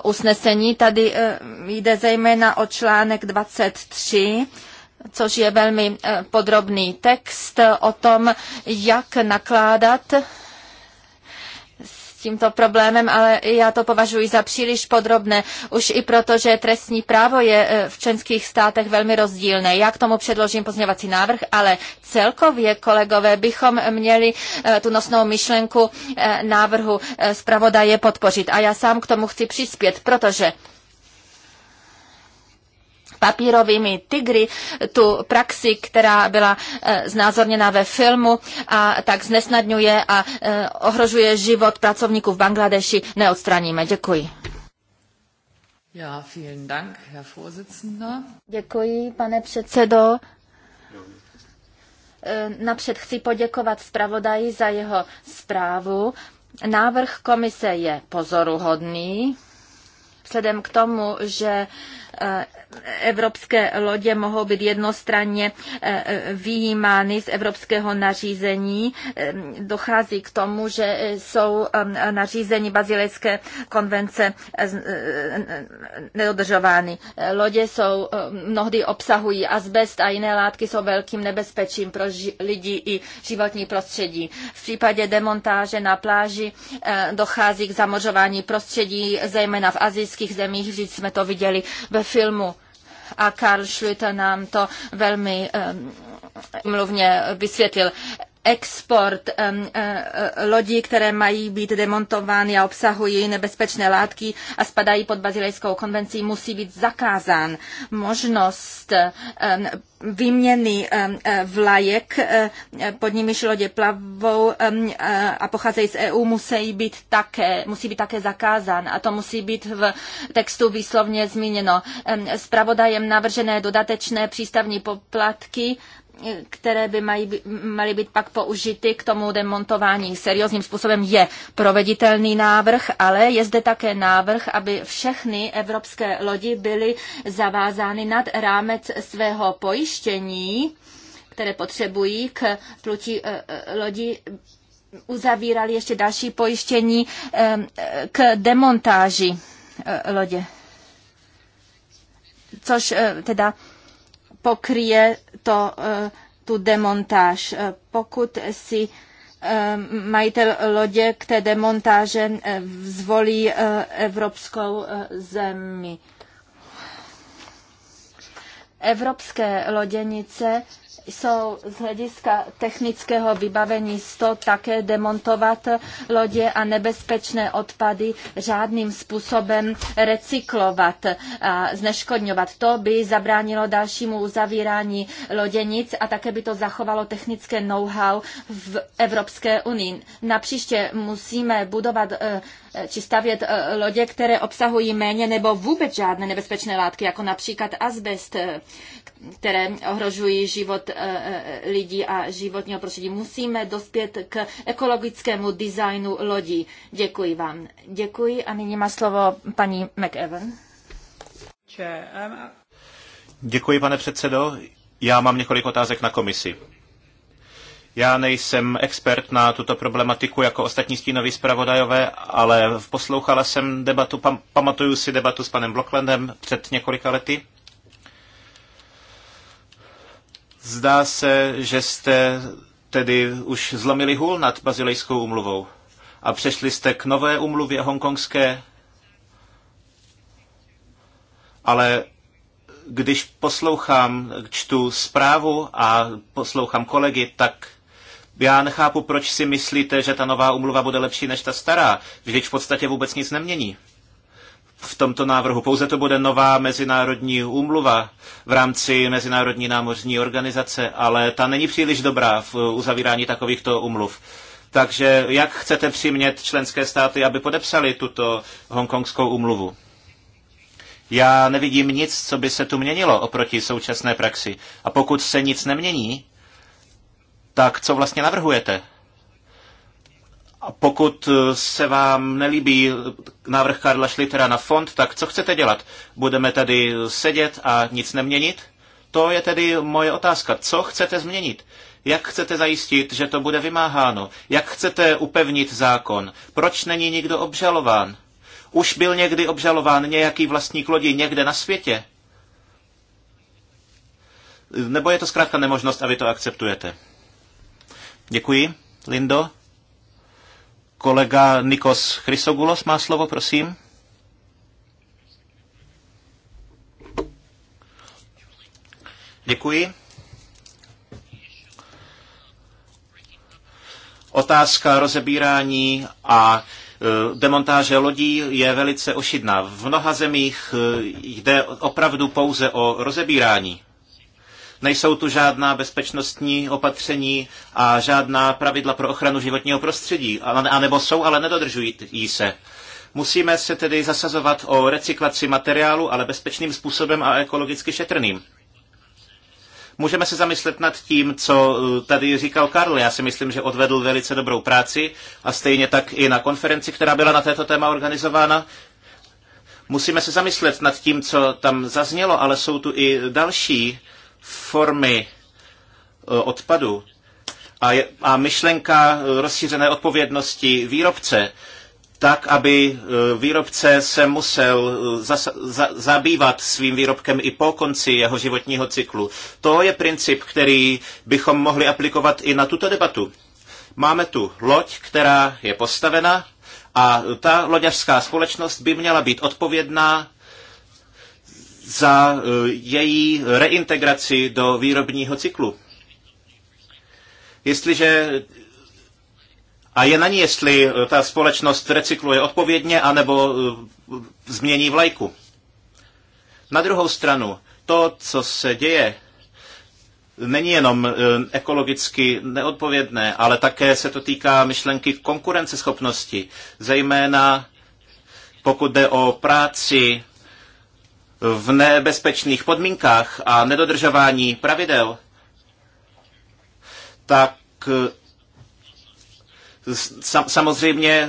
usnesení. Tady jde zejména o článek 23 což je velmi podrobný text o tom, jak nakládat tímto problémem, ale já to považuji za příliš podrobné, už i proto, že trestní právo je e, v členských státech velmi rozdílné. Já k tomu předložím pozměvací návrh, ale celkově, kolegové, bychom měli e, tu nosnou myšlenku e, návrhu zpravodaje podpořit. A já sám k tomu chci přispět, protože papírovými tygry tu praxi, která byla eh, znázorněna ve filmu a tak znesnadňuje a eh, ohrožuje život pracovníků v Bangladeši, neodstraníme. Děkuji. Ja, vielen Dank, Herr Vorsitzender. Děkuji, pane předsedo. Eh, napřed chci poděkovat zpravodaji za jeho zprávu. Návrh komise je pozoruhodný, vzhledem k tomu, že evropské lodě mohou být jednostranně eh, eh, vyjímány z evropského nařízení. Eh, dochází k tomu, že jsou nařízení bazilejské konvence nedodržovány. Lodě jsou, mnohdy obsahují azbest a jiné látky jsou velkým nebezpečím pro lidi i životní prostředí. V případě demontáže na pláži dochází k zamořování prostředí, zejména v azijských zemích, vždyť jsme to viděli ve filmu a Karl Schlüter nám to velmi eh, mluvně vysvětlil export lodí, které mají být demontovány a obsahují nebezpečné látky a spadají pod Bazilejskou konvencí, musí být zakázán. Možnost výměny e, vlajek, e, e, pod nimiž lodě plavou a pocházejí z EU, musí být také, musí být také zakázán a to musí být v textu výslovně zmíněno. Spravodajem navržené dodatečné přístavní poplatky které by mají, maly být pak použity k tomu demontování seriózním způsobem, je proveditelný návrh, ale je zde také návrh, aby všechny evropské lodi byly zavázány nad rámec svého pojištění, které potřebují k plutí eh, eh, lodi uzavírali ještě další pojištění eh, k demontáži lodě. Což teda pokryje to, eh, tu demontáž. Eh, pokud si eh, majitel lodě k té demontáže zvolí evropskou zemi. Evropské loděnice jsou z hlediska technického vybavení 100 také demontovat lodě a nebezpečné odpady žádným způsobem recyklovat a zneškodňovat. To by zabránilo dalšímu uzavírání loděnic a také by to zachovalo technické know-how v Evropské unii. Napříště musíme budovat eh, Eh, či stavět eh, lodě, které obsahují méně nebo vůbec žádné nebezpečné látky, jako například asbest, eh, které ohrožují život lidí a životního prostředí. Musíme dospět k ekologickému designu lodí. Děkuji vám. Děkuji a nyní má slovo paní McEwen. Um, Děkuji, pane předsedo. Já mám několik otázek na komisi. Já nejsem expert na tuto problematiku jako ostatní stínoví zpravodajové, ale poslouchala jsem debatu, pam, pamatuju si debatu s panem Blocklandem před několika lety. Zdá se, že jste tedy už zlomili hůl nad bazilejskou umluvou a přešli jste k nové umluvě hongkongské, ale když poslouchám, čtu zprávu a poslouchám kolegy, tak já nechápu, proč si myslíte, že ta nová umluva bude lepší než ta stará, když v podstatě vůbec nic nemění v tomto návrhu. Pouze to bude nová mezinárodní úmluva v rámci Mezinárodní námořní organizace, ale ta není příliš dobrá v uzavírání takovýchto umluv. Takže jak chcete přimět členské státy, aby podepsali tuto hongkongskou umluvu? Já nevidím nic, co by se tu měnilo oproti současné praxi. A pokud se nic nemění, tak co vlastně navrhujete? A pokud eh, se vám nelíbí návrh Karla Schlittera na fond, tak co chcete dělat? Budeme tady sedět a nic neměnit? To je tedy moje otázka. Co chcete změnit? Jak chcete zajistit, že to bude vymáháno? Jak chcete upevnit zákon? Proč není nikdo obžalován? Už byl někdy obžalován nějaký vlastník lodi někde na světě? Nebo je to zkrátka nemožnost a vy to akceptujete? Děkuji. Lindo? Kolega Nikos Chrysogulos má slovo, prosím. Děkuji. Otázka rozebírání a e, demontáže lodí je velice ošidná. V mnoha zemích e, jde opravdu pouze o rozebírání. Nejsou tu žádná bezpečnostní opatření a žádná pravidla pro ochranu životního prostředí, anebo jsou, ale nedodržují jí se. Musíme se tedy zasazovat o recyklaci materiálu, ale bezpečným způsobem a ekologicky šetrným. Můžeme se zamyslet nad tím, co eh, tady říkal Karl. Já si myslím, že odvedl velice dobrou práci a stejně tak i na konferenci, která byla na této téma organizována. Musíme se zamyslet nad tím, co tam zaznělo, ale jsou tu i další formy e, odpadu a, je, a myšlenka e, rozšířené odpovědnosti výrobce, tak, aby e, výrobce se musel zas, za, zabývat svým výrobkem i po konci jeho životního cyklu. To je princip, který bychom mohli aplikovat i na tuto debatu. Máme tu loď, která je postavena a ta loďařská společnost by měla být odpovědná za eh, její reintegraci do výrobního cyklu. Jestliže a je na ní, jestli eh, ta společnost recykluje odpovědně anebo eh, změní vlajku. Na druhou stranu, to, co se děje, není jenom ekologicky neodpovědné, ale také se to týká myšlenky konkurenceschopnosti, zejména pokud jde o práci v nebezpečných podmínkách a nedodržování pravidel, tak eh, samozřejmě eh,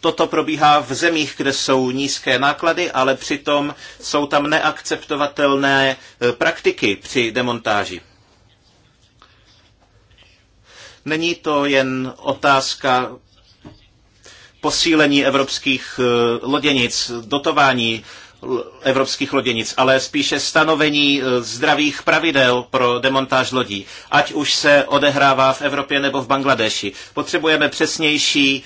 toto probíhá v zemích, kde jsou nízké náklady, ale přitom jsou tam neakceptovatelné eh, praktiky při demontáži. Není to jen otázka posílení evropských loděnic, dotování evropských loděnic, ale spíše stanovení e, zdravých pravidel pro demontáž lodí, ať už se odehrává v Evropě nebo v Bangladeši. Potřebujeme přesnější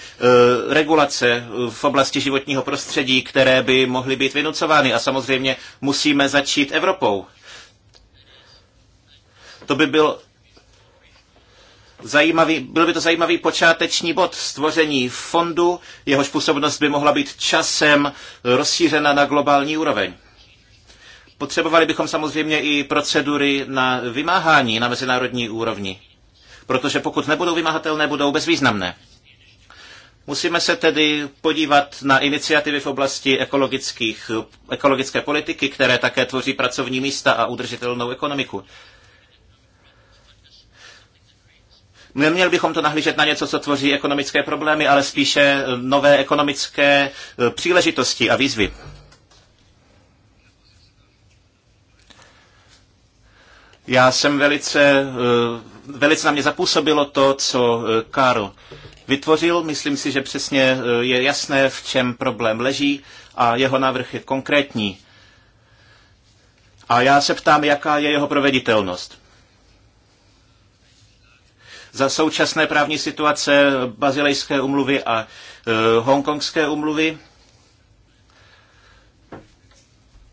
uh, regulace e, v oblasti životního prostředí, které by mohly být vynucovány a samozřejmě musíme začít Evropou. To by bylo zajímavý, byl by to zajímavý počáteční bod stvoření fondu, jehož působnost by mohla být časem rozšířena na globální úroveň. Potřebovali bychom samozřejmě i procedury na vymáhání na mezinárodní úrovni, protože pokud nebudou vymahatelné, budou bezvýznamné. Musíme se tedy podívat na iniciativy v oblasti ekologických, ekologické politiky, které také tvoří pracovní místa a udržitelnou ekonomiku. Neměli bychom to nahlížet na něco, co tvoří ekonomické problémy, ale spíše eh, nové ekonomické eh, příležitosti a výzvy. Já jsem velice, eh, velice na mě zapůsobilo to, co Karl vytvořil. Myslím si, že přesně je jasné, v čem problém leží a jeho návrh je konkrétní. A já se ptám, jaká je jeho proveditelnost. Za současné právní situace bazilejské umluvy a e, hongkongské umluvy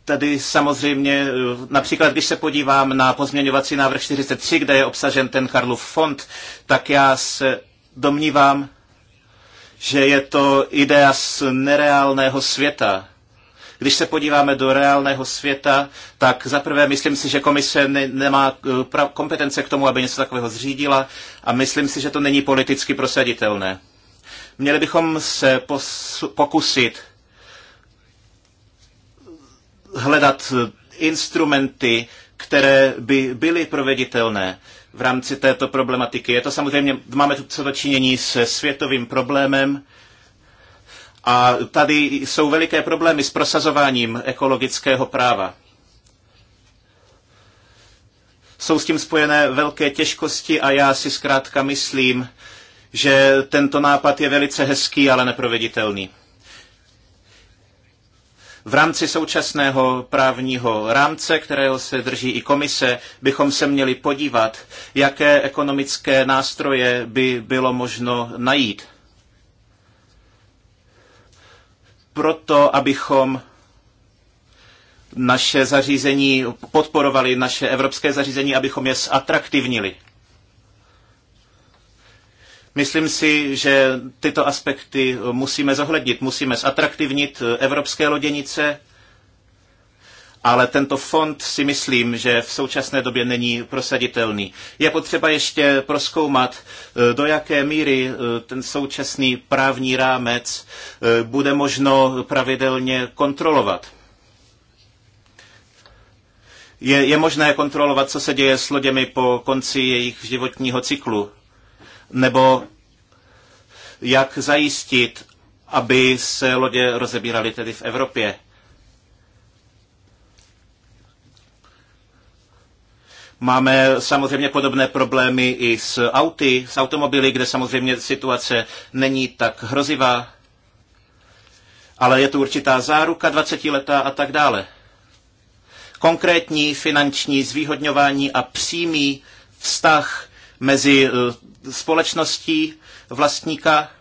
Tady samozřejmě, e, například když se podívám na pozměňovací návrh 43, kde je obsažen ten Karlov fond, tak já se domnívám, že je to idea z nereálného světa. Když se podíváme do reálného světa, tak zaprvé myslím si, že komise nemá eh, kompetence k tomu, aby něco takového zřídila a myslím si, že to není politicky prosaditelné. Měli bychom se pokusit hledat eh, instrumenty, které by byly proveditelné v rámci této problematiky. Je to samozřejmě, máme tu co dočinění se světovým problémem, a tady jsou veliké problémy s prosazováním ekologického práva. Jsou s tím spojené velké těžkosti a já si zkrátka myslím, že tento nápad je velice hezký, ale neproveditelný. V rámci současného právního rámce, kterého se drží i komise, bychom se měli podívat, jaké ekonomické nástroje by bylo možno najít. proto, abychom naše zařízení podporovali, naše evropské zařízení, abychom je zatraktivnili. Myslím si, že tyto aspekty musíme zohlednit. Musíme zatraktivnit evropské loděnice, ale tento fond si myslím, že v současné době není prosaditelný. Je potřeba ještě proskoumat, eh, do jaké míry eh, ten současný právní rámec eh, bude možno pravidelně kontrolovat. Je, je možné kontrolovat, co se děje s loděmi po konci jejich životního cyklu? Nebo jak zajistit, aby se lodě rozebíraly tedy v Evropě? Máme samozřejmě podobné problémy i s auty, s automobily, kde samozřejmě situace není tak hrozivá, ale je tu určitá záruka 20 letá a tak dále. Konkrétní finanční zvýhodňování a přímý vztah mezi eh, společností vlastníka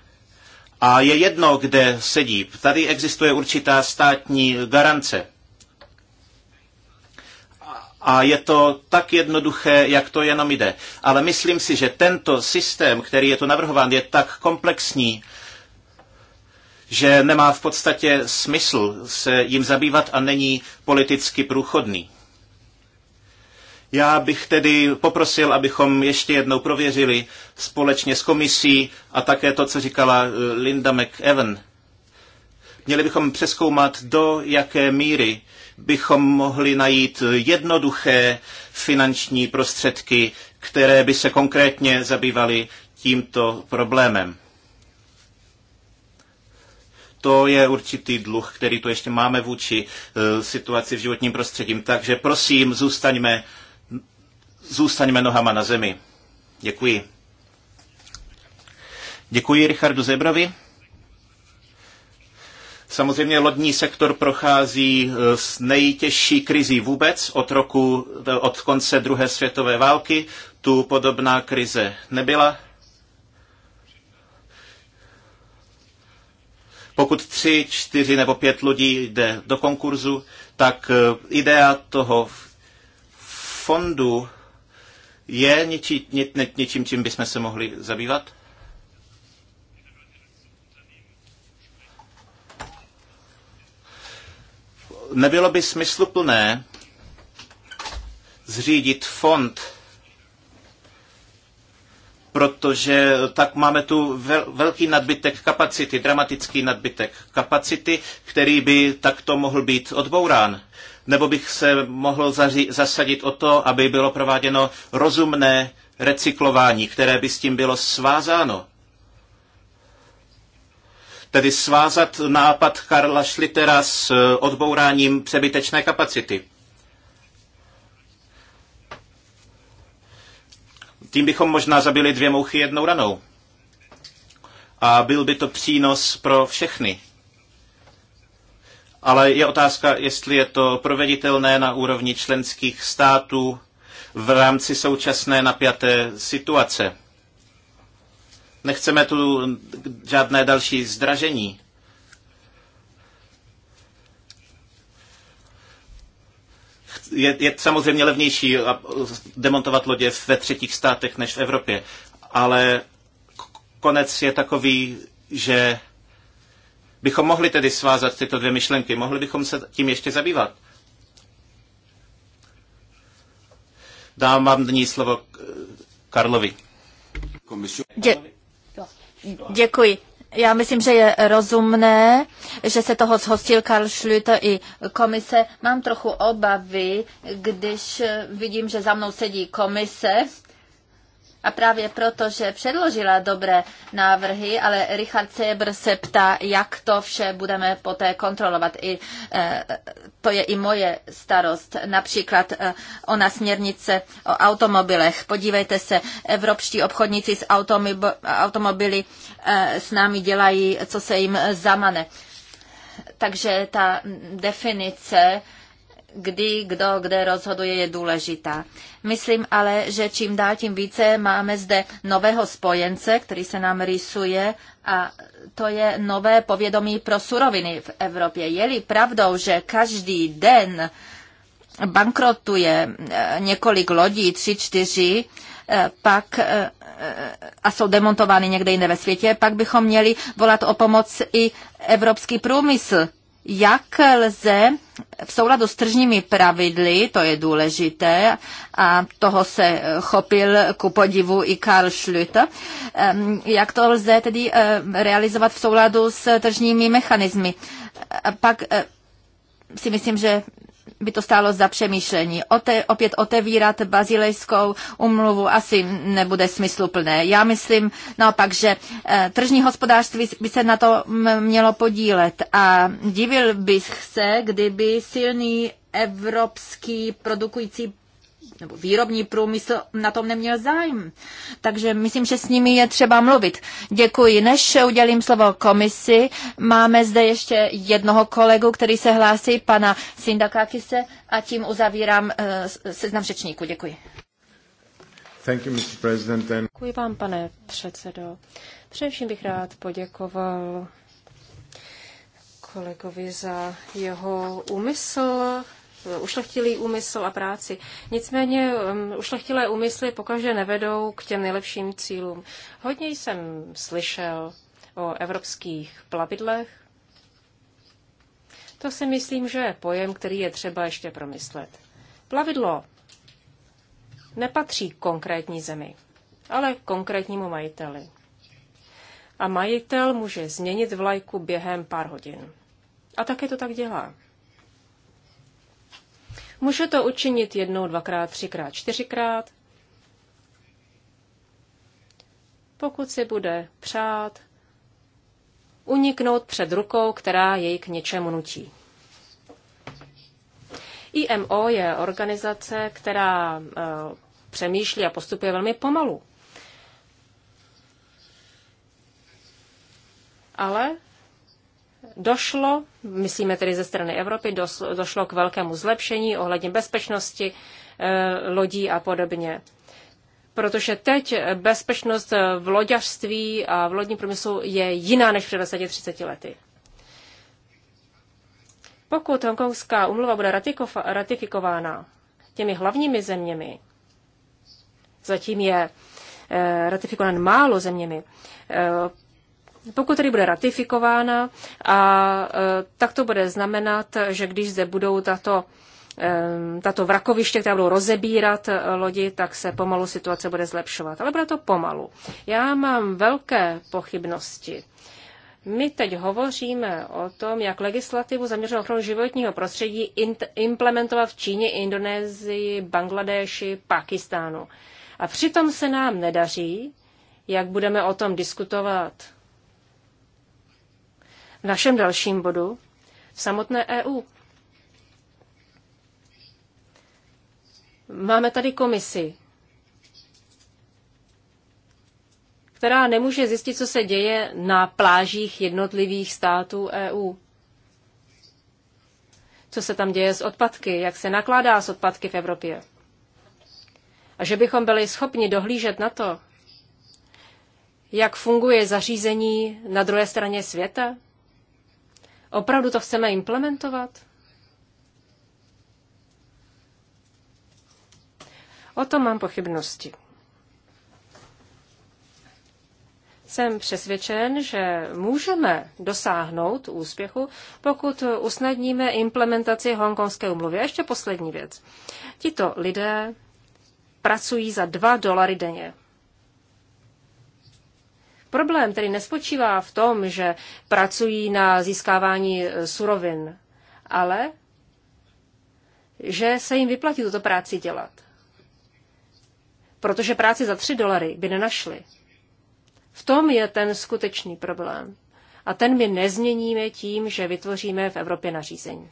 a je jedno, kde sedí. Tady existuje určitá státní garance a je to tak jednoduché, jak to jenom jde. Ale myslím si, že tento systém, který je tu navrhován, je tak komplexní, že nemá v podstatě smysl se jim zabývat a není politicky průchodný. Já bych tedy poprosil, abychom ještě jednou prověřili společně s komisí a také to, co říkala eh, Linda McEwen. Měli bychom přeskoumat, do jaké míry bychom mohli najít jednoduché finanční prostředky, které by se konkrétně zabývaly tímto problémem. To je určitý dluh, který tu ještě máme vůči e, situaci v životním prostředí. Takže prosím, zůstaňme, zůstaňme nohama na zemi. Děkuji. Děkuji Richardu Zebrovi. Samozřejmě lodní sektor prochází eh, s nejtěžší krizí vůbec od roku, od konce druhé světové války. Tu podobná krize nebyla. Pokud tři, čtyři nebo pět lidí jde do konkurzu, tak eh, idea toho fondu je něčí, ně, ně, něčím, čím bychom se mohli zabývat? nebylo by smysluplné zřídit fond, protože tak máme tu velký nadbytek kapacity, dramatický nadbytek kapacity, který by takto mohl být odbourán. Nebo bych se mohl zasadit o to, aby bylo prováděno rozumné recyklování, které by s tím bylo svázáno. Tedy svázat nápad Karla Schlittera s eh, odbouráním přebytečné kapacity. Tím bychom možná zabili dvě mouchy jednou ranou. A byl by to přínos pro všechny. Ale je otázka, jestli je to proveditelné na úrovni členských států v rámci současné napjaté situace. Nechceme tu žádné další zdražení. Je, je samozřejmě levnější demontovat lodě ve třetích státech než v Evropě, ale konec je takový, že bychom mohli tedy svázat tyto dvě myšlenky, mohli bychom se tím ještě zabývat. Dám vám nyní slovo Karlovi. Dě- Děkuji. Já myslím, že je rozumné, že se toho zhostil Karl Schlüter i komise. Mám trochu obavy, když vidím, že za mnou sedí komise a právě proto, že předložila dobré návrhy, ale Richard Sebr se ptá, jak to vše budeme poté kontrolovat. I, e, to je i moje starost, například e, ona směrnice o automobilech. Podívejte se, evropští obchodníci s automobily e, s námi dělají, co se jim zamane. Takže ta definice e, kdy, kdo, kde rozhoduje, je důležitá. Myslím ale, že čím dál tím více máme zde nového spojence, který se nám rysuje a to je nové povědomí pro suroviny v Evropě. Je-li pravdou, že každý den bankrotuje eh, několik lodí, tři, čtyři, eh, pak eh, a jsou demontovány někde jinde ve světě, pak bychom měli volat o pomoc i evropský průmysl jak lze v souladu s tržními pravidly, to je důležité, a toho se chopil ku podivu i Karl Schlüter, jak to lze tedy realizovat v souladu s tržními mechanismy. Pak si myslím, že by to stálo za přemýšlení. Ote, opět otevírat bazilejskou umluvu asi nebude smysluplné. Já myslím naopak, že e, tržní hospodářství by se na to mělo podílet a divil bych se, kdyby silný evropský produkující nebo výrobní průmysl na tom neměl zájem. Takže myslím, že s nimi je třeba mluvit. Děkuji. Než udělím slovo komisi, máme zde ještě jednoho kolegu, který se hlásí, pana Sindakakise, a tím uzavírám eh, seznam řečníků. Děkuji. Thank you, Mr. President. And... Děkuji vám, pane předsedo. Především bych rád poděkoval kolegovi za jeho úmysl Eh, ušlechtilý úmysl a práci. Nicméně ušlechtilé úmysly pokaždé nevedou k těm nejlepším cílům. Hodně jsem slyšel o evropských plavidlech. To si myslím, že je pojem, který je třeba ještě promyslet. Plavidlo nepatří konkrétní zemi, ale konkrétnímu majiteli. A majitel může změnit vlajku během pár hodin. A také to tak dělá. Může to učinit jednou, dvakrát, třikrát, čtyřikrát. Pokud si bude přát, uniknout před rukou, která jej k něčemu nutí. IMO je organizace, která e, přemýšlí a postupuje velmi pomalu. Ale došlo, myslíme tedy ze strany Evropy, došlo k velkému zlepšení ohledně bezpečnosti eh, lodí a podobně. Protože teď bezpečnost v loďařství a v lodním průmyslu je jiná než před 20-30 lety. Pokud hongkongská umluva bude ratifikována těmi hlavními zeměmi, zatím je eh, ratifikován málo zeměmi, eh, pokud tedy bude ratifikována, a e, tak to bude znamenat, že když zde budou tato e, tato vrakoviště, která budou rozebírat e, lodi, tak se pomalu situace bude zlepšovat. Ale bude to pomalu. Já mám velké pochybnosti. My teď hovoříme o tom, jak legislativu zaměřenou ochranu životního prostředí implementovat v Číně, Indonésii, Bangladeši, Pakistánu. A přitom se nám nedaří, jak budeme o tom diskutovat v našem dalším bodu v samotné EU. Máme tady komisi, která nemůže zjistit, co se děje na plážích jednotlivých států EU. Co se tam děje s odpadky, jak se nakládá s odpadky v Evropě. A že bychom byli schopni dohlížet na to, jak funguje zařízení na druhé straně světa, Opravdu to chceme implementovat? O tom mám pochybnosti. Jsem přesvědčen, že můžeme dosáhnout úspěchu, pokud usnadníme implementaci hongkongské umluvy. A ještě poslední věc. Tito lidé pracují za 2 dolary denně. Problém tedy nespočívá v tom, že pracují na získávání e, surovin, ale že se jim vyplatí tuto práci dělat. Protože práci za tři dolary by nenašli. V tom je ten skutečný problém. A ten my nezměníme tím, že vytvoříme v Evropě nařízení.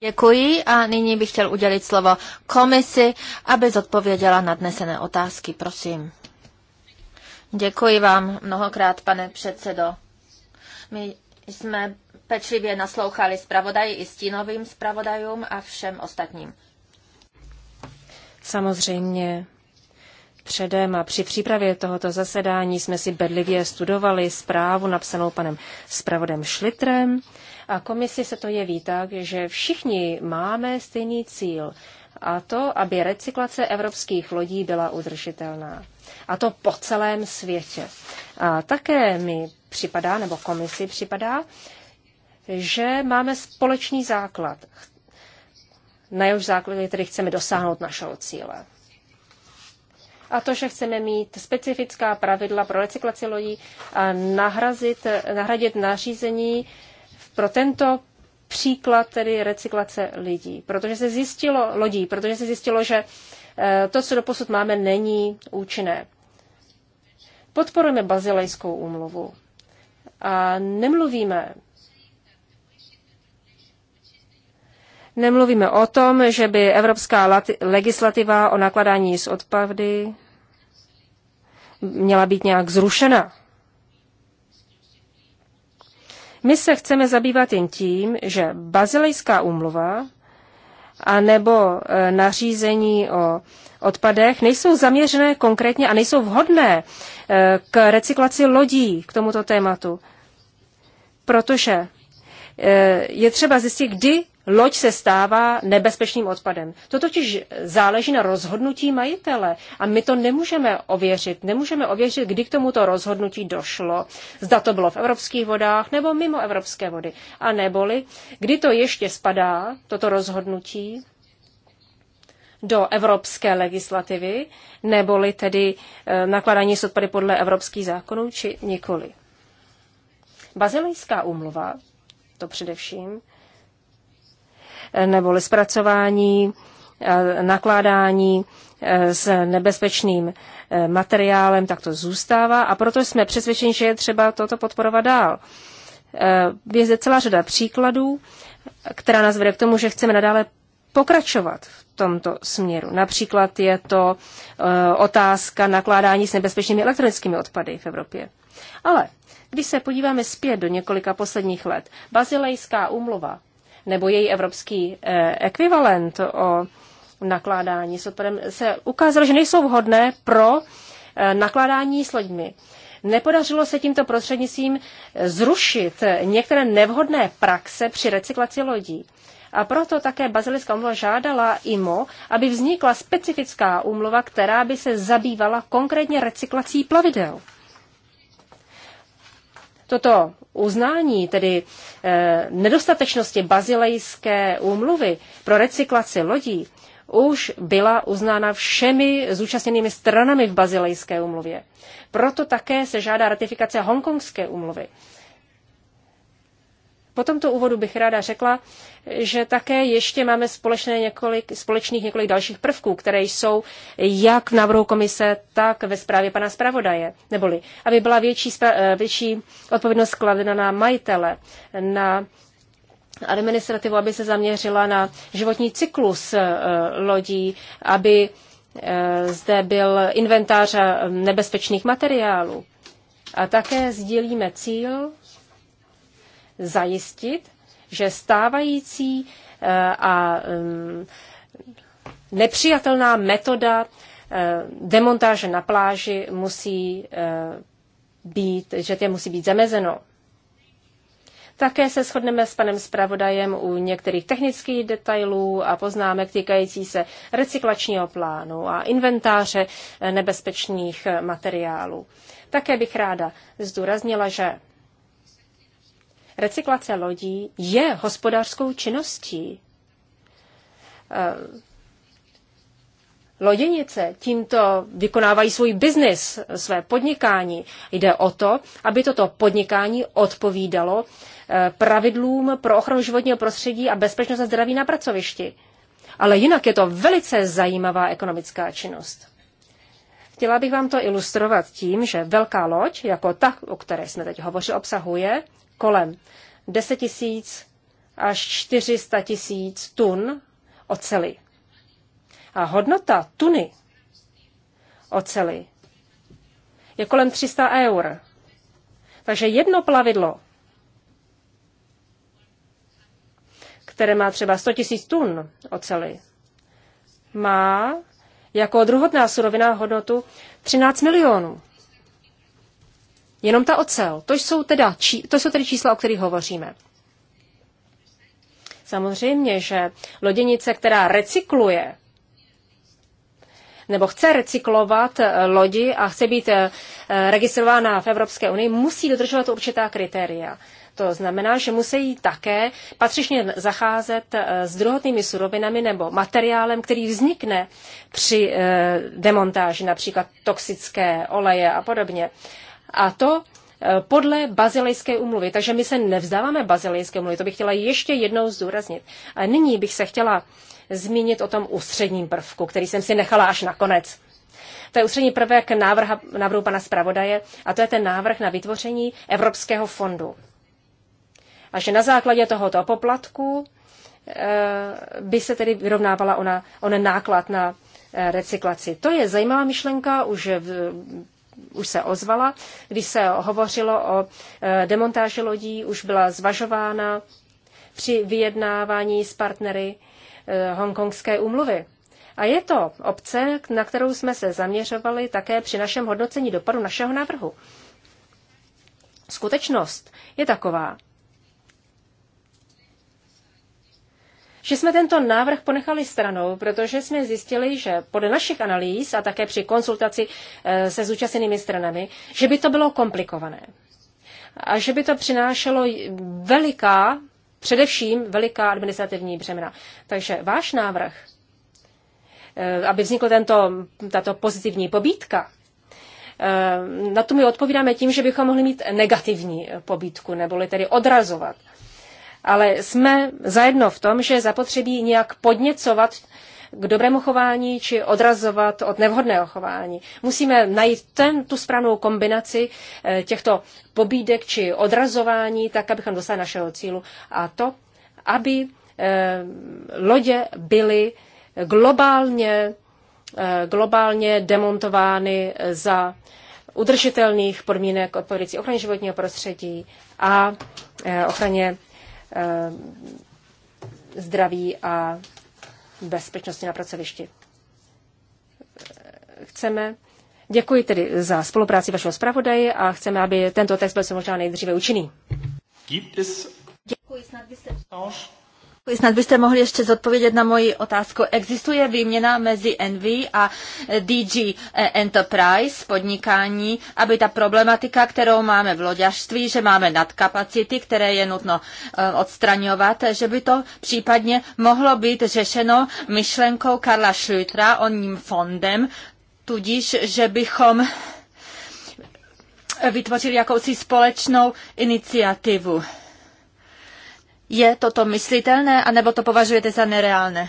Děkuji a nyní bych chtěl udělit slovo komisi, aby zodpověděla na otázky. Prosím. Děkuji vám mnohokrát, pane předsedo. My jsme pečlivě naslouchali zpravodaji i stínovým zpravodajům a všem ostatním. Samozřejmě Předem a při přípravě tohoto zasedání jsme si bedlivě studovali zprávu napsanou panem zpravodem Šlitrem a komisi se to jeví tak, že všichni máme stejný cíl a to, aby recyklace evropských lodí byla udržitelná a to po celém světě. A také mi připadá, nebo komisi připadá, že máme společný základ, na jehož základě tedy chceme dosáhnout našeho cíle. A to, že chceme mít specifická pravidla pro recyklaci lodí a nahrazit, nahradit nařízení pro tento příklad tedy recyklace lidí, protože se zjistilo, lodí, protože se zjistilo, že eh, to, co doposud máme, není účinné. Podporujeme bazilejskou úmluvu a nemluvíme Nemluvíme o tom, že by evropská legislativa o nakladání s odpady měla být nějak zrušena. My se chceme zabývat jen tím, že bazilejská úmluva a nebo e, nařízení o odpadech nejsou zaměřené konkrétně a nejsou vhodné e, k recyklaci lodí k tomuto tématu. Protože e, je třeba zjistit, kdy loď se stává nebezpečným odpadem. To totiž záleží na rozhodnutí majitele a my to nemůžeme ověřit. Nemůžeme ověřit, kdy k tomuto rozhodnutí došlo. Zda to bylo v evropských vodách nebo mimo evropské vody. A neboli, kdy to ještě spadá, toto rozhodnutí, do evropské legislativy, neboli tedy e, nakladání s odpady podle evropských zákonů, či nikoli. Bazilejská úmluva, to především, neboli zpracování, nakládání e, s nebezpečným e, materiálem, tak to zůstává a proto jsme přesvědčeni, že je třeba toto podporovat dál. E, je zde celá řada příkladů, která nás vede k tomu, že chceme nadále pokračovat v tomto směru. Například je to otázka nakládání s nebezpečnými elektronickými odpady v Evropě. Ale když se podíváme zpět do několika posledních let, Bazilejská úmluva nebo její evropský eh, ekvivalent o nakládání s odpadem se ukázalo, že nejsou vhodné pro eh, nakládání s loďmi. Nepodařilo se tímto prostřednictvím zrušit některé nevhodné praxe při recyklaci lodí. A proto také Bazilická umlova žádala IMO, aby vznikla specifická úmluva, která by se zabývala konkrétně recyklací plavidel. Toto uznání, tedy e, nedostatečnosti bazilejské úmluvy pro recyklaci lodí, už byla uznána všemi zúčastněnými stranami v bazilejské úmluvě. Proto také se žádá ratifikace hongkongské úmluvy. Po tomto úvodu bych ráda řekla, že také ještě máme společné několik, společných několik dalších prvků, které jsou jak v návrhu komise, tak ve zprávě pana zpravodaje. Neboli, aby byla větší, eh, větší odpovědnost kladena na majitele, na administrativu, aby se zaměřila na životní cyklus eh, lodí, aby eh, zde byl inventář nebezpečných materiálů. A také sdílíme cíl zajistit, že stávající eh, a mm, nepřijatelná metoda eh, demontáže na pláži musí eh, být, že tě musí být zamezeno. Také se shodneme s panem zpravodajem u některých technických detailů a poznámek týkající se recyklačního plánu a inventáře nebezpečných materiálů. Také bych ráda zdůraznila, že recyklace lodí je hospodářskou činností. Eh, loděnice tímto vykonávají svůj biznis, své podnikání. Jde o to, aby toto podnikání odpovídalo eh, pravidlům pro ochranu životního prostředí a bezpečnost a zdraví na pracovišti. Ale jinak je to velice zajímavá ekonomická činnost. Chtěla bych vám to ilustrovat tím, že velká loď, jako ta, o které jsme teď hovořili, obsahuje kolem 10 tisíc až 400 tisíc tun oceli. A hodnota tuny oceli je kolem 300 eur. Takže jedno plavidlo, které má třeba 100 tisíc tun oceli, má jako druhotná surovina hodnotu 13 milionů. Jenom ta ocel. To jsou, teda, či, to jsou tedy čísla, o kterých hovoříme. Samozřejmě, že loděnice, která recykluje nebo chce recyklovat eh, lodi a chce být eh, eh, registrována v Evropské unii, musí dodržovat určitá kritéria. To znamená, že musí také patřičně zacházet s druhotnými surovinami nebo materiálem, který vznikne při demontáži, například toxické oleje a podobně. A to eh, podle bazilejské umluvy. Takže my se nevzdáváme bazilejské umluvy, to bych chtěla ještě jednou zdůraznit. A nyní bych se chtěla zmínit o tom ústředním prvku, který jsem si nechala až nakonec. To je ústřední prvek návrha, návrhu pana zpravodaje a to je ten návrh na vytvoření Evropského fondu. A že na základě tohoto poplatku eh, by se tedy vyrovnávala ona, ona náklad na eh, recyklaci. To je zajímavá myšlenka, už v už se ozvala. Když se hovořilo o e, demontáži lodí, už byla zvažována při vyjednávání s partnery e, hongkongské úmluvy. A je to obce, na kterou jsme se zaměřovali také při našem hodnocení dopadu našeho návrhu. Skutečnost je taková, že jsme tento návrh ponechali stranou, protože jsme zjistili, že podle našich analýz a také při konsultaci eh, se zúčastněnými stranami, že by to bylo komplikované a že by to přinášelo veliká, především veliká administrativní břemena. Takže váš návrh, eh, aby vznikl tento, tato pozitivní pobítka, eh, na to my odpovídáme tím, že bychom mohli mít negativní pobítku, neboli tedy odrazovat ale jsme zajedno v tom, že zapotřebí nějak podněcovat k dobrému chování či odrazovat od nevhodného chování. Musíme najít ten, tu správnou kombinaci eh, těchto pobídek či odrazování, tak abychom dosáhli našeho cílu. A to, aby eh, lodě byly globálně, eh, globálně demontovány za udržitelných podmínek odpovědící ochraně životního prostředí a ochraně Eh, zdraví a bezpečnosti na pracovišti. Chceme, děkuji tedy za spolupráci vašeho zpravodaje a chceme, aby tento text byl co možná nejdříve účinný. Děkuji, snad byste snad byste mohli ještě zodpovědět na moji otázku. Existuje výměna mezi NV a DG Enterprise, podnikání, aby ta problematika, kterou máme v loďařství, že máme nadkapacity, které je nutno eh, odstraňovat, že by to případně mohlo být řešeno myšlenkou Karla Schlütera, oním fondem, tudíž, že bychom vytvořili jakousi společnou iniciativu je toto myslitelné, anebo to považujete za nereálné?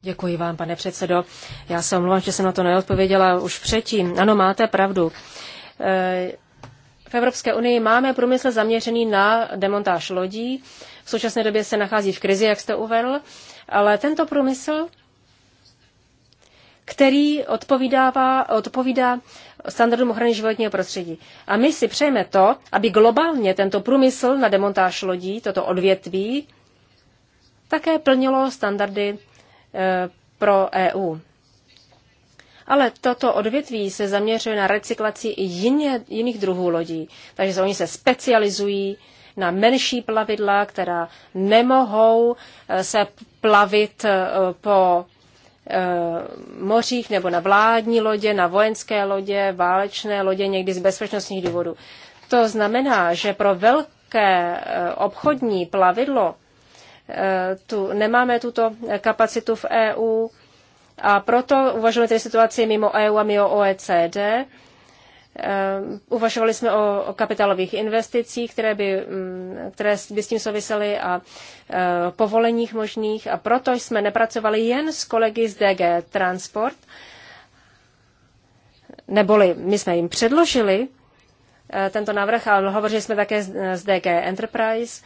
Děkuji vám, pane předsedo. Já se omlouvám, že jsem na to neodpověděla už předtím. Ano, máte pravdu. E, v Evropské unii máme průmysl zaměřený na demontáž lodí. V současné době se nachází v krizi, jak jste uvedl, ale tento průmysl který odpovídává, odpovídá standardům ochrany životního prostředí. A my si přejeme to, aby globálně tento průmysl na demontáž lodí, toto odvětví, také plnilo standardy e, pro EU. Ale toto odvětví se zaměřuje na recyklaci jině, jiných druhů lodí. Takže se oni se specializují na menší plavidla, která nemohou e, se plavit e, po Eh, mořích nebo na vládní lodě, na vojenské lodě, válečné lodě, někdy z bezpečnostních důvodů. To znamená, že pro velké eh, obchodní plavidlo eh, tu, nemáme tuto kapacitu v EU a proto uvažujeme tedy situaci mimo EU a mimo OECD Eh, uvažovali jsme o, o kapitálových investicích, které by, mm, které by s tím souvisely a eh, povoleních možných a proto jsme nepracovali jen s kolegy z DG Transport, neboli my jsme jim předložili eh, tento návrh, ale hovořili jsme také z DG Enterprise,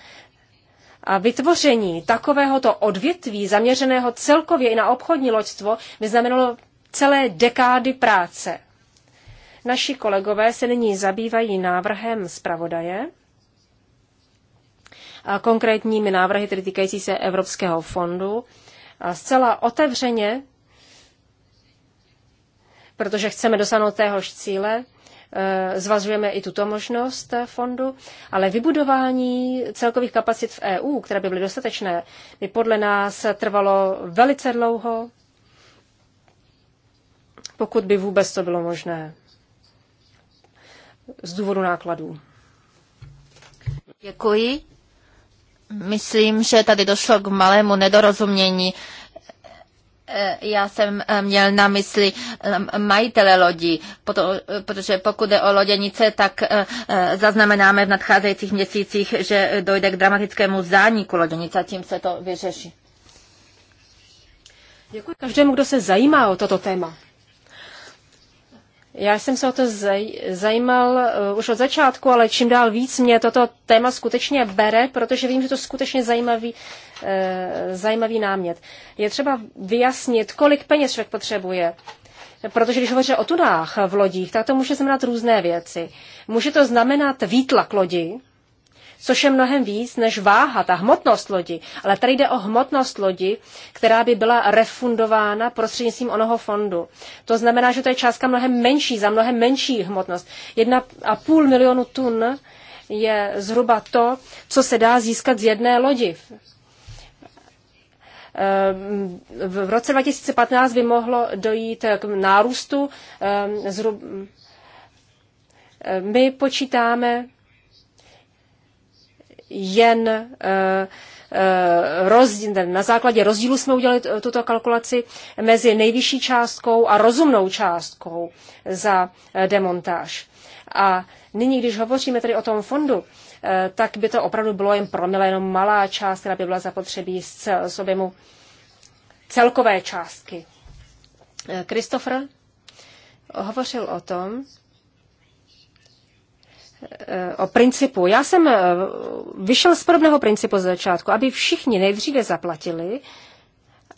a vytvoření takovéhoto odvětví zaměřeného celkově i na obchodní loďstvo by znamenalo celé dekády práce. Naši kolegové se nyní zabývají návrhem zpravodaje a konkrétními návrhy, tedy týkající se Evropského fondu. A zcela otevřeně, protože chceme dosáhnout téhož cíle, e, zvazujeme i tuto možnost fondu, ale vybudování celkových kapacit v EU, které by byly dostatečné, by podle nás trvalo velice dlouho, pokud by vůbec to bylo možné z důvodu nákladů. Děkuji. Myslím, že tady došlo k malému nedorozumění. E, já jsem e, měl na mysli e, majitele lodí, protože pokud jde o loděnice, tak zaznamenáme v nadcházejících měsících, že dojde k dramatickému zániku loděnice a tím se to vyřeší. Děkuji každému, kdo se zajímá o toto téma. Já jsem se o to zajímal eh, už od začátku, ale čím dál víc mě toto téma skutečně bere, protože vím, že to skutečně zajímavý, eh, zajímavý námět. Je třeba vyjasnit, kolik peněz člověk potřebuje. Protože když hovoří o tunách v lodích, tak to může znamenat různé věci. Může to znamenat výtlak lodi, což je mnohem víc než váha, ta hmotnost lodi. Ale tady jde o hmotnost lodi, která by byla refundována prostřednictvím onoho fondu. To znamená, že to je částka mnohem menší, za mnohem menší hmotnost. Jedna a půl milionu tun je zhruba to, co se dá získat z jedné lodi. Ehm, v roce 2015 by mohlo dojít k nárůstu. Ehm, ehm, my počítáme jen eh, eh, rozdíl, na základě rozdílu jsme udělali tuto kalkulaci mezi nejvyšší částkou a rozumnou částkou za eh, demontáž. A nyní, když hovoříme tedy o tom fondu, tak by to opravdu bylo jen promile, jenom malá část, která by byla zapotřebí z, z objemu celkové částky. Christopher hovořil o tom, o principu. Já jsem eh, vyšel z podobného principu ze začátku, aby všichni nejdříve zaplatili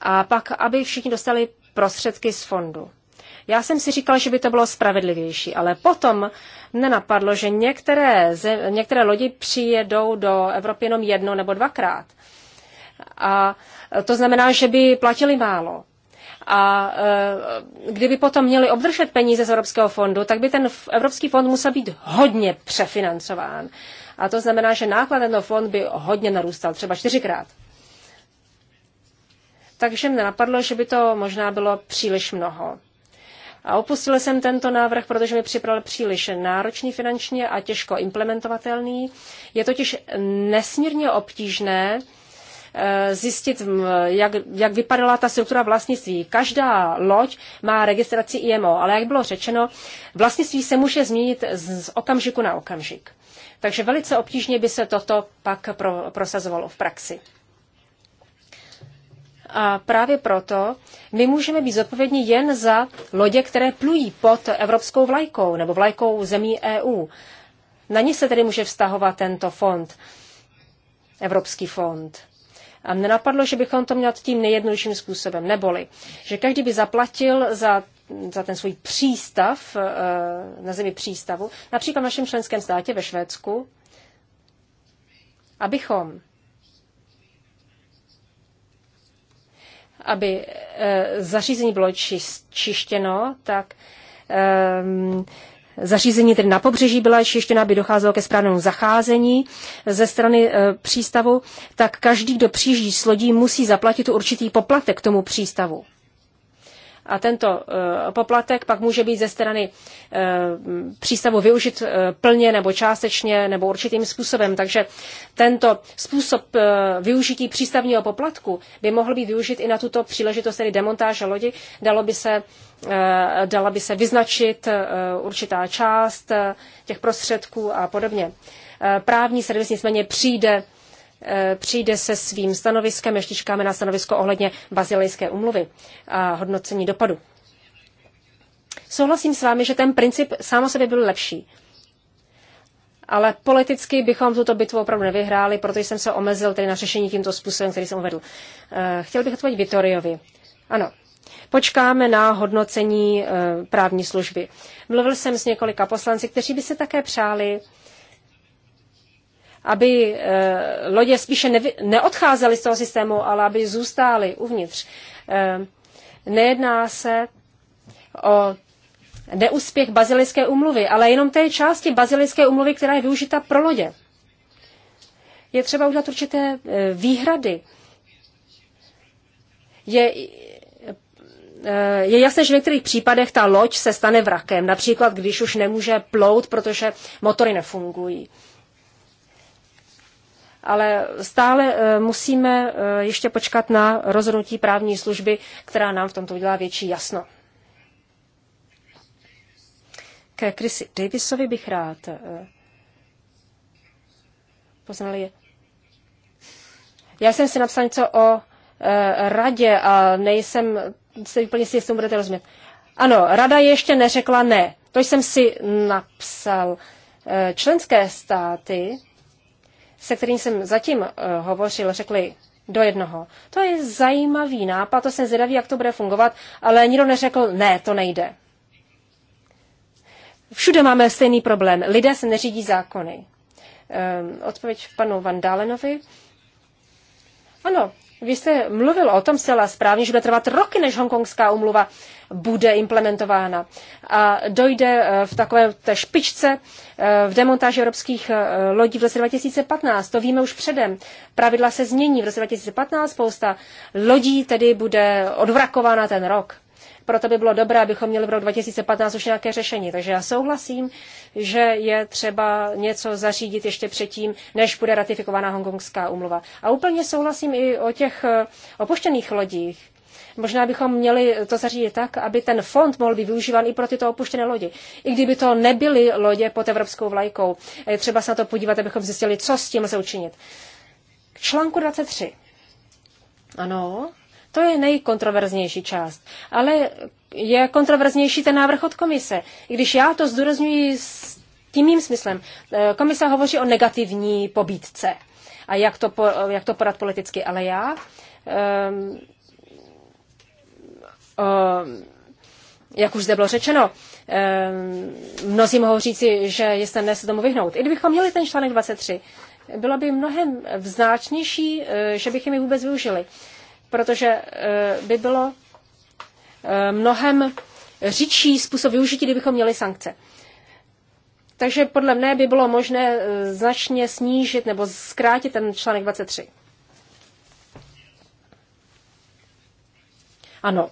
a pak, aby všichni dostali prostředky z fondu. Já jsem si říkal, že by to bylo spravedlivější, ale potom mne napadlo, že některé, zem, některé lodi přijedou do Evropy jenom jedno nebo dvakrát. A to znamená, že by platili málo. A e, kdyby potom měli obdržet peníze z Evropského fondu, tak by ten Evropský fond musel být hodně přefinancován. A to znamená, že náklad na fond by hodně narůstal, třeba čtyřikrát. Takže mě napadlo, že by to možná bylo příliš mnoho. A opustil jsem tento návrh, protože mi připravil příliš náročný finančně a těžko implementovatelný. Je totiž nesmírně obtížné Eh, zjistit, jak, jak vypadala ta struktura vlastnictví. Každá loď má registraci IMO, ale jak bylo řečeno, vlastnictví se může změnit z okamžiku na okamžik. Takže velice obtížně by se toto pak pro, prosazovalo v praxi. A právě proto my můžeme být zodpovědní jen za lodě, které plují pod evropskou vlajkou nebo vlajkou zemí EU. Na ně se tedy může vztahovat tento fond, Evropský fond. A mne napadlo, že bychom to měli tím nejjednodušším způsobem, neboli, že každý by zaplatil za za ten svůj přístav eh, na zemi přístavu, například v našem členském státě ve Švédsku, abychom aby eh, zařízení bylo čištěno, tak ehm, zařízení tedy na pobřeží byla ještě aby docházelo ke správnému zacházení ze strany e, přístavu, tak každý, kdo přijíždí s lodí, musí zaplatit určitý poplatek tomu přístavu a tento eh, poplatek pak může být ze strany eh, přístavu využit eh, plně nebo částečně nebo určitým způsobem. Takže tento způsob využití přístavního poplatku by mohl být využit i na tuto příležitost, tedy demontáže lodi. Dalo by se, dala by se vyznačit určitá část těch prostředků a podobně. Právní servis nicméně přijde Eh, přijde se svým stanoviskem, ještě čekáme na stanovisko ohledně bazilejské umluvy a hodnocení dopadu. Souhlasím s vámi, že ten princip sám o sobě byl lepší. Ale politicky bychom tuto bitvu opravdu nevyhráli, Protože jsem se omezil tedy na řešení tímto způsobem, který jsem uvedl. Eh, chtěl bych odpovědět Vitoriovi. Ano, Počkáme na hodnocení eh, právní služby. Mluvil jsem s několika poslanci, kteří by se také přáli, aby eh, lodě spíše neodcházely z toho systému, ale aby zůstály uvnitř. Eh, nejedná se o neúspěch bazilické umluvy, ale jenom té části bazilické umluvy, která je využita pro lodě. Je třeba udělat určité eh, výhrady. Je, je jasné, že v některých případech ta loď se stane vrakem, například když už nemůže plout, protože motory nefungují ale stále eh, musíme eh, ještě počkat na rozhodnutí právní služby, která nám v tomto udělá větší jasno. Ke Chrisi Davisovi bych rád eh, poznal je. Já jsem si napsal něco o radě a nejsem se úplně si, jestli budete rozumět. Ano, rada ještě neřekla ne. To jsem si napsal. Členské státy se kterým jsem zatím eh, hovořil, řekli do jednoho. To je zajímavý nápad, to jsem zvědavý, jak to bude fungovat, ale nikdo neřekl, ne, to nejde. Všude máme stejný problém. Lidé se neřídí zákony. Ehm, odpověď panu Vandálenovi. Ano, vy jste mluvil o tom zcela správně, že bude trvat roky, než hongkongská umluva bude implementována. A dojde eh, v takové té špičce eh, v demontáži evropských eh, lodí v roce 2015. To víme už předem. Pravidla se změní. V roce 2015 spousta lodí tedy bude odvrakována ten rok. Proto by bylo dobré, abychom měli v roku 2015 už nějaké řešení. Takže já souhlasím, že je třeba něco zařídit ještě předtím, než bude ratifikována Hongkongská umluva. A úplně souhlasím i o těch eh, opuštěných lodích. Možná bychom měli to zařídit tak, aby ten fond mohl být využíván i pro tyto opuštěné lodi. I kdyby to nebyly lodě pod evropskou vlajkou. Je třeba se na to podívat, abychom zjistili, co s tím lze učinit. K článku 23. Ano, to je nejkontroverznější část. Ale je kontroverznější ten návrh od komise. I když já to zdůrazňuji s tím mým smyslem. Eh, komise hovoří o negativní pobídce a jak to, jak to podat politicky. Ale já um, um, jak už zde bylo řečeno, ehm, mnozí mohou říci, že je snadné se tomu vyhnout. I kdybychom měli ten článek 23, bylo by mnohem vznáčnější, eh, že bychom ji vůbec využili protože eh, by bylo eh, mnohem řidší způsob využití, kdybychom měli sankce. Takže podle mne by bylo možné eh, značně snížit nebo zkrátit ten článek 23. Ano,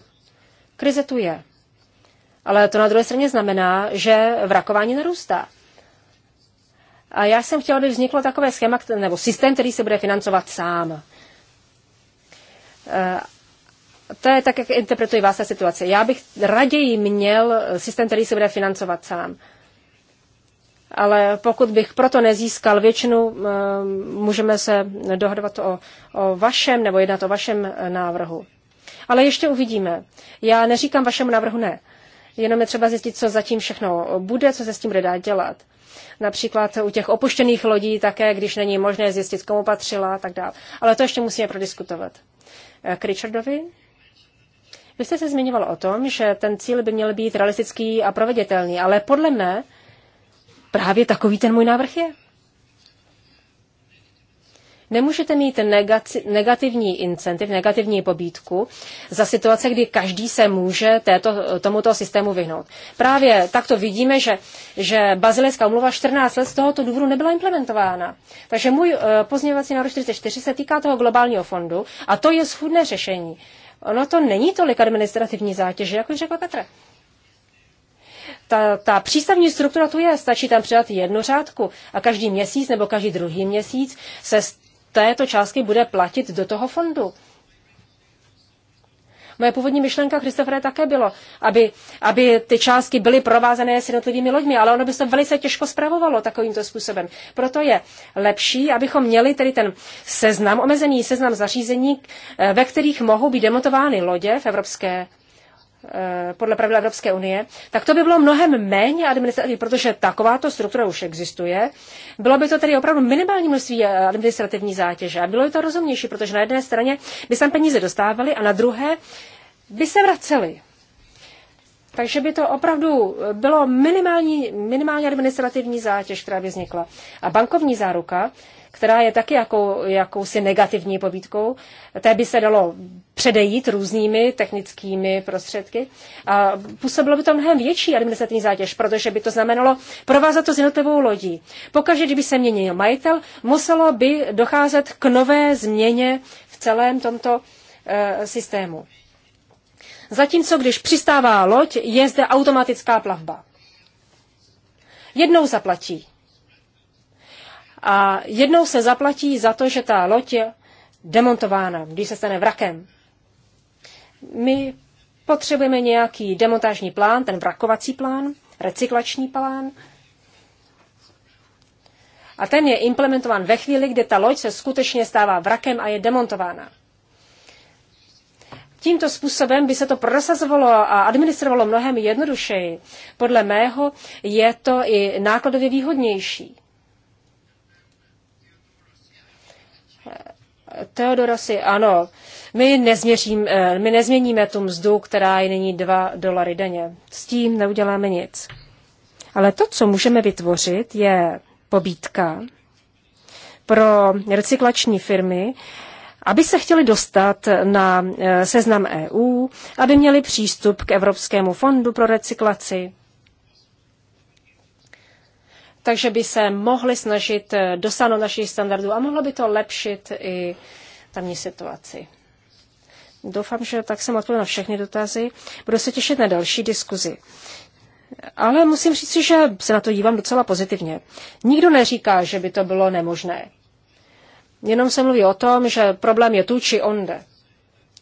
krize tu je. Ale to na druhé straně znamená, že vrakování narůstá. A já jsem chtěla, aby vzniklo takové schéma, nebo systém, který se bude financovat sám. Eh, to je tak, jak interpretuji vás ta situace. Já bych raději měl eh, systém, který se bude financovat sám. Ale pokud bych proto nezískal většinu, eh, můžeme se dohodovat o, o vašem nebo jednat o vašem návrhu. Ale ještě uvidíme. Já neříkám vašemu návrhu ne. Jenom je třeba zjistit, co zatím všechno bude, co se s tím bude dát dělat. Například u těch opuštěných lodí také, když není možné zjistit, komu patřila a tak dále. Ale to ještě musíme prodiskutovat. Eh, k Richardovi. Vy jste se zmiňoval o tom, že ten cíl by měl být realistický a proveditelný, ale podle mne právě takový ten můj návrh je. Nemůžete mít negativní incentiv, negativní pobídku za situace, kdy každý se může této, tomuto systému vyhnout. Právě takto vidíme, že, že Bazilejská umluva 14 let z tohoto důvodu nebyla implementována. Takže můj eh, pozměňovací návrh 44 se týká toho globálního fondu a to je schůdné řešení. Ono to není tolik administrativní zátěže, jak už řekl Petr ta, ta přístavní struktura tu je, stačí tam přidat jednu řádku a každý měsíc nebo každý druhý měsíc se této částky bude platit do toho fondu. Moje původní myšlenka, Kristofere, také bylo, aby, aby ty částky byly provázané s jednotlivými loďmi, ale ono by se velice těžko zpravovalo takovýmto způsobem. Proto je lepší, abychom měli tedy ten seznam, omezený seznam zařízení, eh, ve kterých mohou být demontovány lodě v Evropské Eh, podle pravidla Evropské unie, tak to by bylo mnohem méně administrativní, protože takováto struktura už existuje. Bylo by to tedy opravdu minimální množství eh, administrativní zátěže a bylo by to rozumnější, protože na jedné straně by se peníze dostávali a na druhé by se vraceli. Takže by to opravdu eh, bylo minimální, minimální administrativní zátěž, která by vznikla. A bankovní záruka, která je taky jako, jakousi negativní povídkou. Té by se dalo předejít různými technickými prostředky. A působilo by to mnohem větší administrativní zátěž, protože by to znamenalo provázat to s jednotlivou lodí. Pokaždé, kdyby se měnil majitel, muselo by docházet k nové změně v celém tomto e, systému. Zatímco, když přistává loď, je zde automatická plavba. Jednou zaplatí a jednou se zaplatí za to, že ta loď je demontována, když se stane vrakem. My potřebujeme nějaký demontážní plán, ten vrakovací plán, recyklační plán. A ten je implementován ve chvíli, kdy ta loď se skutečně stává vrakem a je demontována. Tímto způsobem by se to prosazovalo a administrovalo mnohem jednodušeji. Podle mého je to i nákladově výhodnější. si ano, my, nezměřím, eh, my nezměníme tu mzdu, která je nyní 2 dolary denně. S tím neuděláme nic. Ale to, co můžeme vytvořit, je pobítka pro recyklační firmy, aby se chtěli dostat na eh, seznam EU, aby měli přístup k Evropskému fondu pro recyklaci takže by se mohli snažit eh, dosáhnout našich standardů a mohlo by to lepšit i tamní situaci. Doufám, že tak jsem odpověděl na všechny dotazy. Budu se těšit na další diskuzi. Ale musím říct, že se na to dívám docela pozitivně. Nikdo neříká, že by to bylo nemožné. Jenom se mluví o tom, že problém je tu či onde.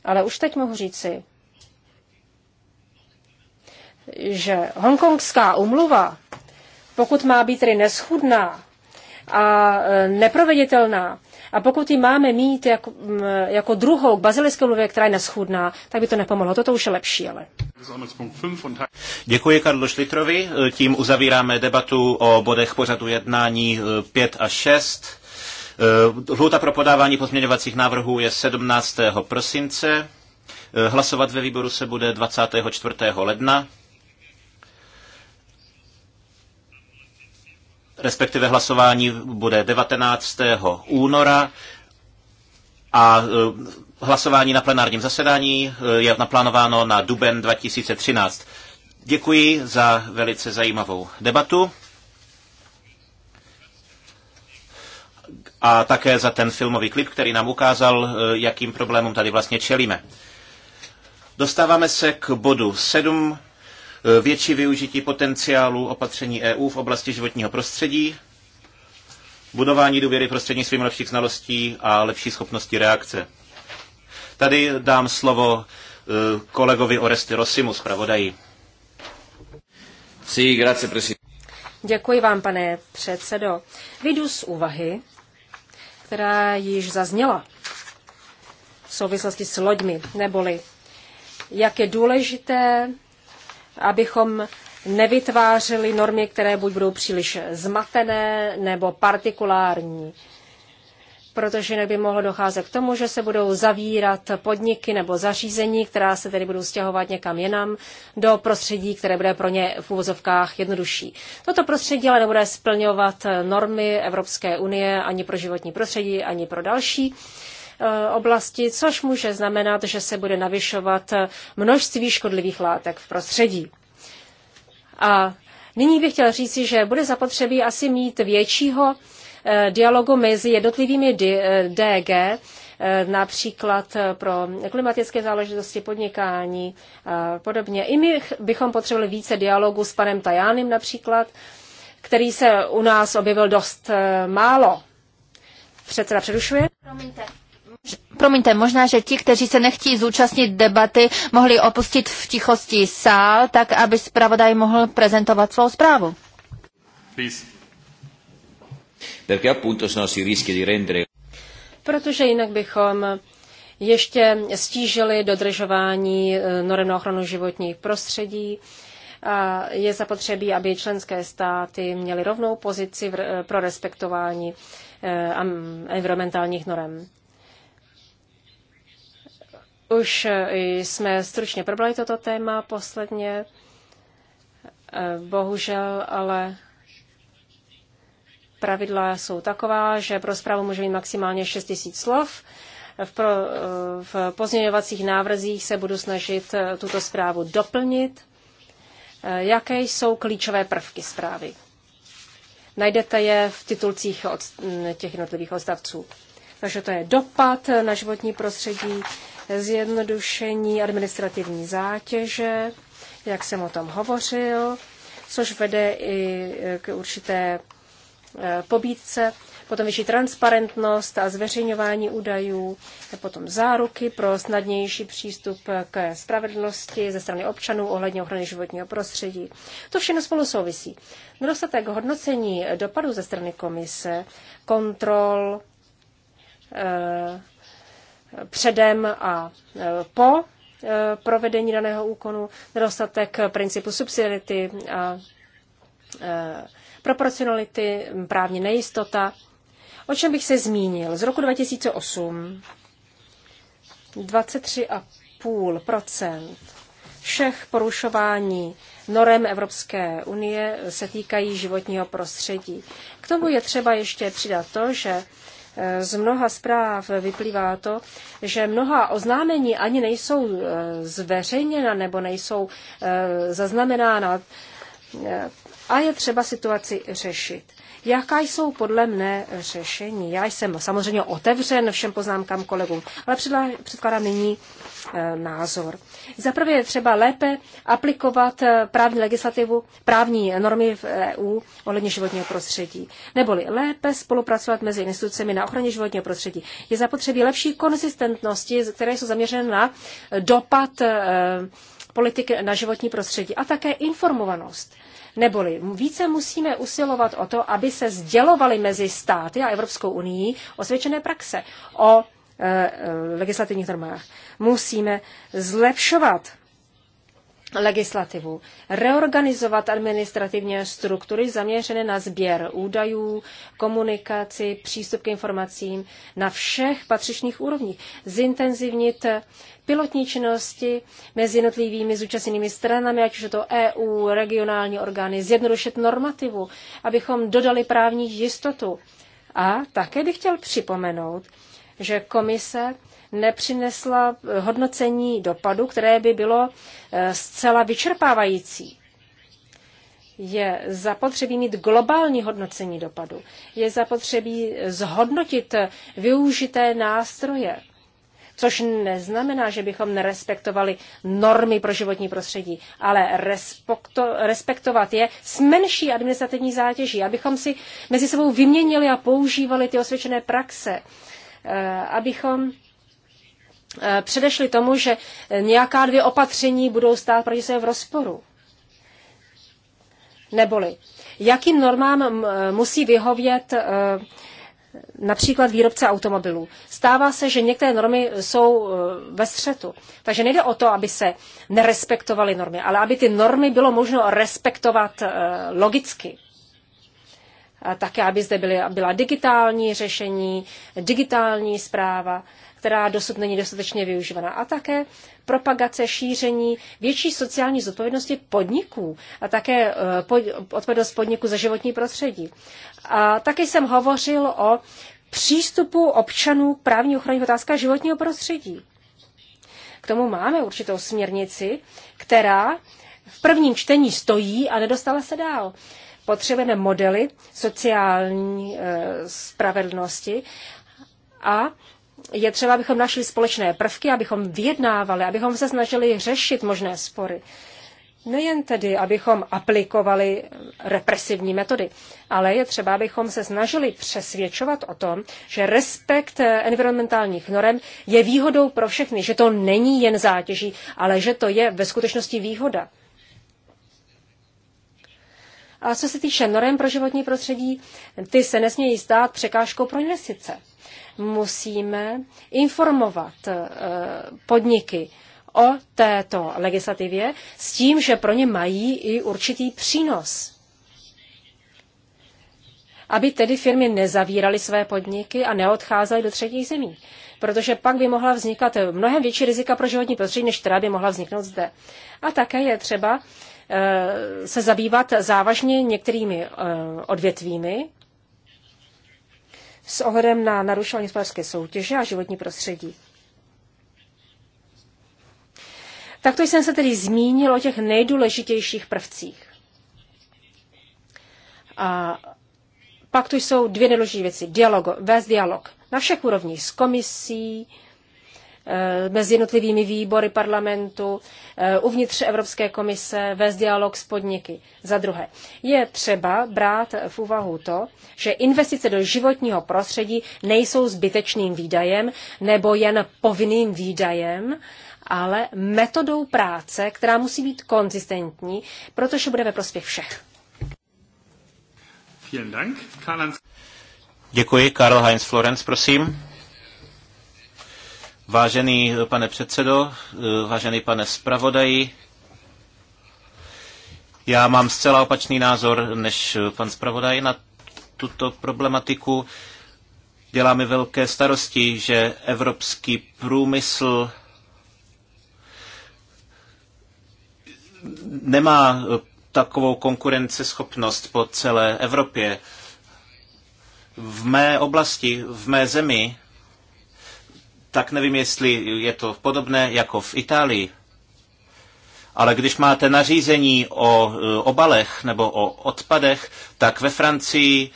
Ale už teď mohu říci, že hongkongská umluva pokud má být tedy neschudná a e, neproveditelná, a pokud ji máme mít jako, jako druhou k bazilické mluvě, která je neschudná, tak by to nepomohlo. Toto už je lepší, ale. Děkuji Karlu Šlitrovi. E, tím uzavíráme debatu o bodech pořadu jednání 5 e, a 6. Hluta pro podávání pozměňovacích návrhů je 17. prosince. Hlasovat ve výboru se bude 24. ledna. respektive hlasování bude 19. února a e, hlasování na plenárním zasedání e, je naplánováno na duben 2013. Děkuji za velice zajímavou debatu a také za ten filmový klip, který nám ukázal, e, jakým problémům tady vlastně čelíme. Dostáváme se k bodu 7 Eh, větší využití potenciálu opatření EU v oblasti životního prostředí, budování důvěry prostřednictvím lepších znalostí a lepší schopnosti reakce. Tady dám slovo eh, kolegovi Oresti Rosimu, zpravodaji. Děkuji vám, pane předsedo. Vidu z úvahy, která již zazněla v souvislosti s loďmi, neboli jak je důležité abychom nevytvářeli normy, které buď budou příliš zmatené nebo partikulární protože jinak by mohlo docházet k tomu, že se budou zavírat podniky nebo zařízení, která se tedy budou stěhovat někam jinam do prostředí, které bude pro ně v úvozovkách jednodušší. Toto prostředí ale nebude splňovat normy Evropské unie ani pro životní prostředí, ani pro další. Eh, oblasti, což může znamenat, že se bude navyšovat množství škodlivých látek v prostředí. A nyní bych chtěl říci, že bude zapotřebí asi mít většího eh, dialogu mezi jednotlivými DG, eh, například pro klimatické záležitosti podnikání a podobně. I my bychom potřebovali více dialogu s panem Tajánem například, který se u nás objevil dost málo. Předseda přerušuje. Promiňte. Promiňte, možná, že ti, kteří se nechtí zúčastnit debaty, mohli opustit v tichosti sál, tak aby zpravodaj mohl prezentovat svou zprávu. Protože jinak bychom ještě stížili dodržování eh, norem na ochranu životních prostředí. A je zapotřebí, aby členské státy měly rovnou pozici pro respektování eh, environmentálních norem. Už eh, jsme stručně probrali toto téma posledně, eh, bohužel ale pravidla jsou taková, že pro zprávu může mít maximálně 6 000 slov. V, pro, eh, v pozměňovacích návrzích se budu snažit tuto zprávu doplnit. Jaké jsou klíčové prvky zprávy? Najdete je v titulcích od mm, těch jednotlivých odstavců. Takže to je dopad na životní prostředí, zjednodušení administrativní zátěže, jak jsem o tom hovořil, což vede i eh, k určité eh, pobídce, potom vyšší transparentnost a zveřejňování údajů, potom záruky pro snadnější přístup k spravedlnosti ze strany občanů ohledně ochrany životního prostředí. To všechno spolu souvisí. Nedostatek hodnocení dopadu ze strany komise, kontrol, eh, předem a e, po e, provedení daného úkonu, nedostatek principu subsidiarity a e, proporcionality, právní nejistota. O čem bych se zmínil? Z roku 2008 23,5 všech porušování norem Evropské unie se týkají životního prostředí. K tomu je třeba ještě přidat to, že Eh, z mnoha zpráv vyplývá to, že mnoha oznámení ani nejsou eh, zveřejněna nebo nejsou eh, zaznamenána. A je třeba situaci řešit. Jaká jsou podle mne řešení? Já jsem samozřejmě otevřen všem poznámkám kolegům, ale předkládám nyní E, názor. Zaprvé je třeba lépe aplikovat e, právní legislativu, právní normy v EU ohledně životního prostředí, neboli lépe spolupracovat mezi institucemi na ochraně životního prostředí. Je zapotřebí lepší konzistentnosti, které jsou zaměřené na dopad e, politiky na životní prostředí a také informovanost. Neboli více musíme usilovat o to, aby se sdělovaly mezi státy a Evropskou unii osvědčené praxe o Eh, eh, legislativních normách. Musíme zlepšovat legislativu, reorganizovat administrativně struktury zaměřené na sběr údajů, komunikaci, přístup k informacím na všech patřičných úrovních, zintenzivnit pilotní činnosti mezi jednotlivými zúčastněnými stranami, ať už je to EU, regionální orgány, zjednodušit normativu, abychom dodali právní jistotu. A také bych chtěl připomenout, že komise nepřinesla hodnocení dopadu, které by bylo eh, zcela vyčerpávající. Je zapotřebí mít globální hodnocení dopadu. Je zapotřebí zhodnotit využité nástroje což neznamená, že bychom nerespektovali normy pro životní prostředí, ale respekto, respektovat je s menší administrativní zátěží, abychom si mezi sebou vyměnili a používali ty osvědčené praxe Eh, abychom eh, předešli tomu, že nějaká dvě opatření budou stát proti sebe v rozporu. Neboli, jakým normám musí vyhovět eh, například výrobce automobilů. Stává se, že některé normy jsou ve střetu. Takže nejde o to, aby se nerespektovaly normy, ale aby ty normy bylo možno respektovat logicky také, aby zde byly, byla digitální řešení, digitální zpráva, která dosud není dostatečně využívaná. A také propagace, šíření větší sociální zodpovědnosti podniků a také eh, odpovědnost podniků za životní prostředí. A také jsem hovořil o přístupu občanů k právní ochraně v otázkách životního prostředí. K tomu máme určitou směrnici, která v prvním čtení stojí a nedostala se dál. Potřebujeme modely sociální eh, spravedlnosti a je třeba, abychom našli společné prvky, abychom vyjednávali, abychom se snažili řešit možné spory. Nejen tedy, abychom aplikovali represivní metody, ale je třeba, abychom se snažili přesvědčovat o tom, že respekt eh, environmentálních norem je výhodou pro všechny, že to není jen zátěží, ale že to je ve skutečnosti výhoda. A co se týče norem pro životní prostředí, ty se nesmějí stát překážkou pro investice. Musíme informovat eh, podniky o této legislativě s tím, že pro ně mají i určitý přínos aby tedy firmy nezavíraly své podniky a neodcházely do třetích zemí. Protože pak by mohla vznikat mnohem větší rizika pro životní prostředí, než která by mohla vzniknout zde. A také je třeba Eh, se zabývat závažně některými eh, odvětvími s ohledem na narušování hospodářské soutěže a životní prostředí. Takto jsem se tedy zmínil o těch nejdůležitějších prvcích. A pak tu jsou dvě nejdůležitější věci. Dialog, vést dialog na všech úrovních s komisí, Eh, mezi jednotlivými výbory parlamentu, eh, uvnitř Evropské komise, vést dialog s podniky. Za druhé, je třeba brát v úvahu to, že investice do životního prostředí nejsou zbytečným výdajem nebo jen povinným výdajem, ale metodou práce, která musí být konzistentní, protože bude ve prospěch všech. Děkuji. Karl Heinz Florenz, prosím. Vážený pane předsedo, vážený pane zpravodaji, já mám zcela opačný názor než pan zpravodaj na tuto problematiku. Dělá mi velké starosti, že evropský průmysl nemá takovou konkurenceschopnost po celé Evropě. V mé oblasti, v mé zemi tak nevím, jestli je to podobné jako v Itálii. Ale když máte nařízení o e, obalech nebo o odpadech, tak ve Francii,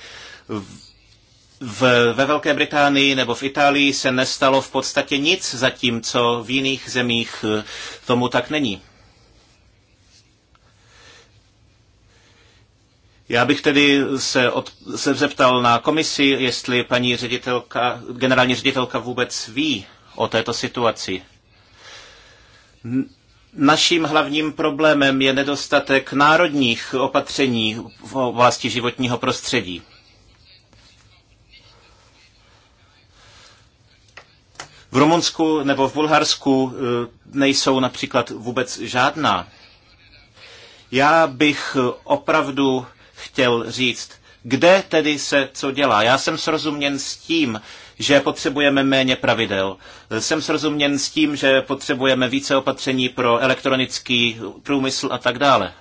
v, ve Velké Británii nebo v Itálii se nestalo v podstatě nic, zatímco v jiných zemích e, tomu tak není. Já bych tedy se, od, se zeptal na komisi, jestli paní ředitelka, generální ředitelka vůbec ví o této situaci. Naším hlavním problémem je nedostatek národních opatření v oblasti životního prostředí. V Rumunsku nebo v Bulharsku eh, nejsou například vůbec žádná. Já bych opravdu chtěl říct. Kde tedy se co dělá? Já jsem srozuměn s tím, že potřebujeme méně pravidel. Jsem srozuměn s tím, že potřebujeme více opatření pro elektronický průmysl a tak dále.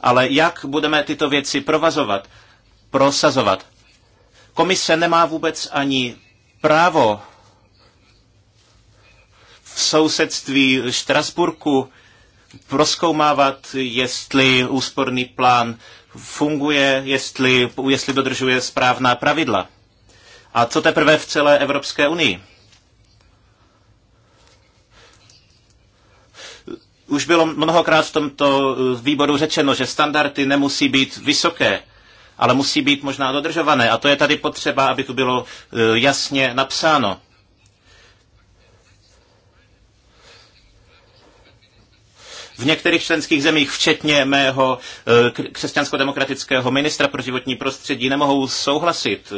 Ale jak budeme tyto věci provazovat, prosazovat? Komise nemá vůbec ani právo v sousedství Štrasburku proskoumávat, jestli úsporný plán funguje, jestli, jestli dodržuje správná pravidla. A co teprve v celé Evropské unii? Už bylo mnohokrát v tomto výboru řečeno, že standardy nemusí být vysoké, ale musí být možná dodržované. A to je tady potřeba, aby tu bylo eh, jasně napsáno. v některých členských zemích, včetně mého eh, křesťansko-demokratického ministra pro životní prostředí, nemohou souhlasit.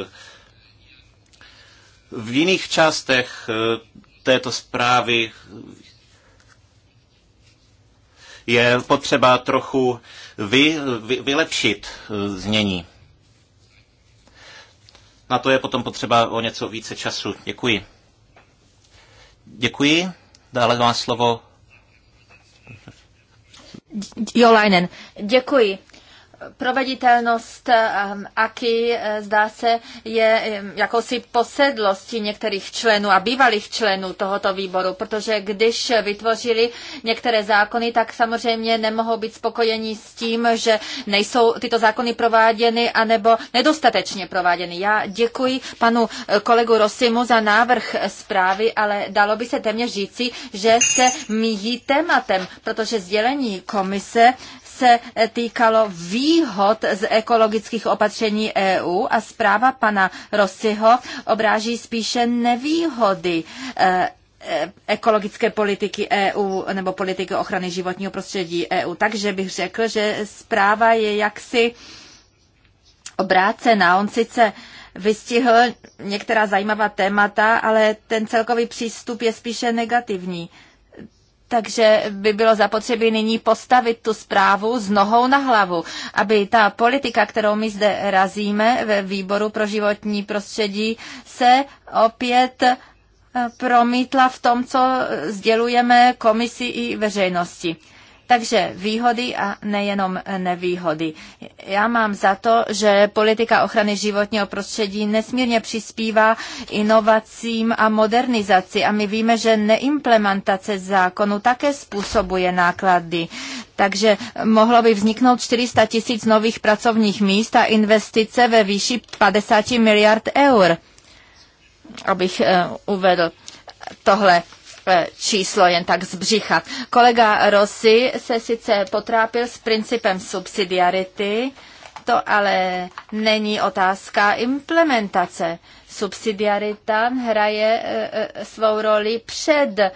V jiných částech eh, této zprávy je potřeba trochu vy, vy, vylepšit eh, znění. Na to je potom potřeba o něco více času. Děkuji. Děkuji. Dále má slovo Jolainen. Děkuji proveditelnost ehm, AKI eh, zdá se je ehm, jakousi posedlosti některých členů a bývalých členů tohoto výboru, protože když vytvořili některé zákony, tak samozřejmě nemohou být spokojeni s tím, že nejsou tyto zákony prováděny anebo nedostatečně prováděny. Já děkuji panu eh, kolegu Rosimu za návrh zprávy, ale dalo by se téměř říci, že se míjí tématem, protože sdělení komise se týkalo výhod z ekologických opatření EU a zpráva pana Rossiho obráží spíše nevýhody eh, eh, ekologické politiky EU nebo politiky ochrany životního prostředí EU. Takže bych řekl, že zpráva je jaksi obrácená. On sice vystihl některá zajímavá témata, ale ten celkový přístup je spíše negativní. Takže by bylo zapotřebí nyní postavit tu zprávu s nohou na hlavu, aby ta politika, kterou my zde razíme ve výboru pro životní prostředí, se opět eh, promítla v tom, co sdělujeme komisi i veřejnosti. Takže výhody a nejenom nevýhody. Já mám za to, že politika ochrany životního prostředí nesmírně přispívá inovacím a modernizaci a my víme, že neimplementace zákonu také způsobuje náklady. Takže mohlo by vzniknout 400 tisíc nových pracovních míst a investice ve výši 50 miliard eur, abych eh, uvedl tohle. Eh, číslo jen tak břicha. Kolega Rossi se sice potrápil s principem subsidiarity, to ale není otázka implementace subsidiarita hraje e, e, svou roli před e,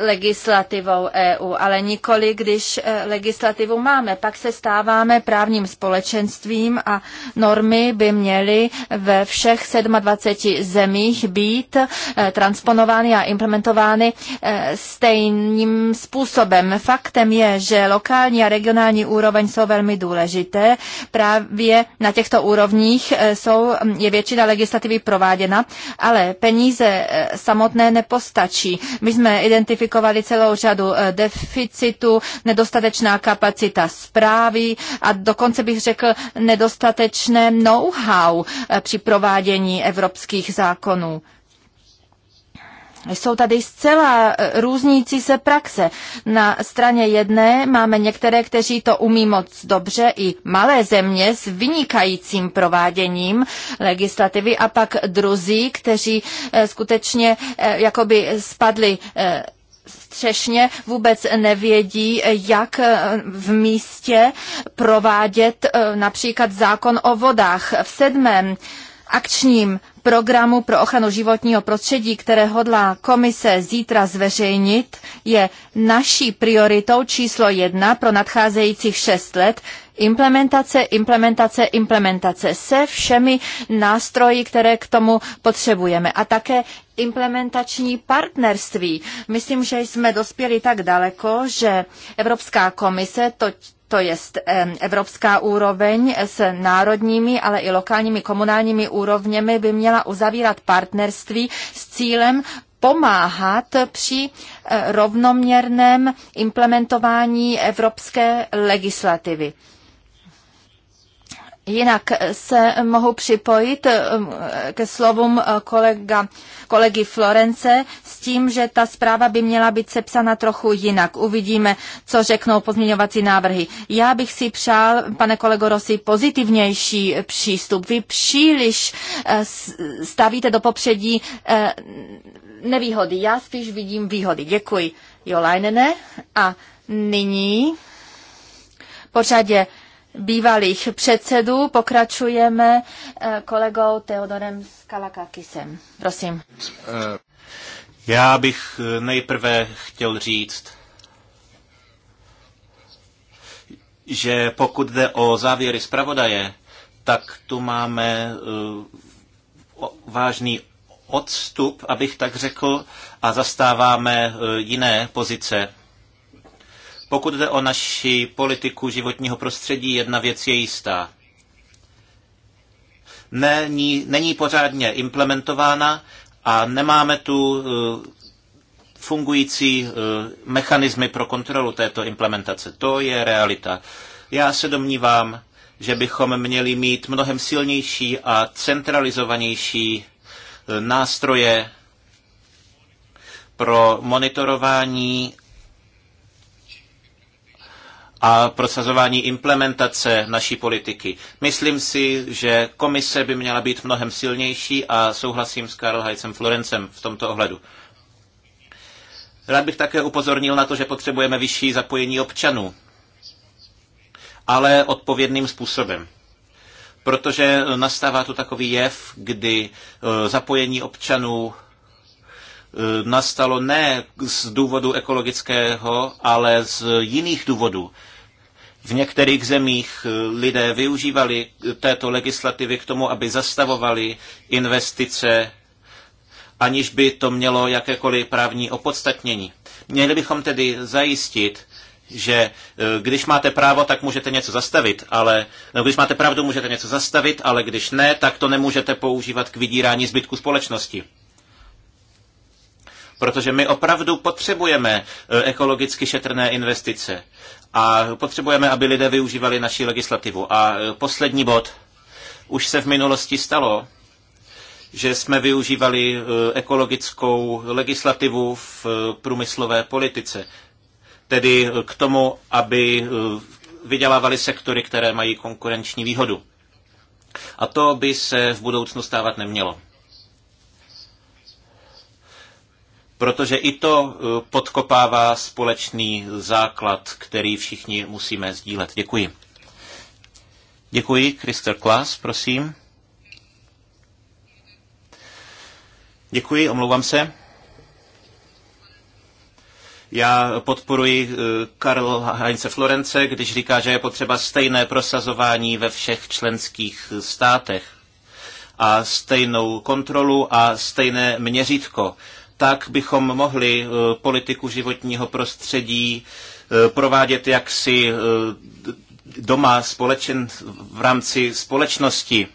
legislativou EU, ale nikoli, když legislativu máme. Pak se stáváme právním společenstvím a normy by měly ve všech 27 zemích být transponovány a implementovány stejným způsobem. Faktem je, že lokální a regionální úroveň jsou velmi důležité. Právě na těchto úrovních jsou, je většina legislativy prováděna, ale peníze eh, samotné nepostačí. My jsme identifikovali celou řadu eh, deficitů, nedostatečná kapacita zprávy a dokonce bych řekl nedostatečné know-how eh, při provádění evropských zákonů. Jsou tady zcela eh, různící se praxe. Na straně jedné máme některé, kteří to umí moc dobře, i malé země s vynikajícím prováděním legislativy a pak druzí, kteří eh, skutečně eh, jakoby spadli střešně vůbec nevědí, jak v místě provádět například zákon o vodách. V sedmém akčním programu pro ochranu životního prostředí, které hodlá komise zítra zveřejnit, je naší prioritou číslo jedna pro nadcházejících šest let implementace, implementace, implementace se všemi nástroji, které k tomu potřebujeme. A také implementační partnerství. Myslím, že jsme dospěli tak daleko, že Evropská komise to to je evropská úroveň s národními, ale i lokálními komunálními úrovněmi by měla uzavírat partnerství s cílem pomáhat při eh, rovnoměrném implementování evropské legislativy. Jinak eh, se mohu připojit eh, ke slovům kolega, kolegy Florence tím, že ta zpráva by měla být sepsána trochu jinak. Uvidíme, co řeknou pozměňovací návrhy. Já bych si přál, pane kolego Rosy, pozitivnější přístup. Vy příliš eh, stavíte do popředí eh, nevýhody. Já spíš vidím výhody. Děkuji. Jolajnene. A nyní po řadě bývalých předsedů pokračujeme eh, kolegou Teodorem Skalakakisem. Prosím. Já bych eh, nejprve chtěl říct, že pokud jde o závěry zpravodaje, tak tu máme eh, vážný odstup, abych tak řekl, a zastáváme eh, jiné pozice. Pokud jde o naši politiku životního prostředí, jedna věc je jistá. Není, není pořádně implementována a nemáme tu uh, fungující uh, mechanismy pro kontrolu této implementace. To je realita. Já se domnívám, že bychom měli mít mnohem silnější a centralizovanější uh, nástroje pro monitorování a prosazování implementace naší politiky. Myslím si, že komise by měla být mnohem silnější a souhlasím s Karl Heitzem Florencem v tomto ohledu. Rád bych také upozornil na to, že potřebujeme vyšší zapojení občanů, ale odpovědným způsobem. Protože nastává tu takový jev, kdy e, zapojení občanů e, nastalo ne z důvodu ekologického, ale z jiných důvodů. V některých zemích eh, lidé využívali eh, této legislativy k tomu, aby zastavovali investice, aniž by to mělo jakékoliv právní opodstatnění. Měli bychom tedy zajistit, že eh, když máte právo, tak můžete něco zastavit, ale no, když máte pravdu, můžete něco zastavit, ale když ne, tak to nemůžete používat k vydírání zbytku společnosti. Protože my opravdu potřebujeme ekologicky šetrné investice. A potřebujeme, aby lidé využívali naši legislativu. A e, poslední bod. Už se v minulosti stalo, že jsme využívali e, ekologickou legislativu v e, průmyslové politice. Tedy k tomu, aby vydělávali sektory, které mají konkurenční výhodu. A to by se v budoucnu stávat nemělo. protože i to eh, podkopává společný základ, který všichni musíme sdílet. Děkuji. Děkuji. Krister Klas, prosím. Děkuji, omlouvám se. Já podporuji eh, Karl Heinze Florence, když říká, že je potřeba stejné prosazování ve všech členských státech a stejnou kontrolu a stejné měřítko tak bychom mohli eh, politiku životního prostředí eh, provádět jaksi eh, doma společen, v rámci společnosti.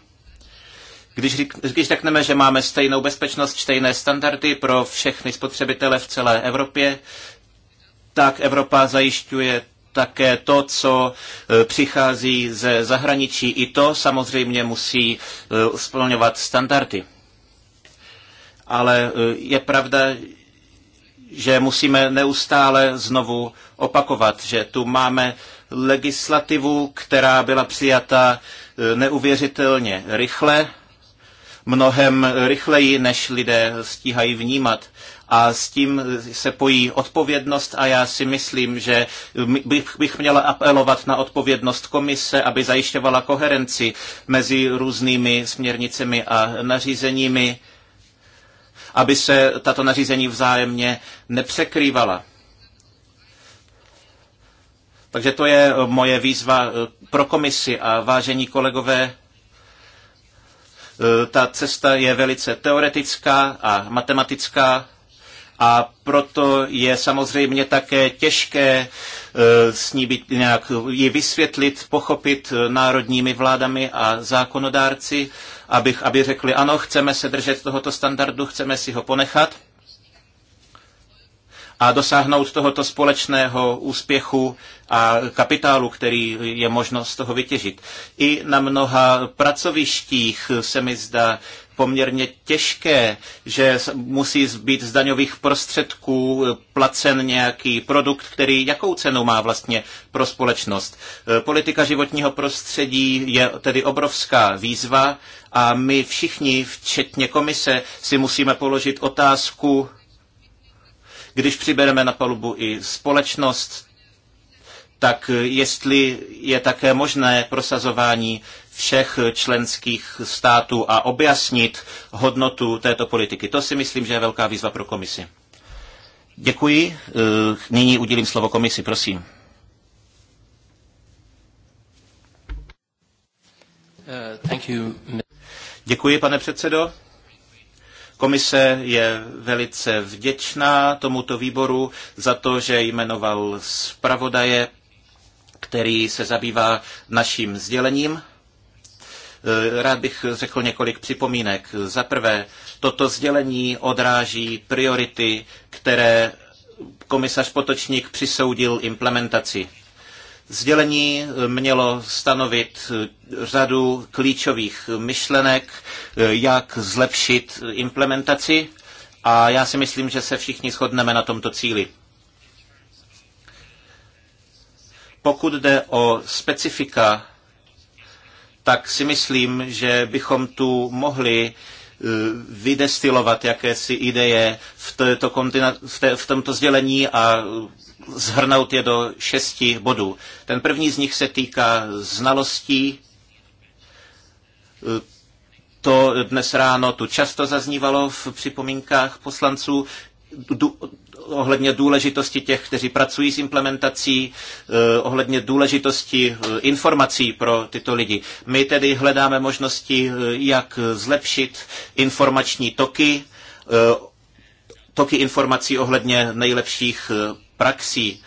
Když, když řekneme, že máme stejnou bezpečnost, stejné standardy pro všechny spotřebitele v celé Evropě, tak Evropa zajišťuje také to, co přichází ze zahraničí. I to samozřejmě musí splňovat standardy ale e, je pravda, že musíme neustále znovu opakovat, že tu máme legislativu, která byla přijata e, neuvěřitelně rychle, mnohem rychleji, než lidé stíhají vnímat. A s tím se pojí odpovědnost a já si myslím, že bych, bych měla apelovat na odpovědnost komise, aby zajišťovala koherenci mezi různými směrnicemi a nařízeními aby se tato nařízení vzájemně nepřekrývala. Takže to je moje výzva eh, pro komisi a vážení kolegové. Eh, ta cesta je velice teoretická a matematická a proto je samozřejmě také těžké eh, s ní být nějak ji vysvětlit, pochopit národními vládami a zákonodárci, abych, aby řekli, ano, chceme se držet tohoto standardu, chceme si ho ponechat a dosáhnout tohoto společného úspěchu a kapitálu, který je možno z toho vytěžit. I na mnoha pracovištích se mi zdá, poměrně těžké, že musí být z daňových prostředků eh, placen nějaký produkt, který jakou cenu má vlastně pro společnost. Eh, politika životního prostředí je tedy obrovská výzva a my všichni, včetně komise, si musíme položit otázku, když přibereme na palubu i společnost, tak eh, jestli je také možné prosazování všech členských států a objasnit hodnotu této politiky. To si myslím, že je velká výzva pro komisi. Děkuji. Eh, nyní udělím slovo komisi, prosím. Eh, Děkuji, pane předsedo. Komise je velice vděčná tomuto výboru za to, že jmenoval zpravodaje, který se zabývá naším sdělením. Eh, rád bych řekl několik připomínek. Za prvé, toto sdělení odráží priority, které komisař Potočník přisoudil implementaci. Sdělení eh, mělo stanovit eh, řadu klíčových myšlenek, jak zlepšit implementaci a já si myslím, že se všichni shodneme na tomto cíli. Pokud jde o specifika tak si myslím, že bychom tu mohli eh, vydestilovat jakési ideje v, této kontina- v, te- v tomto sdělení a eh, zhrnout je do šesti bodů. Ten první z nich se týká znalostí. Eh, to dnes ráno tu často zaznívalo v připomínkách poslanců ohledně důležitosti těch, kteří pracují s implementací, eh, ohledně důležitosti eh, informací pro tyto lidi. My tedy hledáme možnosti, eh, jak zlepšit informační toky, toky informací ohledně nejlepších praxí.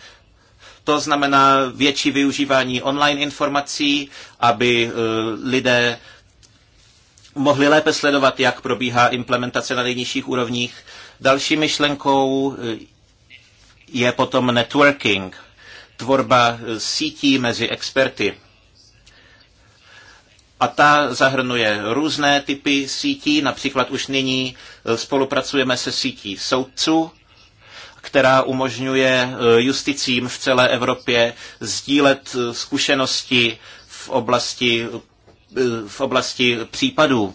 To znamená větší využívání online informací, aby lidé mohli lépe sledovat, jak probíhá implementace na nejnižších úrovních Další myšlenkou eh, je potom networking, tvorba eh, sítí mezi experty. A ta zahrnuje různé typy sítí, například už nyní eh, spolupracujeme se sítí soudců, která umožňuje justicím v celé Evropě sdílet zkušenosti v oblasti, v oblasti případů.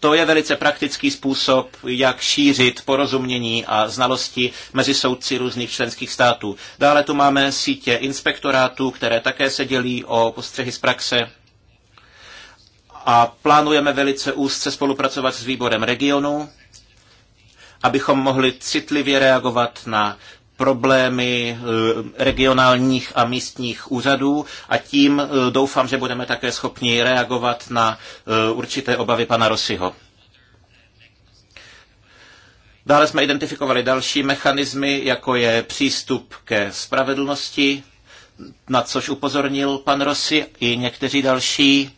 To je velice praktický způsob, jak šířit porozumění a znalosti mezi soudci různých členských států. Dále tu máme sítě inspektorátů, které také se dělí o postřehy z praxe a plánujeme velice úzce spolupracovat s výborem regionu, abychom mohli citlivě reagovat na problémy eh, regionálních a místních úřadů a tím eh, doufám, že budeme také schopni reagovat na eh, určité obavy pana Rosiho. Dále jsme identifikovali další mechanismy, jako je přístup ke spravedlnosti, na což upozornil pan Rossi i někteří další.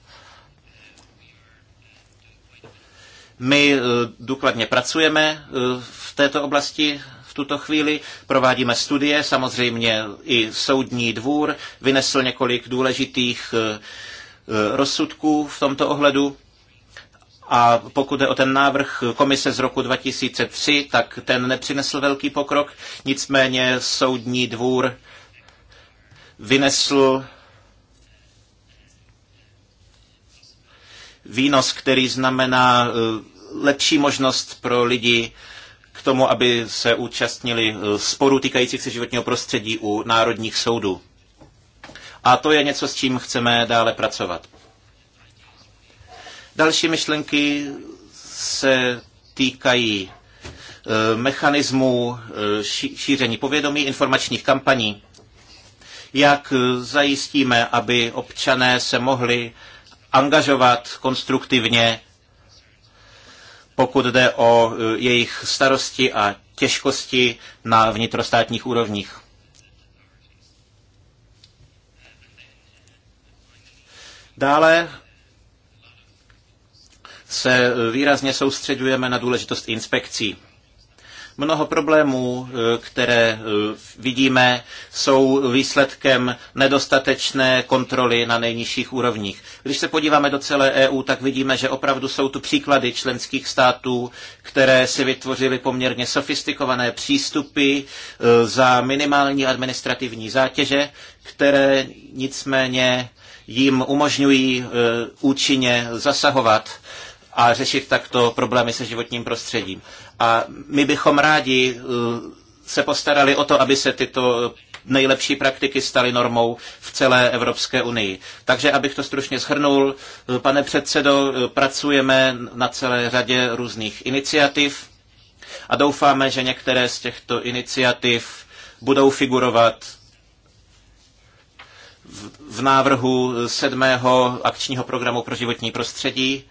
My důkladně pracujeme v této oblasti v tuto chvíli. Provádíme studie, samozřejmě i soudní dvůr vynesl několik důležitých eh, eh, rozsudků v tomto ohledu. A pokud je o ten návrh komise z roku 2003, tak ten nepřinesl velký pokrok. Nicméně soudní dvůr vynesl výnos, který znamená eh, lepší možnost pro lidi k tomu, aby se účastnili eh, sporů týkajících se životního prostředí u národních soudů. A to je něco, s čím chceme dále pracovat. Další myšlenky se týkají eh, mechanismů eh, šíření povědomí, informačních kampaní, jak zajistíme, aby občané se mohli angažovat konstruktivně pokud jde o e, jejich starosti a těžkosti na vnitrostátních úrovních. Dále se výrazně soustředujeme na důležitost inspekcí. Mnoho problémů, eh, které eh, vidíme, jsou výsledkem nedostatečné kontroly na nejnižších úrovních. Když se podíváme do celé EU, tak vidíme, že opravdu jsou tu příklady členských států, které si vytvořily poměrně sofistikované přístupy eh, za minimální administrativní zátěže, které nicméně jim umožňují účinně zasahovat a řešit takto problémy se životním prostředím. A my bychom rádi eh, se postarali o to, aby se tyto nejlepší praktiky staly normou v celé Evropské unii. Takže abych to stručně shrnul, eh, pane předsedo, eh, pracujeme na celé řadě různých iniciativ a doufáme, že některé z těchto iniciativ budou figurovat v návrhu sedmého akčního programu pro životní prostředí,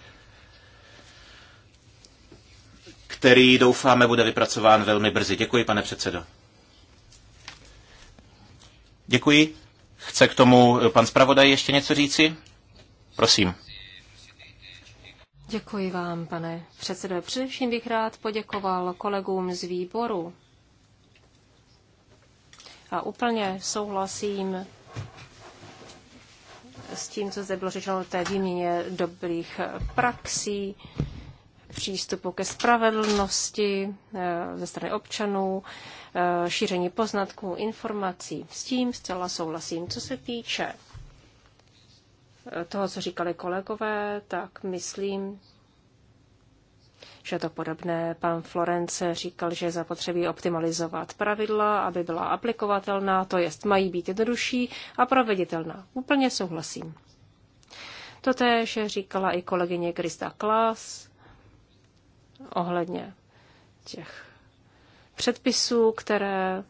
který doufáme bude vypracován velmi brzy. Děkuji, pane předsedo. Děkuji. Chce k tomu pan zpravodaj ještě něco říci? Prosím. Děkuji vám, pane předsedo. Především bych rád poděkoval kolegům z výboru. A úplně souhlasím s tím, co zde bylo řečeno o té výměně dobrých praxí, přístupu ke spravedlnosti eh, ze strany občanů, eh, šíření poznatků, informací. S tím zcela souhlasím. Co se týče eh, toho, co říkali kolegové, tak myslím, že to podobné. Pan Florence říkal, že zapotřebí optimalizovat pravidla, aby byla aplikovatelná, to jest mají být jednodušší a proveditelná. Úplně souhlasím. Totéž říkala i kolegyně Krista Klas ohledně těch předpisů, které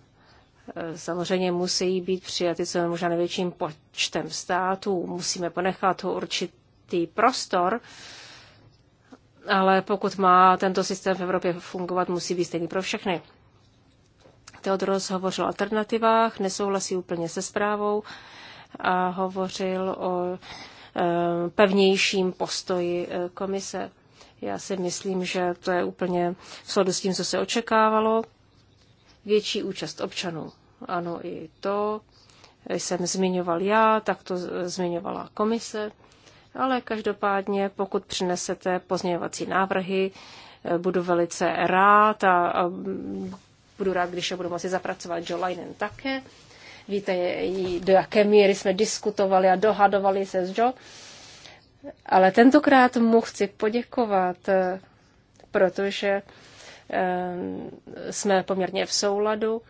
e, samozřejmě musí být přijaty co možná největším počtem států. Musíme ponechat určitý prostor, ale pokud má tento systém v Evropě fungovat, musí být stejný pro všechny. Teodoros hovořil o alternativách, nesouhlasí úplně se zprávou a hovořil o e, pevnějším postoji e, komise. Já si myslím, že to je úplně v souladu s tím, co se očekávalo. Větší účast občanů. Ano, i to jsem zmiňoval já, tak to zmiňovala komise. Ale každopádně, pokud přinesete pozměňovací návrhy, budu velice rád a, a budu rád, když je budu moci zapracovat Joe Linen také. Víte, do jaké míry jsme diskutovali a dohadovali se s Joe ale tentokrát mu chci poděkovat, eh, protože eh, jsme poměrně v souladu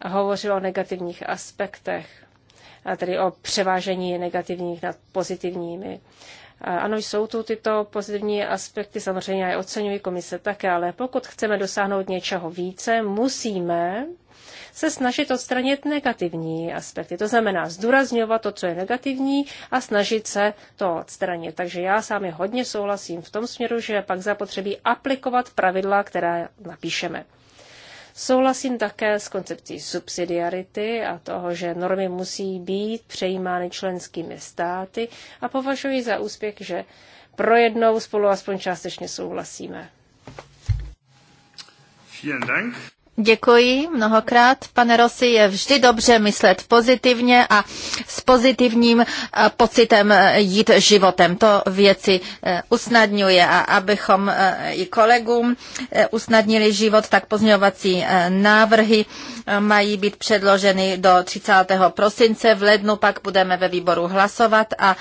a hovořil o negativních aspektech, a tedy o převážení negativních nad pozitivními. Ano, jsou tu tyto pozitivní aspekty, samozřejmě já je oceňuji komise také, ale pokud chceme dosáhnout něčeho více, musíme se snažit odstranit negativní aspekty. To znamená zdůrazňovat to, co je negativní a snažit se to odstranit. Takže já sám je hodně souhlasím v tom směru, že pak zapotřebí aplikovat pravidla, která napíšeme. Souhlasím také s koncepcí subsidiarity a toho, že normy musí být přejímány členskými státy a považuji za úspěch, že pro jednou spolu aspoň částečně souhlasíme. Vielen Dank. Děkuji mnohokrát. Pane Rosy. je vždy dobře myslet pozitivně a s pozitivním eh, pocitem eh, jít životem. To věci eh, usnadňuje a abychom i kolegům usnadnili život, tak pozměňovací návrhy mají být předloženy do 30. prosince. V lednu pak budeme ve výboru hlasovat a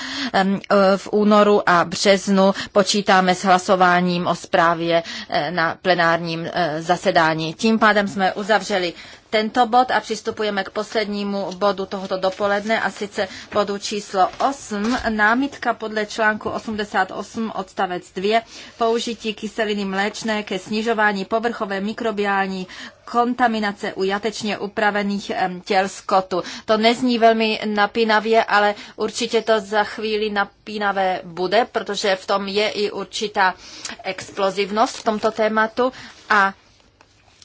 v únoru a březnu počítáme s hlasováním o zprávě na plenárním zasedání. Tím pádem kterém jsme uzavřeli tento bod a přistupujeme k poslednímu bodu tohoto dopoledne a sice bodu číslo 8. Námitka podle článku 88 odstavec 2 použití kyseliny mléčné ke snižování povrchové mikrobiální kontaminace u jatečně upravených těl skotu. To nezní velmi napínavě, ale určitě to za chvíli napínavé bude, protože v tom je i určitá explozivnost v tomto tématu a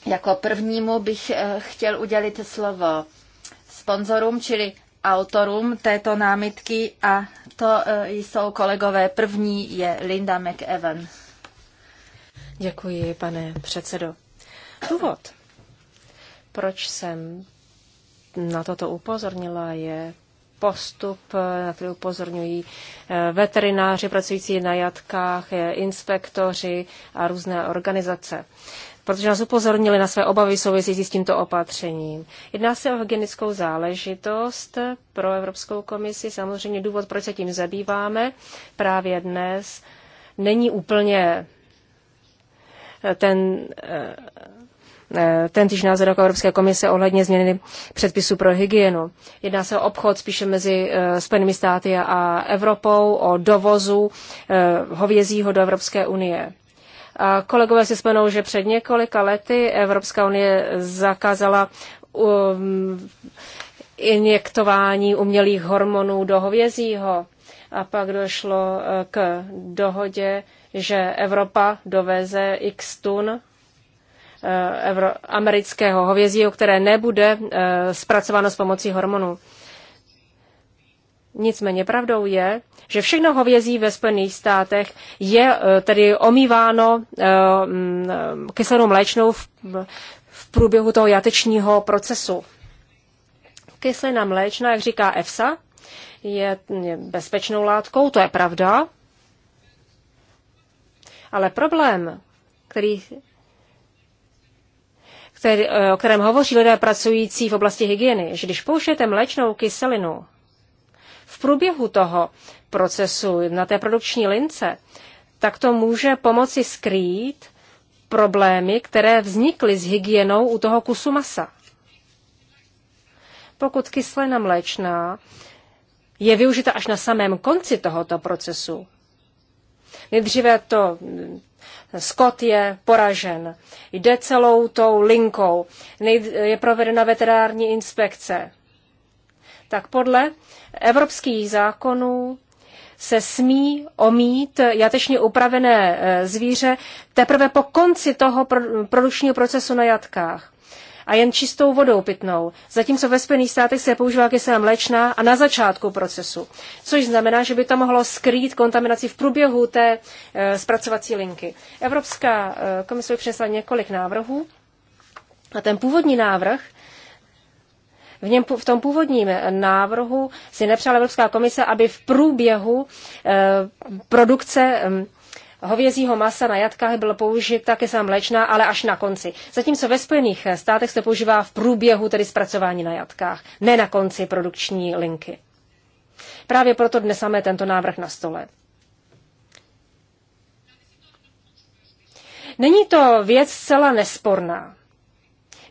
jako prvnímu bych eh, chtěl udělit slovo sponzorům, čili autorům této námitky a to eh, jsou kolegové. První je Linda McEwan. Děkuji, pane předsedo. Důvod, proč jsem na toto upozornila, je postup, na který upozorňují eh, veterináři pracující na jatkách, inspektoři a různé organizace protože nás upozornili na své obavy související s tímto opatřením. Jedná se o hygienickou záležitost pro Evropskou komisi. Samozřejmě důvod, proč se tím zabýváme právě dnes, není úplně eh, ten, eh, eh, ten týž názor jako Evropské komise ohledně změny předpisů pro hygienu. Jedná se o obchod spíše mezi Spojenými státy a Evropou, o dovozu hovězího do Evropské unie kolegové si spomenou, že před několika lety Evropská unie zakázala um, injektování umělých hormonů do hovězího. A pak došlo eh, k dohodě, že Evropa doveze x tun eh, amerického hovězího, které nebude eh, zpracováno s pomocí hormonů. Nicméně pravdou je, že všechno hovězí ve Spojených státech je eh, tedy omýváno eh, mm, eh, kyselou mléčnou v, průběhu toho jatečního procesu. Kyselina mléčná, jak říká EFSA, je, je bezpečnou látkou, to je pravda. Ale problém, který, který, o kterém hovoří lidé pracující v oblasti hygieny, že když použijete mléčnou kyselinu v průběhu toho procesu na té produkční lince, tak to může pomoci skrýt problémy, které vznikly s hygienou u toho kusu masa. Pokud kyselina mléčná je využita až na samém konci tohoto procesu, nejdříve to mm, Skot je poražen. Jde celou tou linkou. Je provedena veterinární inspekce tak podle evropských zákonů se smí omít jatečně upravené e, zvíře teprve po konci toho produkčního procesu na jatkách a jen čistou vodou pitnou, zatímco ve Spojených státech se používá kyselá mléčná a na začátku procesu, což znamená, že by to mohlo skrýt kontaminaci v průběhu té e, zpracovací linky. Evropská e, komise přinesla několik návrhů a ten původní návrh v, něm, v tom původním návrhu si nepřála Evropská komise, aby v průběhu eh, produkce mm, hovězího masa na jatkách bylo použita sám mléčná, ale až na konci. Zatímco ve Spojených eh, státech se používá v průběhu tedy zpracování na jatkách, ne na konci produkční linky. Právě proto dnes máme tento návrh na stole. Není to věc zcela nesporná.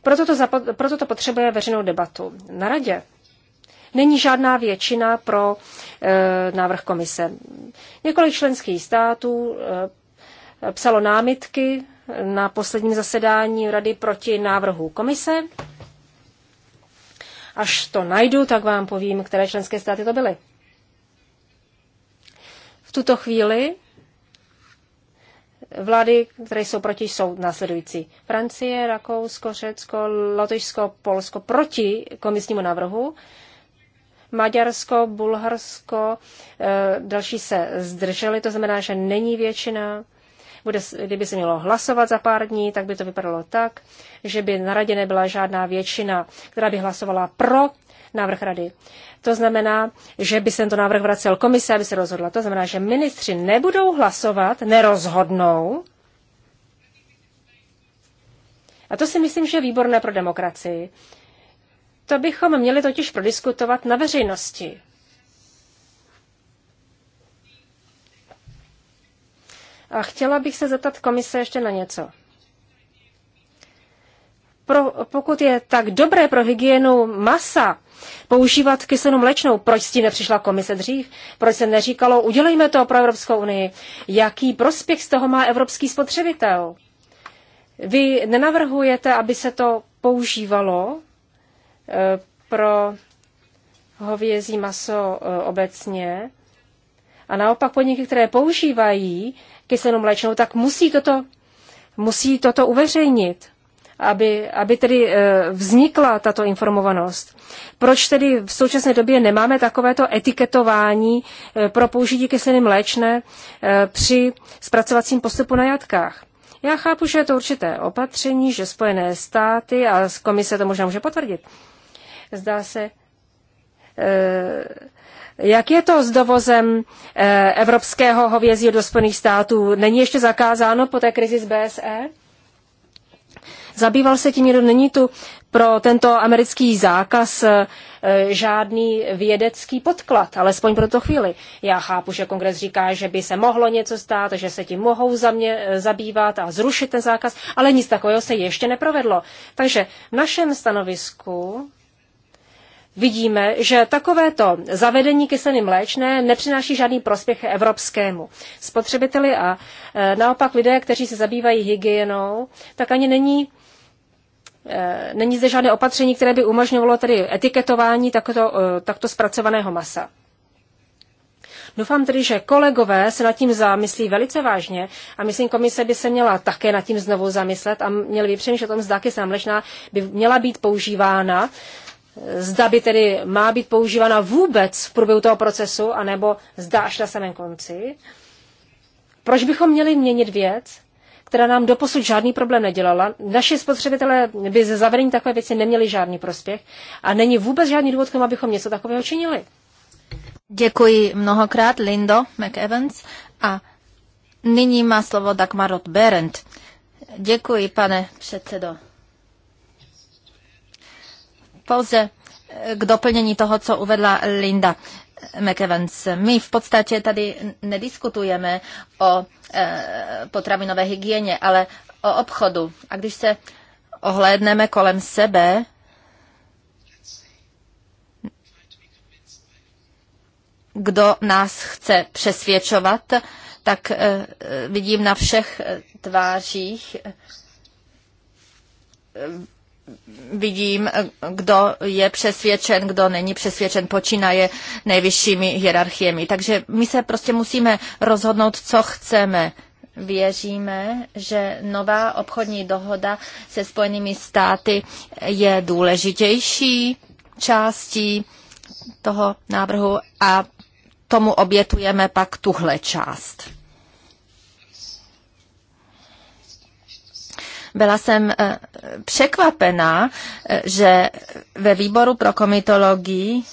Proto to, zapo- proto to potřebuje veřejnou debatu. Na radě není žádná většina pro e, návrh komise. Několik členských států e, psalo námitky na posledním zasedání rady proti návrhu komise. Až to najdu, tak vám povím, které členské státy to byly. V tuto chvíli Vlády, které jsou proti, jsou následující. Francie, Rakousko, Řecko, Lotyšsko, Polsko proti komisnímu návrhu. Maďarsko, Bulharsko, eh, další se zdrželi, to znamená, že není většina. Bude, kdyby se mělo hlasovat za pár dní, tak by to vypadalo tak, že by na radě nebyla žádná většina, která by hlasovala pro návrh rady. To znamená, že by se tento návrh vracel komise, aby se rozhodla. To znamená, že ministři nebudou hlasovat, nerozhodnou. A to si myslím, že je výborné pro demokracii. To bychom měli totiž prodiskutovat na veřejnosti. A chtěla bych se zeptat komise ještě na něco. Pro, pokud je tak dobré pro hygienu masa, používat kyselinu mlečnou. Proč s tím nepřišla komise dřív? Proč se neříkalo, udělejme to pro Evropskou unii? Jaký prospěch z toho má evropský spotřebitel? Vy nenavrhujete, aby se to používalo eh, pro hovězí maso eh, obecně. A naopak podniky, které používají kyselinu mléčnou, tak musí toto, musí toto uveřejnit aby, aby tedy eh, vznikla tato informovanost. Proč tedy v současné době nemáme takovéto etiketování eh, pro použití kyseliny mléčné eh, při zpracovacím postupu na jatkách? Já chápu, že je to určité opatření, že Spojené státy a komise to možná může potvrdit. Zdá se, jak je to s dovozem evropského hovězího do Spojených států? Není ještě zakázáno po té krizi z BSE? Zabýval se tím někdo? Není tu pro tento americký zákaz eh, žádný vědecký podklad, alespoň pro tu chvíli. Já chápu, že kongres říká, že by se mohlo něco stát, že se tím mohou za mě eh, zabývat a zrušit ten zákaz, ale nic takového se ještě neprovedlo. Takže v našem stanovisku vidíme, že takovéto zavedení kyseliny mléčné nepřináší žádný prospěch evropskému spotřebiteli a eh, naopak lidé, kteří se zabývají hygienou, tak ani není Eh, není zde žádné opatření, které by umožňovalo tedy etiketování takto, eh, takto zpracovaného masa. Doufám tedy, že kolegové se nad tím zamyslí velice vážně a myslím, komise by se měla také nad tím znovu zamyslet a měli by přemýšlet o tom, zda kyselá mlečná by měla být používána, eh, zda by tedy má být používána vůbec v průběhu toho procesu, anebo zda až na samém konci. Proč bychom měli měnit věc, která nám doposud žádný problém nedělala. Naši spotřebitelé by ze zavedení takové věci neměli žádný prospěch a není vůbec žádný důvod k abychom něco takového činili. Děkuji mnohokrát, Lindo McEvans. A nyní má slovo Dagmar Berend. Děkuji, pane předsedo. Pouze k doplnění toho, co uvedla Linda. McEvans, my v podstatě tady nediskutujeme o eh, potravinové hygieně, ale o obchodu. A když se ohlédneme kolem sebe, kdo nás chce přesvědčovat, tak eh, vidím na všech eh, tvářích vidím, kdo je přesvědčen, kdo není přesvědčen, počínaje nejvyššími hierarchiemi. Takže my se prostě musíme rozhodnout, co chceme. Věříme, že nová obchodní dohoda se Spojenými státy je důležitější částí toho návrhu a tomu obětujeme pak tuhle část. Byla jsem eh, překvapená, eh, že ve výboru pro komitologii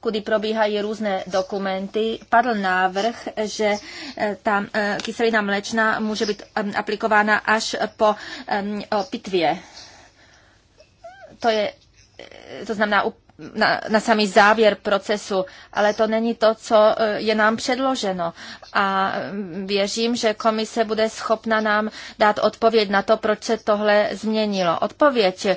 kudy probíhají různé dokumenty, padl návrh, že eh, ta kyselina mléčná může být aplikována až po pitvě. To je to znamená na, na samý závěr procesu, ale to není to, co e, je nám předloženo. A mm, věřím, že komise bude schopna nám dát odpověď na to, proč se tohle změnilo. Odpověď, e,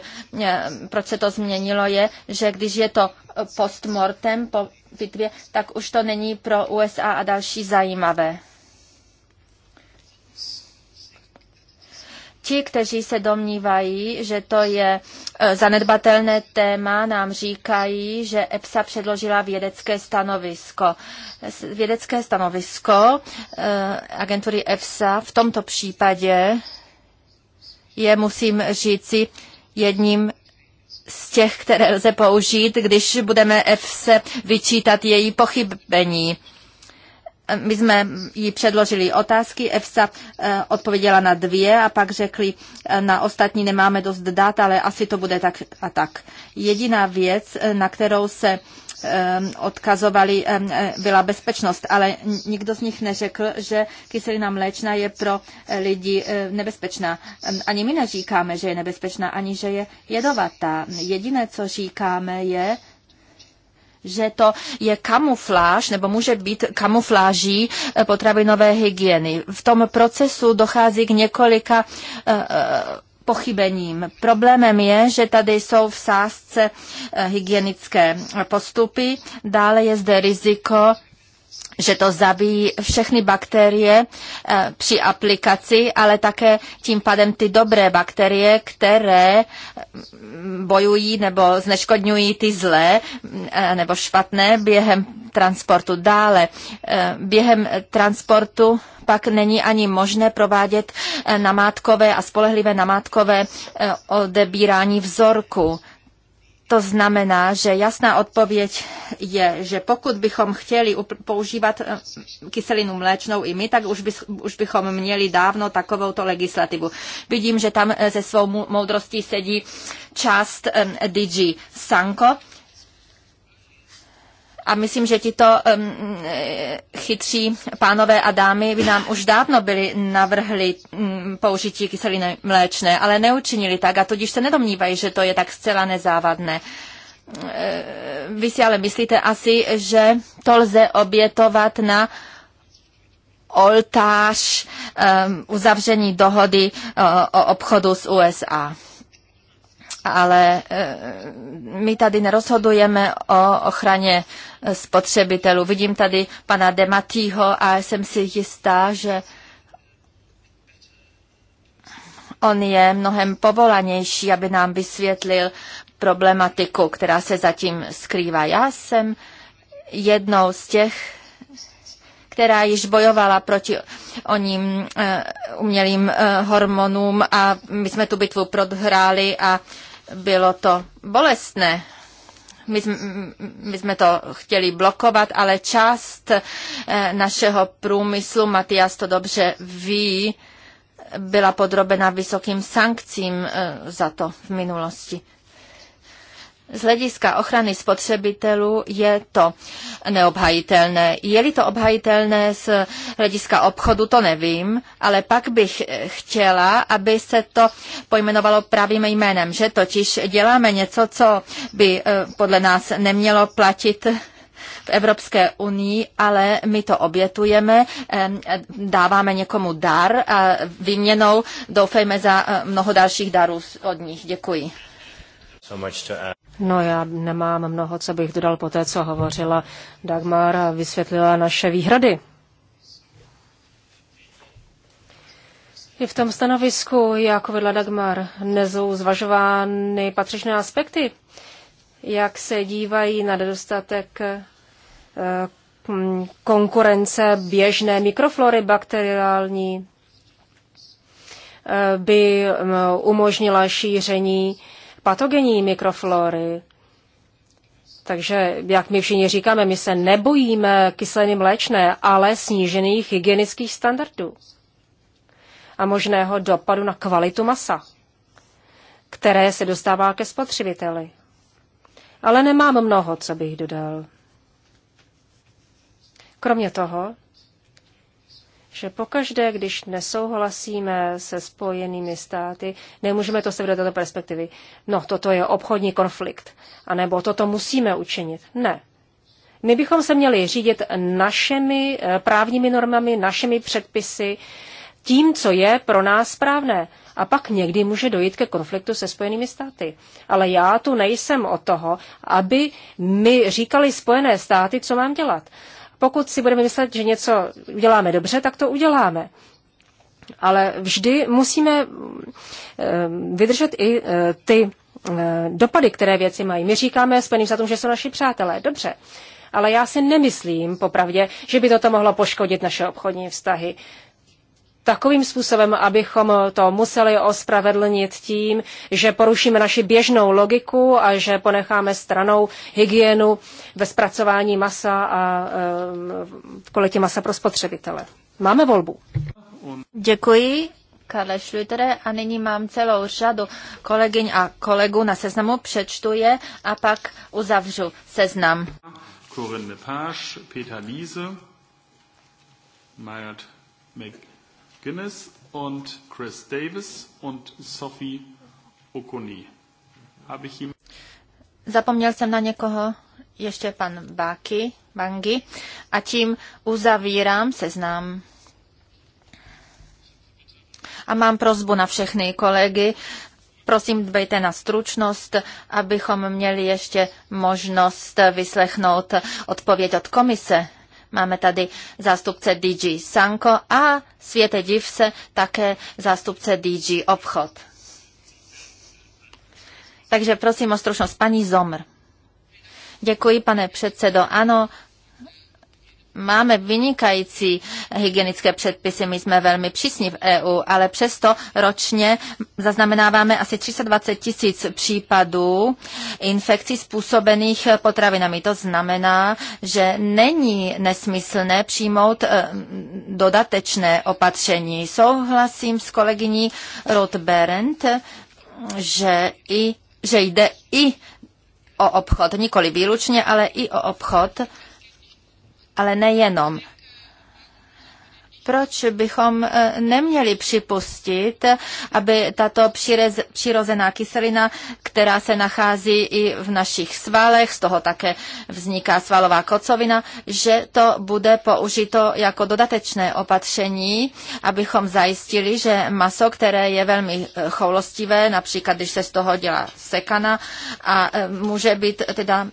proč se to změnilo, je, že když je to e, postmortem po bitvě, tak už to není pro USA a další zajímavé. Ti, kteří se domnívají, že to je e, zanedbatelné téma, nám říkají, že EPSA předložila vědecké stanovisko. Vědecké stanovisko e, agentury Epsa v tomto případě je, musím říci, jedním z těch, které lze použít, když budeme EFSA vyčítat její pochybení my jsme jí předložili otázky, EFSA eh, odpověděla na dvě a pak řekli, eh, na ostatní nemáme dost dat, ale asi to bude tak a tak. Jediná věc, eh, na kterou se odkazovali, byla bezpečnost, ale nikdo z nich neřekl, že kyselina mléčná je pro lidi nebezpečná. Ehm, ani my neříkáme, že je nebezpečná, ani že je jedovatá. Jediné, co říkáme, je, že to je kamufláž nebo může být kamufláží eh, potravinové hygieny. V tom procesu dochází k několika eh, eh, pochybením. Problémem je, že tady jsou v sázce hygienické postupy, dále je zde riziko že to zabíjí všechny bakterie eh, při aplikaci, ale také tím pádem ty dobré bakterie, které mm, bojují nebo zneškodňují ty zlé eh, nebo špatné během transportu. Dále eh, během transportu pak není ani možné provádět namátkové a spolehlivé namátkové odebírání vzorku. To znamená, že jasná odpověď je, že pokud bychom chtěli používat eh, kyselinu mléčnou i my, tak už, by, už bychom měli dávno takovouto legislativu. Vidím, že tam eh, se svou moudrostí sedí část eh, DG Sanko a myslím, že tito um, chytří pánové a dámy by nám už dávno byli navrhli um, použití kyseliny mléčné, ale neučinili tak a tudíž se nedomnívají, že to je tak zcela nezávadné. Eh, vy si ale myslíte asi, že to lze obětovat na oltář um, uzavření dohody uh, o obchodu s USA ale eh, my tady nerozhodujeme o ochraně eh, spotřebitelů. Vidím tady pana Dematího a jsem si jistá, že on je mnohem povolanější, aby nám vysvětlil problematiku, která se zatím skrývá. Já jsem jednou z těch, která již bojovala proti oním eh, umělým hormonům a my jsme tu bitvu prohráli a bylo to bolestné. My, my jsme to chtěli blokovat, ale část eh, našeho průmyslu, Matias to dobře ví, byla podrobena vysokým sankcím eh, za to v minulosti. Z hlediska ochrany spotřebitelů je to neobhajitelné. Je-li to obhajitelné z hlediska obchodu, to nevím, ale pak bych eh, chtěla, aby se to pojmenovalo pravým jménem, že totiž děláme něco, co by eh, podle nás nemělo platit v Evropské unii, ale my to obětujeme, dáváme někomu dar a výměnou doufejme za eh, mnoho dalších darů od nich. Děkuji. No já nemám mnoho, co bych dodal po té, co hovořila Dagmar a vysvětlila naše výhrady. I v tom stanovisku, jak vedla Dagmar, nezou zvažovány patřičné aspekty, jak se dívají na nedostatek eh, hm, konkurence běžné mikroflory bakteriální eh, by hm, umožnila šíření patogenní mikroflory. Takže, jak my všichni říkáme, my se nebojíme kyseliny mléčné, ale snížených hygienických standardů a možného dopadu na kvalitu masa, které se dostává ke spotřebiteli. Ale nemám mnoho, co bych dodal. Kromě toho, že pokaždé, když nesouhlasíme se spojenými státy, nemůžeme to sevět do této perspektivy. No, toto je obchodní konflikt, anebo toto musíme učinit. Ne. My bychom se měli řídit našimi eh, právními normami, našimi předpisy, tím, co je pro nás správné. A pak někdy může dojít ke konfliktu se Spojenými státy. Ale já tu nejsem o toho, aby mi říkali Spojené státy, co mám dělat. Pokud si budeme myslet, že něco uděláme dobře, tak to uděláme. Ale vždy musíme eh, vydržet i eh, ty eh, dopady, které věci mají. My říkáme Spojeným tom, že jsou naši přátelé. Dobře. Ale já si nemyslím popravdě, že by toto mohlo poškodit naše obchodní vztahy takovým způsobem, abychom to museli ospravedlnit tím, že porušíme naši běžnou logiku a že ponecháme stranou hygienu ve zpracování masa a v kvalitě masa pro spotřebitele. Máme volbu. Děkuji. Karle Schlüter a nyní mám celou řadu kolegyň a kolegů na seznamu, přečtu je a pak uzavřu seznam. Corinne Lepage, Peter Liese, Mayat und Chris Davis und Sophie Okuni. Habe ich Zapomněl jsem na někoho? Ještě pan Báky, Bangi. A tím uzavírám seznam. A mám prozbu na všechny kolegy. Prosím, dbejte na stručnost, abychom měli ještě možnost vyslechnout odpověď od komise Máme tady zástupce DG Sanko a světe div se také zástupce DG Obchod. Takže prosím o stručnost. Paní Zomr. Děkuji, pane předsedo. Ano, Máme vynikající hygienické předpisy, my jsme velmi přísní v EU, ale přesto ročně zaznamenáváme asi 320 tisíc případů infekcí způsobených potravinami. To znamená, že není nesmyslné přijmout eh, dodatečné opatření. Souhlasím s kolegyní Ruth Berendt, že, i, že jde i o obchod, nikoli výlučně, ale i o obchod, ale nejenom proč bychom e, neměli připustit, aby tato přirozená kyselina, která se nachází i v našich svalech, z toho také vzniká svalová kocovina, že to bude použito jako dodatečné opatření, abychom zajistili, že maso, které je velmi e, choulostivé, například když se z toho dělá sekana a e, může být teda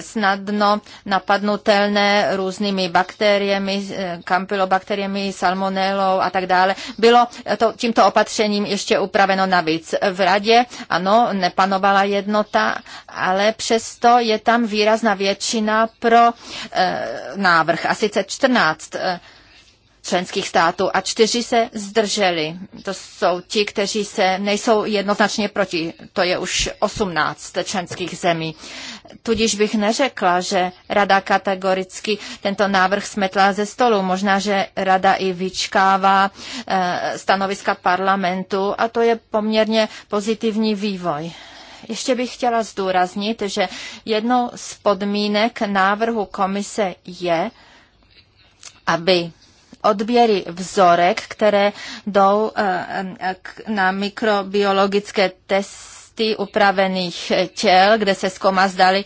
snadno napadnutelné různými bakteriemi, eh, kampylobakteriemi, salmonelou a tak dále. Bylo to tímto opatřením ještě upraveno navíc. V radě, ano, nepanovala jednota, ale přesto je tam výrazná většina pro e, návrh, a sice 14 členských států a čtyři se zdrželi. To jsou ti, kteří se nejsou jednoznačně proti. To je už 18 členských zemí. Tudíž bych neřekla, že rada kategoricky tento návrh smetla ze stolu. Možná, že rada i vyčkává eh, stanoviska parlamentu a to je poměrně pozitivní vývoj. Ještě bych chtěla zdůraznit, že jednou z podmínek návrhu komise je, aby odběry vzorek, které jdou eh, eh, na mikrobiologické testy upravených těl, kde se zkoma zdali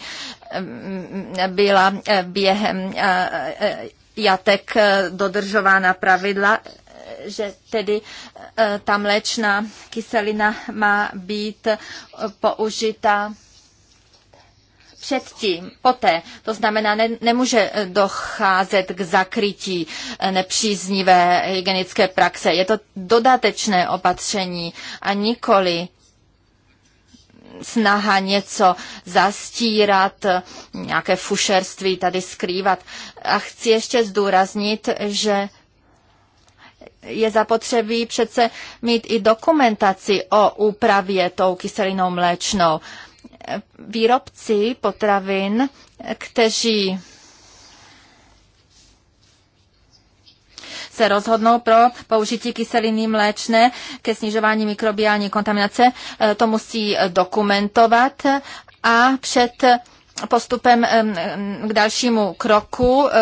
mm, mm, byla eh, během jatek dodržována pravidla, že tedy ta mléčná kyselina má být použita předtím, poté. To znamená, ne, nemůže eh, docházet k zakrytí eh, nepříznivé hygienické praxe. Je to dodatečné opatření a nikoli snaha něco zastírat, nějaké fušerství tady skrývat. A chci ještě zdůraznit, že je zapotřebí přece mít i dokumentaci o úpravě tou kyselinou mléčnou výrobci potravin, kteří se rozhodnou pro použití kyseliny mléčné ke snižování mikrobiální kontaminace, e, to musí dokumentovat a před postupem k dalšímu kroku eh,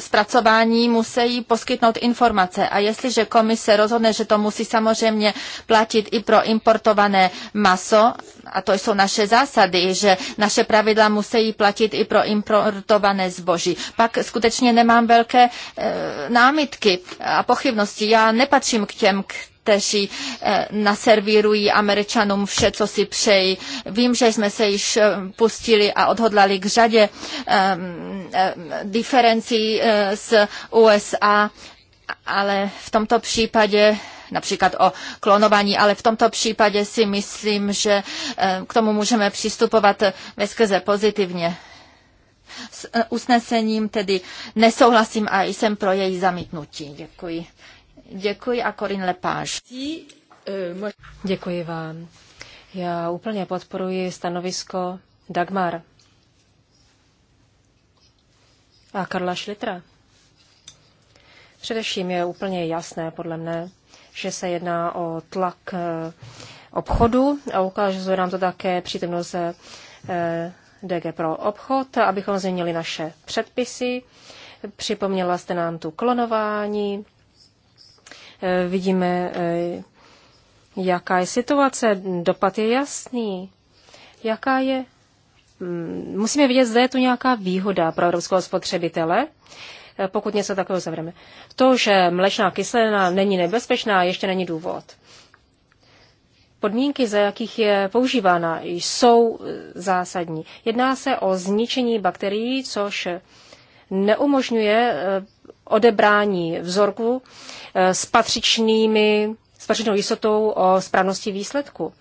zpracování musí poskytnout informace. A jestliže komise rozhodne, že to musí samozřejmě platit i pro importované maso, a to jsou naše zásady, že naše pravidla musí platit i pro importované zboží. Pak skutečně nemám velké eh, námitky a pochybnosti. Já nepatřím k těm, kteří eh, naservírují američanům vše, co si přejí. Vím, že jsme se již eh, pustili a odhodlali k řadě ehm, ehm, diferencí eh, s USA, ale v tomto případě například o klonování, ale v tomto případě si myslím, že k tomu můžeme přistupovat ve skrze pozitivně. S usnesením tedy nesouhlasím a jsem pro její zamítnutí. Děkuji. Děkuji a Corinne Lepáš. Děkuji vám. Já úplně podporuji stanovisko Dagmar a Karla Šlitra. Především je úplně jasné, podle mne, že se jedná o tlak eh, obchodu a ukazuje nám to také přítomnost eh, DG pro obchod, abychom změnili naše předpisy. Připomněla jste nám tu klonování, Eh, vidíme, eh, jaká je situace, dopad je jasný, jaká je. Mm, musíme vidět, zda je tu nějaká výhoda pro evropského spotřebitele, eh, pokud něco takového zavřeme. To, že mlečná kyselina není nebezpečná, ještě není důvod. Podmínky, za jakých je používána, jsou zásadní. Jedná se o zničení bakterií, což neumožňuje odebrání vzorku Eh, s, patřičnými, s patřičnou jistotou o správnosti výsledku.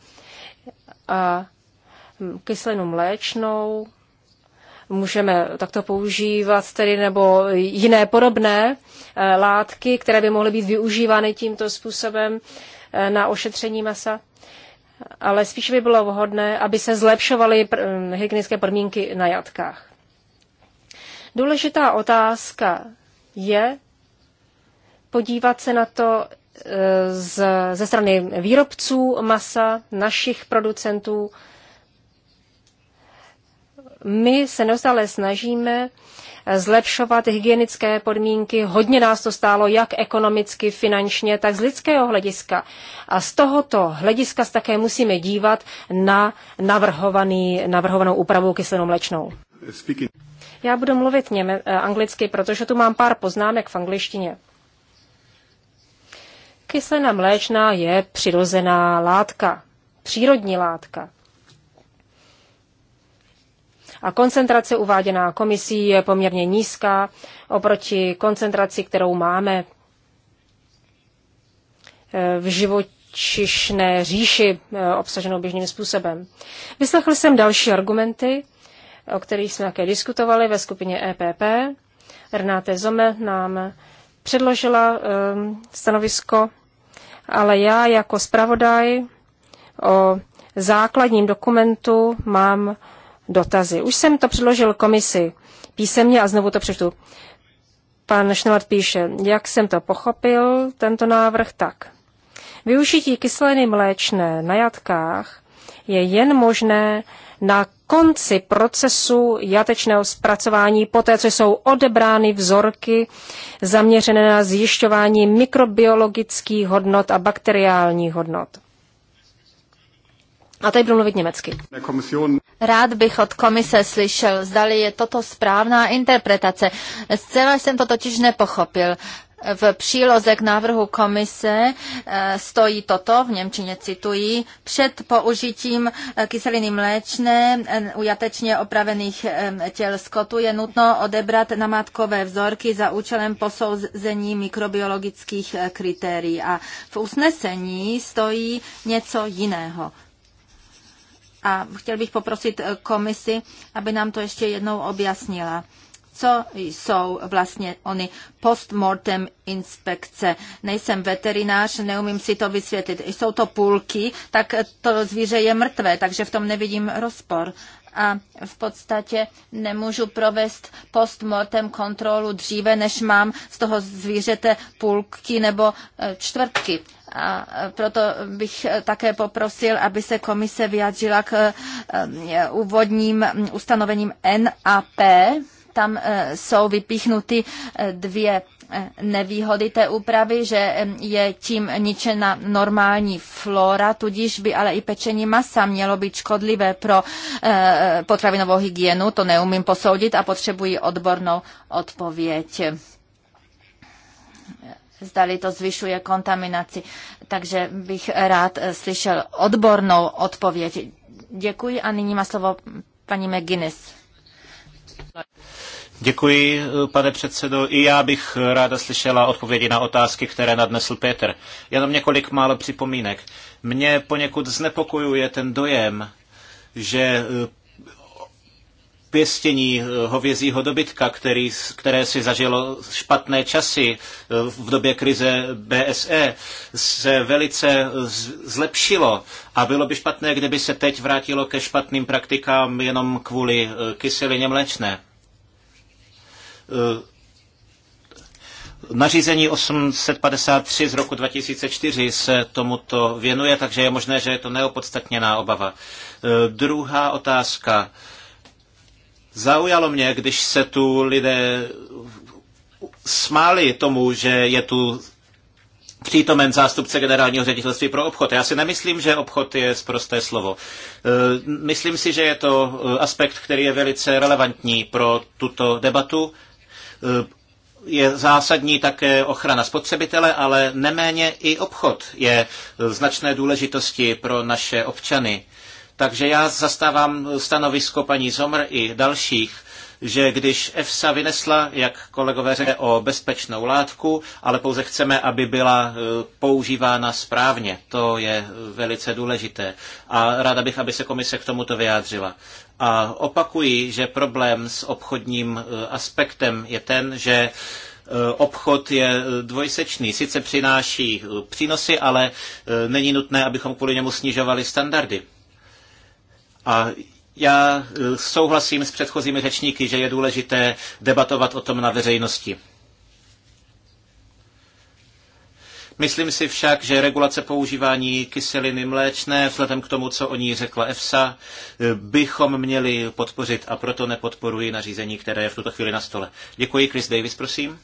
A mm, kyselinu mléčnou můžeme takto používat tedy nebo jiné podobné eh, látky, které by mohly být využívány tímto způsobem eh, na ošetření masa ale spíš by bylo vhodné, aby se zlepšovaly mm, hygienické podmínky na jatkách. Důležitá otázka je, podívat se na to eh, z, ze strany výrobců masa, našich producentů. My se neustále snažíme zlepšovat hygienické podmínky. Hodně nás to stálo jak ekonomicky, finančně, tak z lidského hlediska. A z tohoto hlediska se také musíme dívat na navrhovaný, navrhovanou úpravu kyselinou mlečnou. Já budu mluvit něme, eh, anglicky, protože tu mám pár poznámek v angličtině. Kyselina mléčná je přirozená látka, přírodní látka. A koncentrace uváděná komisí je poměrně nízká oproti koncentraci, kterou máme eh, v živočišné říši eh, obsaženou běžným způsobem. Vyslechl jsem další argumenty, o kterých jsme také diskutovali ve skupině EPP. Renáte Zome nám předložila eh, stanovisko, ale já jako zpravodaj o základním dokumentu mám dotazy. Už jsem to předložil komisi písemně a znovu to přečtu. Pan Šnovart píše, jak jsem to pochopil, tento návrh tak. Využití kyseliny mléčné na jatkách je jen možné na konci procesu jatečného zpracování, poté co jsou odebrány vzorky zaměřené na zjišťování mikrobiologických hodnot a bakteriálních hodnot. A tady budu mluvit německy. Rád bych od komise slyšel, zdali je toto správná interpretace. Zcela jsem to totiž nepochopil. V příloze k návrhu komise eh, stojí toto, v Němčině cituji, před použitím eh, kyseliny mléčné eh, u jatečně opravených těl skotu je nutno odebrat namátkové vzorky za účelem posouzení mikrobiologických kritérií. A v usnesení stojí něco jiného. A chtěl bych poprosit komisi, aby nám to ještě jednou objasnila co jsou vlastně ony postmortem inspekce. Nejsem veterinář, neumím si to vysvětlit. Jsou to půlky, tak to zvíře je mrtvé, takže v tom nevidím rozpor a v podstatě nemůžu provést postmortem kontrolu dříve, než mám z toho zvířete půlky nebo e, čtvrtky. A e, proto bych e, také poprosil, aby se komise vyjádřila k úvodním ustanovením NAP, tam eh, jsou vypíchnuty eh, dvě eh, nevýhody té úpravy, že je tím ničena normální flora, tudíž by ale i pečení masa mělo být škodlivé pro potravinovou hygienu, to neumím posoudit a potřebuji odbornou odpověď zdali to zvyšuje kontaminaci. Takže bych rád slyšel odbornou odpověď. Děkuji a nyní má slovo paní McGuinness. Děkuji, pane předsedo. I já bych ráda slyšela odpovědi na otázky, které nadnesl Petr. Jenom několik málo připomínek. Mě poněkud znepokojuje ten dojem, že pěstění eh, hovězího dobytka, který, které si zažilo špatné časy eh, v době krize BSE, se velice zlepšilo a bylo by špatné, kdyby se teď vrátilo ke špatným praktikám jenom kvůli eh, kyselině mléčné. Nařízení 853 z roku 2004 se tomuto věnuje, takže je možné, že je to neopodstatněná obava. Druhá otázka. Zaujalo mě, když se tu lidé smáli tomu, že je tu přítomen zástupce generálního ředitelství pro obchod. Já si nemyslím, že obchod je zprosté slovo. E, myslím si, že je to e, aspekt, který je velice relevantní pro tuto debatu. E, je zásadní také ochrana spotřebitele, ale neméně i obchod je značné důležitosti pro naše občany. Takže já zastávám stanovisko paní Zomr i dalších, že když EFSA vynesla, jak kolegové řekli, o bezpečnou látku, ale pouze chceme, aby byla e, používána správně. To je velice důležité. A ráda bych, aby se komise k tomuto vyjádřila. A opakuji, že problém s obchodním e, aspektem je ten, že e, obchod je dvojsečný. Sice přináší přínosy, ale není nutné, abychom kvůli němu snižovali standardy. A já eh, souhlasím s předchozími řečníky, že je důležité debatovat o tom na veřejnosti. Myslím si však, že regulace používání kyseliny mléčné, vzhledem k tomu, co o ní řekla EFSA, eh, bychom měli podpořit a proto nepodporuji nařízení, které je v tuto chvíli na stole. Děkuji, Chris Davis, prosím.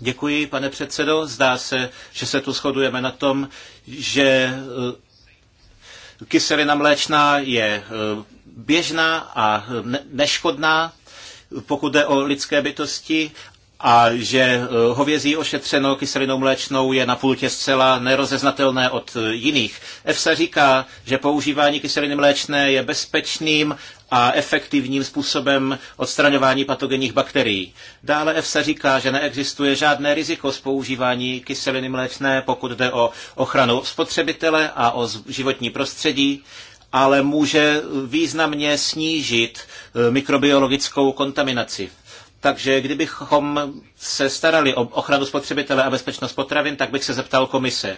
Děkuji, pane předsedo. Zdá se, že se tu shodujeme na tom, že eh, Kyselina mléčná je e, běžná a neškodná, pokud jde o lidské bytosti a že eh, hovězí ošetřeno kyselinou mléčnou je na pultě zcela nerozeznatelné od eh, jiných. EFSA říká, že používání kyseliny mléčné je bezpečným a efektivním způsobem odstraňování patogenních bakterií. Dále EFSA říká, že neexistuje žádné riziko z používání kyseliny mléčné, pokud jde o ochranu spotřebitele a o životní prostředí ale může eh, významně snížit mikrobiologickou kontaminaci takže kdybychom se starali o ochranu spotřebitele a bezpečnost potravin, tak bych se zeptal komise.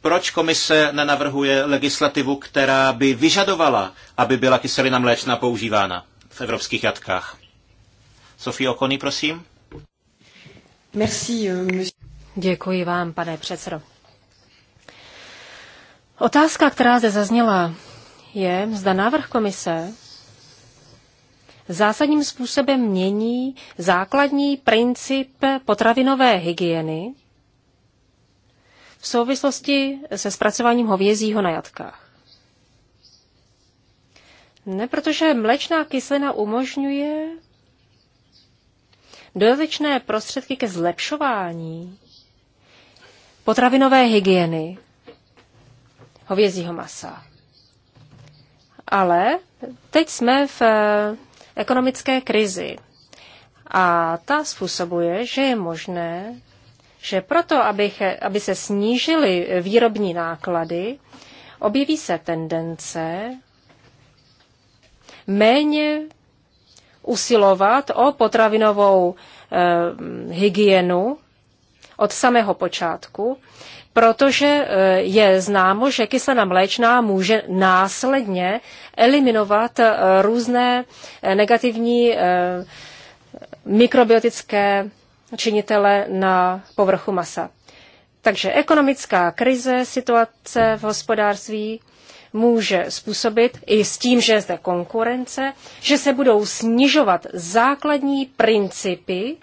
Proč komise nenavrhuje legislativu, která by vyžadovala, aby byla kyselina mléčná používána v evropských jatkách? Sofie Okony, prosím. Merci, euh, Děkuji vám, pane předsedo. Otázka, která zde zazněla, je, zda návrh komise zásadním způsobem mění základní princip potravinové hygieny v souvislosti se zpracováním hovězího na jatkách. Ne, protože mlečná kyselina umožňuje dodatečné prostředky ke zlepšování potravinové hygieny hovězího masa. Ale teď jsme v ekonomické krizi. A ta způsobuje, že je možné, že proto, abych, aby se snížily výrobní náklady, objeví se tendence méně usilovat o potravinovou eh, hygienu od samého počátku, protože e, je známo, že kyselina mléčná může následně eliminovat e, různé e, negativní mikrobiotické činitele na povrchu masa. Takže ekonomická krize, situace v hospodářství může způsobit i s tím, že je zde konkurence, že se budou snižovat základní principy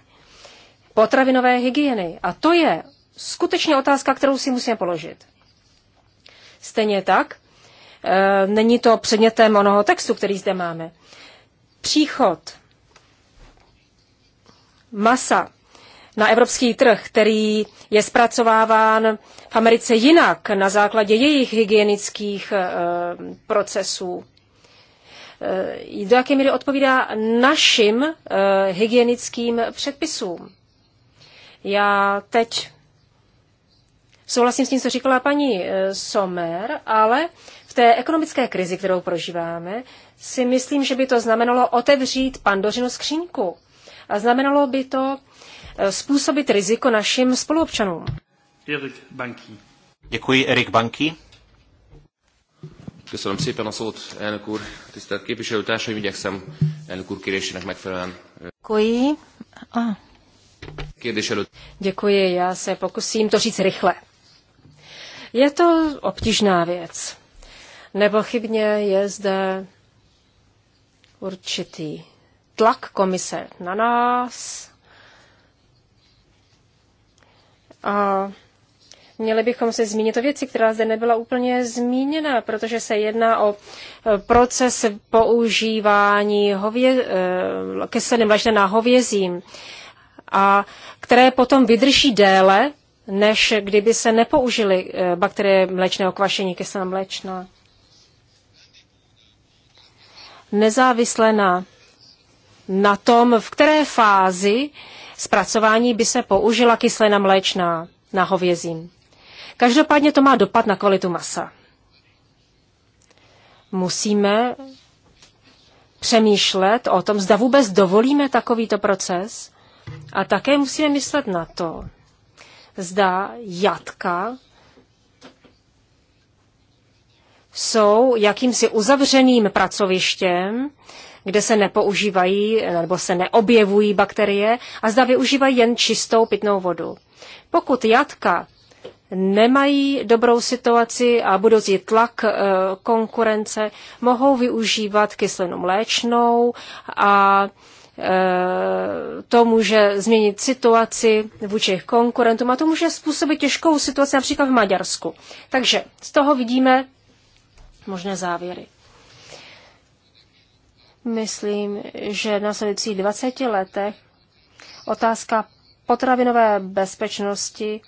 potravinové hygieny. A to je skutečně otázka, kterou si musíme položit. Stejně tak, e, není to předmětem onoho textu, který zde máme. Příchod masa na evropský trh, který je zpracováván v Americe jinak na základě jejich hygienických e, procesů. E, do jaké míry odpovídá našim hygienickým předpisům? Já teď Souhlasím s tím, co říkala paní eh, Somer, ale v té ekonomické krizi, kterou prožíváme, si myslím, že by to znamenalo otevřít pandořinu skřínku. A znamenalo by to eh, způsobit riziko našim spoluobčanům. Erik Banky. Děkuji, Erik Banky. Köszönöm szépen a szót, elnök úr, tisztelt képviselőtársaim, igyekszem elnök úr kérésének megfelelően. Děkuji. Ah. Kérdés előtt. Děkuji, já se pokusím to říct rychle. Je to obtížná věc. Nepochybně je zde určitý tlak komise na nás. A měli bychom se zmínit o věci, která zde nebyla úplně zmíněna, protože se jedná o e, proces používání hově, e, kyseliny mléčné na hovězím, a které potom vydrží déle než kdyby se nepoužily eh, bakterie mléčného kvašení, kyselina mléčná. Nezávisle na, na tom, v které fázi zpracování by se použila kyselina mléčná na hovězím. Každopádně to má dopad na kvalitu masa. Musíme přemýšlet o tom, zda vůbec dovolíme takovýto proces a také musíme myslet na to, zda jatka jsou jakýmsi uzavřeným pracovištěm, kde se nepoužívají nebo se neobjevují bakterie a zda využívají jen čistou pitnou vodu. Pokud jatka nemají dobrou situaci a budou cítit tlak eh, konkurence, mohou využívat kyselinu mléčnou a Eh, to může změnit situaci vůči jejich konkurentům a to může způsobit těžkou situaci například v Maďarsku. Takže z toho vidíme možné závěry. Myslím, že na sledujících 20 letech otázka potravinové bezpečnosti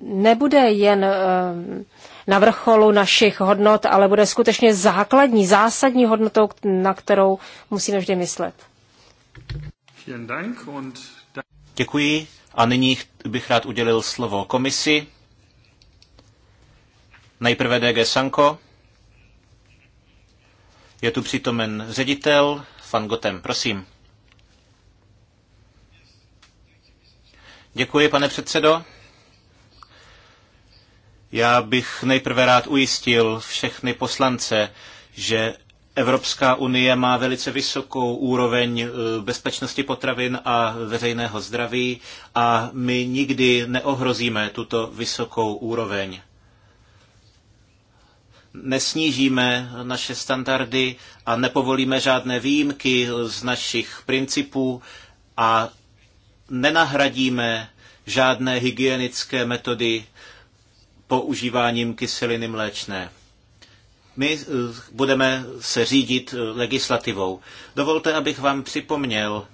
nebude jen eh, na vrcholu našich hodnot, ale bude skutečně základní, zásadní hodnotou, na kterou musíme vždy myslet. Děkuji a nyní bych rád udělil slovo komisi. Nejprve DG Sanko. Je tu přítomen ředitel, Van Gotem, prosím. Děkuji, pane předsedo. Já bych nejprve rád ujistil všechny poslance, že Evropská unie má velice vysokou úroveň eh, bezpečnosti potravin a veřejného zdraví a my nikdy neohrozíme tuto vysokou úroveň. Nesnížíme naše standardy a nepovolíme žádné výjimky z našich principů a nenahradíme žádné hygienické metody používáním kyseliny mléčné. My eh, budeme se řídit eh, legislativou. Dovolte, abych vám připomněl,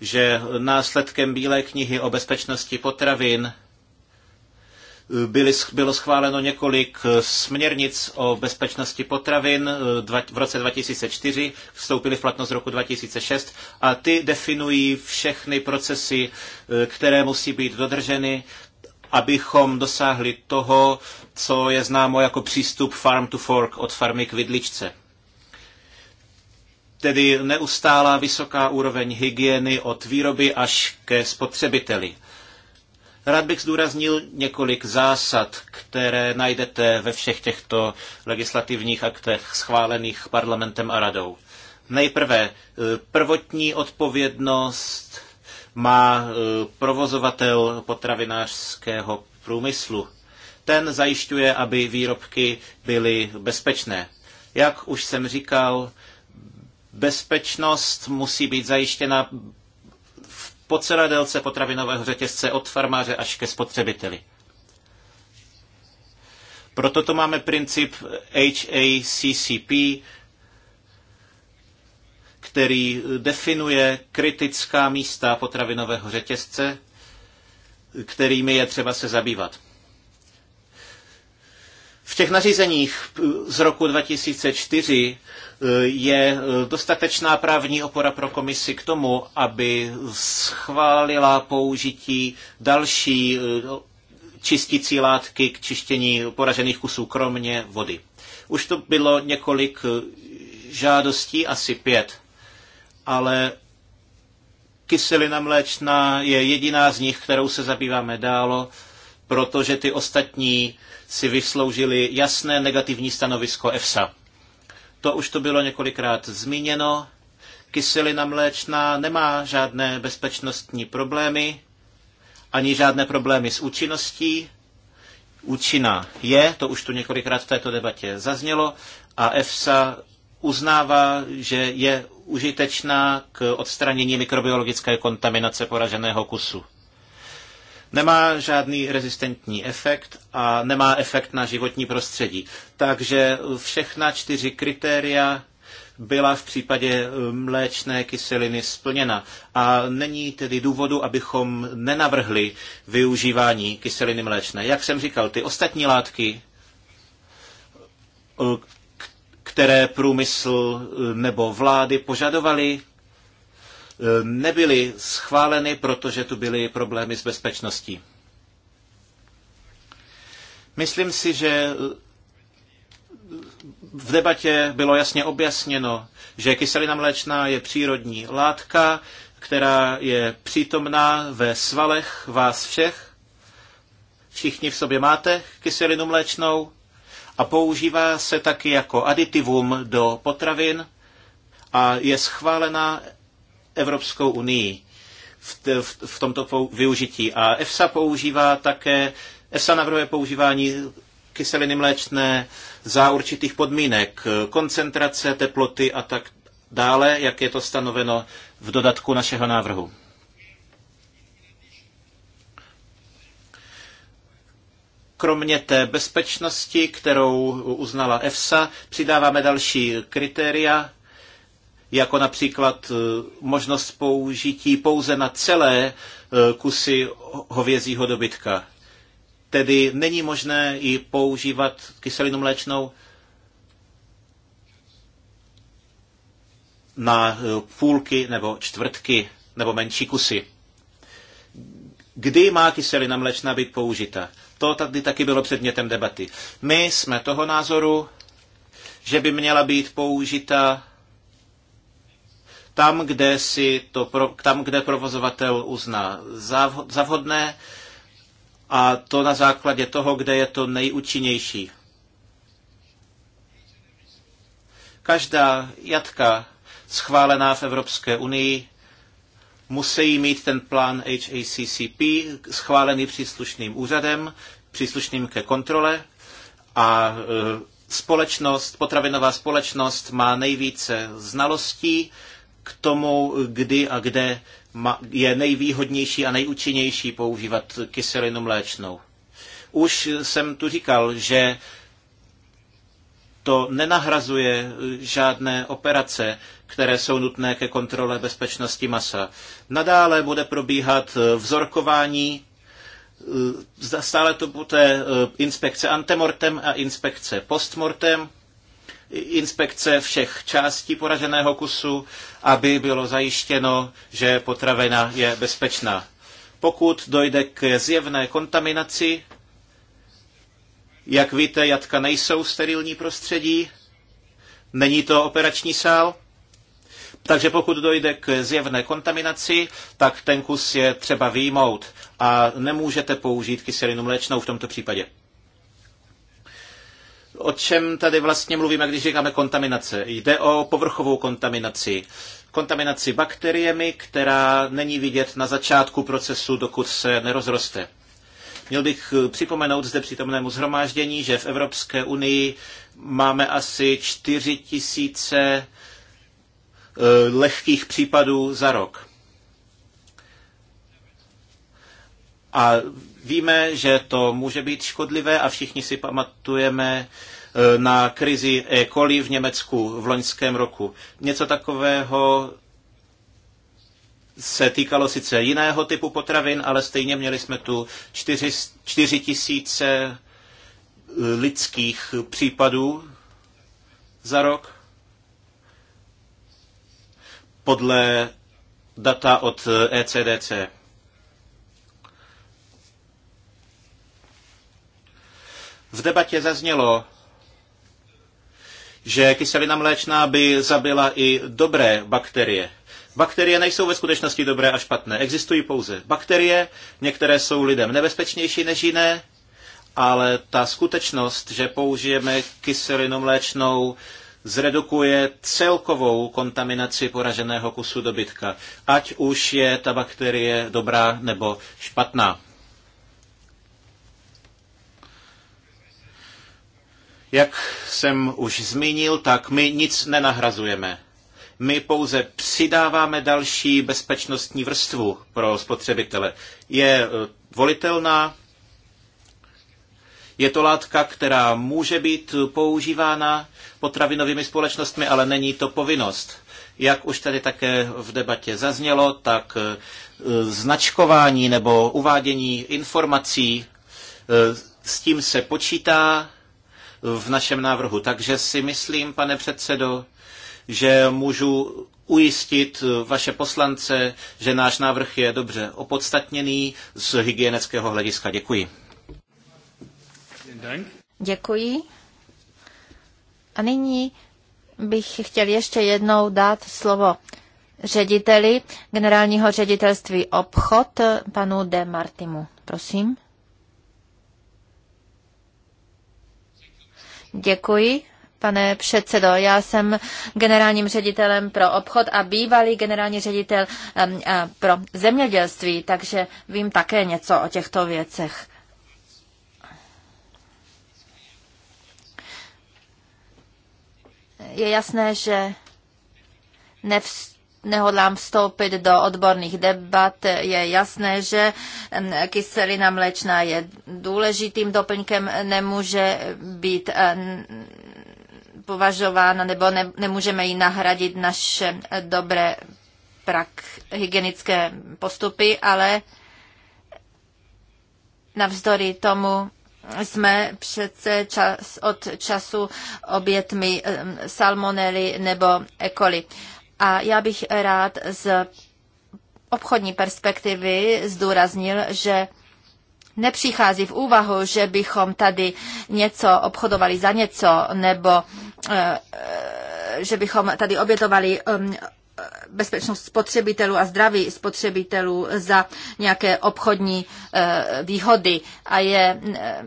že následkem Bílé knihy o bezpečnosti potravin eh, byly, bylo schváleno několik směrnic o bezpečnosti potravin v roce 2004, vstoupily v platnost roku 2006 a ty definují všechny procesy, které musí být dodrženy abychom dosáhli toho, co je známo jako přístup farm to fork od farmy k vidličce. Tedy neustálá vysoká úroveň hygieny od výroby až ke spotřebiteli. Rád bych zdůraznil několik zásad, které najdete ve všech těchto legislativních aktech schválených parlamentem a radou. Nejprve eh, prvotní odpovědnost má eh, provozovatel potravinářského průmyslu. Ten zajišťuje, aby výrobky byly bezpečné. Jak už jsem říkal, bezpečnost musí být zajištěna po celé délce potravinového řetězce od farmáře až ke spotřebiteli. Proto to máme princip HACCP, který definuje kritická místa potravinového řetězce, kterými je třeba se zabývat. V těch nařízeních z roku 2004 eh, je eh, dostatečná právní opora pro komisi k tomu, aby schválila použití další eh, čistící látky k čištění poražených kusů, kromě vody. Už to bylo několik žádostí, asi pět ale kyselina mléčná je jediná z nich, kterou se zabýváme dálo, protože ty ostatní si vysloužili jasné negativní stanovisko EFSA. To už to bylo několikrát zmíněno. Kyselina mléčná nemá žádné bezpečnostní problémy, ani žádné problémy s účinností. Účina je, to už tu několikrát v této debatě zaznělo, a EFSA uznává, že je užitečná k odstranění mikrobiologické kontaminace poraženého kusu. Nemá žádný rezistentní efekt a nemá efekt na životní prostředí. Takže všechna čtyři kritéria byla v případě eh, mléčné kyseliny splněna. A není tedy důvodu, abychom nenavrhli využívání kyseliny mléčné. Jak jsem říkal, ty ostatní látky, eh, které průmysl eh, nebo vlády požadovaly, eh, nebyly schváleny, protože tu byly problémy s bezpečností. Myslím si, že eh, v debatě bylo jasně objasněno, že kyselina mléčná je přírodní látka, která je přítomná ve svalech vás všech. Všichni v sobě máte kyselinu mléčnou a používá se taky jako aditivum do potravin a je schválena Evropskou unii v, v, v tomto pou, využití. A EFSA používá také, EFSA navrhuje používání kyseliny mléčné za určitých podmínek, koncentrace, teploty a tak dále, jak je to stanoveno v dodatku našeho návrhu. Kromě té bezpečnosti, kterou uznala EFSA, přidáváme další kritéria, jako například e, možnost použití pouze na celé e, kusy hovězího dobytka. Tedy není možné i používat kyselinu mléčnou na e, půlky nebo čtvrtky nebo menší kusy. Kdy má kyselina mléčná být použita? To tady taky bylo předmětem debaty. My jsme toho názoru, že by měla být použita tam, kde, si to, tam, kde provozovatel uzná za vhodné a to na základě toho, kde je to nejúčinnější. Každá jatka schválená v Evropské unii musí mít ten plán HACCP schválený příslušným úřadem, příslušným ke kontrole a e, společnost, potravinová společnost má nejvíce znalostí k tomu, kdy a kde je nejvýhodnější a nejúčinnější používat kyselinu mléčnou. Už jsem tu říkal, že to nenahrazuje žádné operace, které jsou nutné ke kontrole bezpečnosti masa. Nadále bude probíhat e, vzorkování e, stále to bude e, inspekce antemortem a inspekce postmortem, inspekce všech částí poraženého kusu, aby bylo zajištěno, že potravina je bezpečná. Pokud dojde k zjevné kontaminaci, jak víte, jatka nejsou sterilní prostředí, není to operační sál, takže pokud dojde k zjevné kontaminaci, tak ten kus je třeba výjmout a nemůžete použít kyselinu mléčnou v tomto případě. O čem tady vlastně mluvíme, když říkáme kontaminace? Jde o povrchovou kontaminaci. Kontaminaci bakteriemi, která není vidět na začátku procesu, dokud se nerozroste. Měl bych eh, připomenout zde přítomnému zhromáždění, že v Evropské unii máme asi 4 000. Eh, lehkých případů za rok. A víme, že to může být škodlivé a všichni si pamatujeme eh, na krizi E. coli v Německu v loňském roku. Něco takového se týkalo sice jiného typu potravin, ale stejně měli jsme tu 4, 4 tisíce lidských případů za rok podle data od ECDC. Eh, e v debatě zaznělo, že kyselina mléčná by zabila i dobré bakterie. Bakterie nejsou ve skutečnosti dobré a špatné, existují pouze bakterie, některé jsou lidem nebezpečnější než jiné, ale ta skutečnost, že použijeme kyselinu mléčnou zredukuje celkovou kontaminaci poraženého kusu dobytka, ať už je ta bakterie dobrá nebo špatná. Jak jsem už zmínil, tak my nic nenahrazujeme. My pouze přidáváme další bezpečnostní vrstvu pro spotřebitele. Je eh, volitelná, je to látka, která může být používána potravinovými společnostmi, ale není to povinnost. Jak už tady také v debatě zaznělo, tak e, značkování nebo uvádění informací e, s tím se počítá v našem návrhu. Takže si myslím, pane předsedo, že můžu ujistit vaše poslance, že náš návrh je dobře opodstatněný z hygienického hlediska. Děkuji. Děkuji. A nyní bych chtěl ještě jednou dát slovo řediteli generálního ředitelství obchod, panu De Martimu. Prosím. Děkuji. Pane předsedo, já jsem generálním ředitelem pro obchod a bývalý generální ředitel pro zemědělství, takže vím také něco o těchto věcech. Je jasné, že nevstoupí nehodlám vstoupit do odborných debat. Je jasné, že kyselina mléčná je důležitým doplňkem, nemůže být e, považována nebo ne, nemůžeme ji nahradit naše dobré prak, hygienické postupy, ale navzdory tomu jsme přece čas, od času obětmi salmonely nebo ekoli. A já bych rád z obchodní perspektivy zdůraznil, že nepřichází v úvahu, že bychom tady něco obchodovali za něco, nebo eh, eh, že bychom tady obětovali bezpečnost spotřebitelů a zdraví spotřebitelů za nějaké obchodní eh, výhody. A je eh,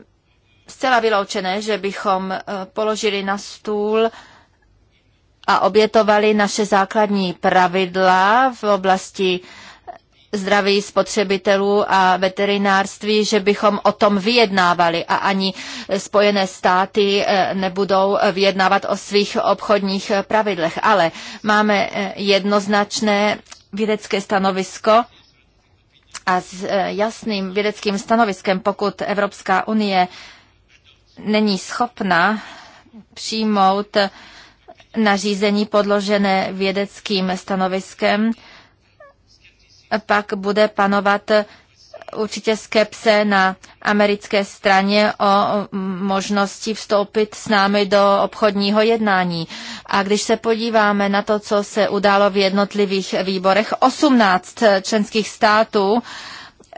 zcela vyloučené, že bychom eh, položili na stůl a obětovali naše základní pravidla v oblasti zdraví spotřebitelů a veterinářství, že bychom o tom vyjednávali a ani Spojené státy eh, nebudou vyjednávat o svých obchodních pravidlech. Ale máme eh, jednoznačné vědecké stanovisko, a s eh, jasným vědeckým stanoviskem, pokud Evropská unie není schopna přijmout nařízení podložené vědeckým stanoviskem, pak bude panovat určitě skepse na americké straně o možnosti vstoupit s námi do obchodního jednání. A když se podíváme na to, co se událo v jednotlivých výborech, 18 členských států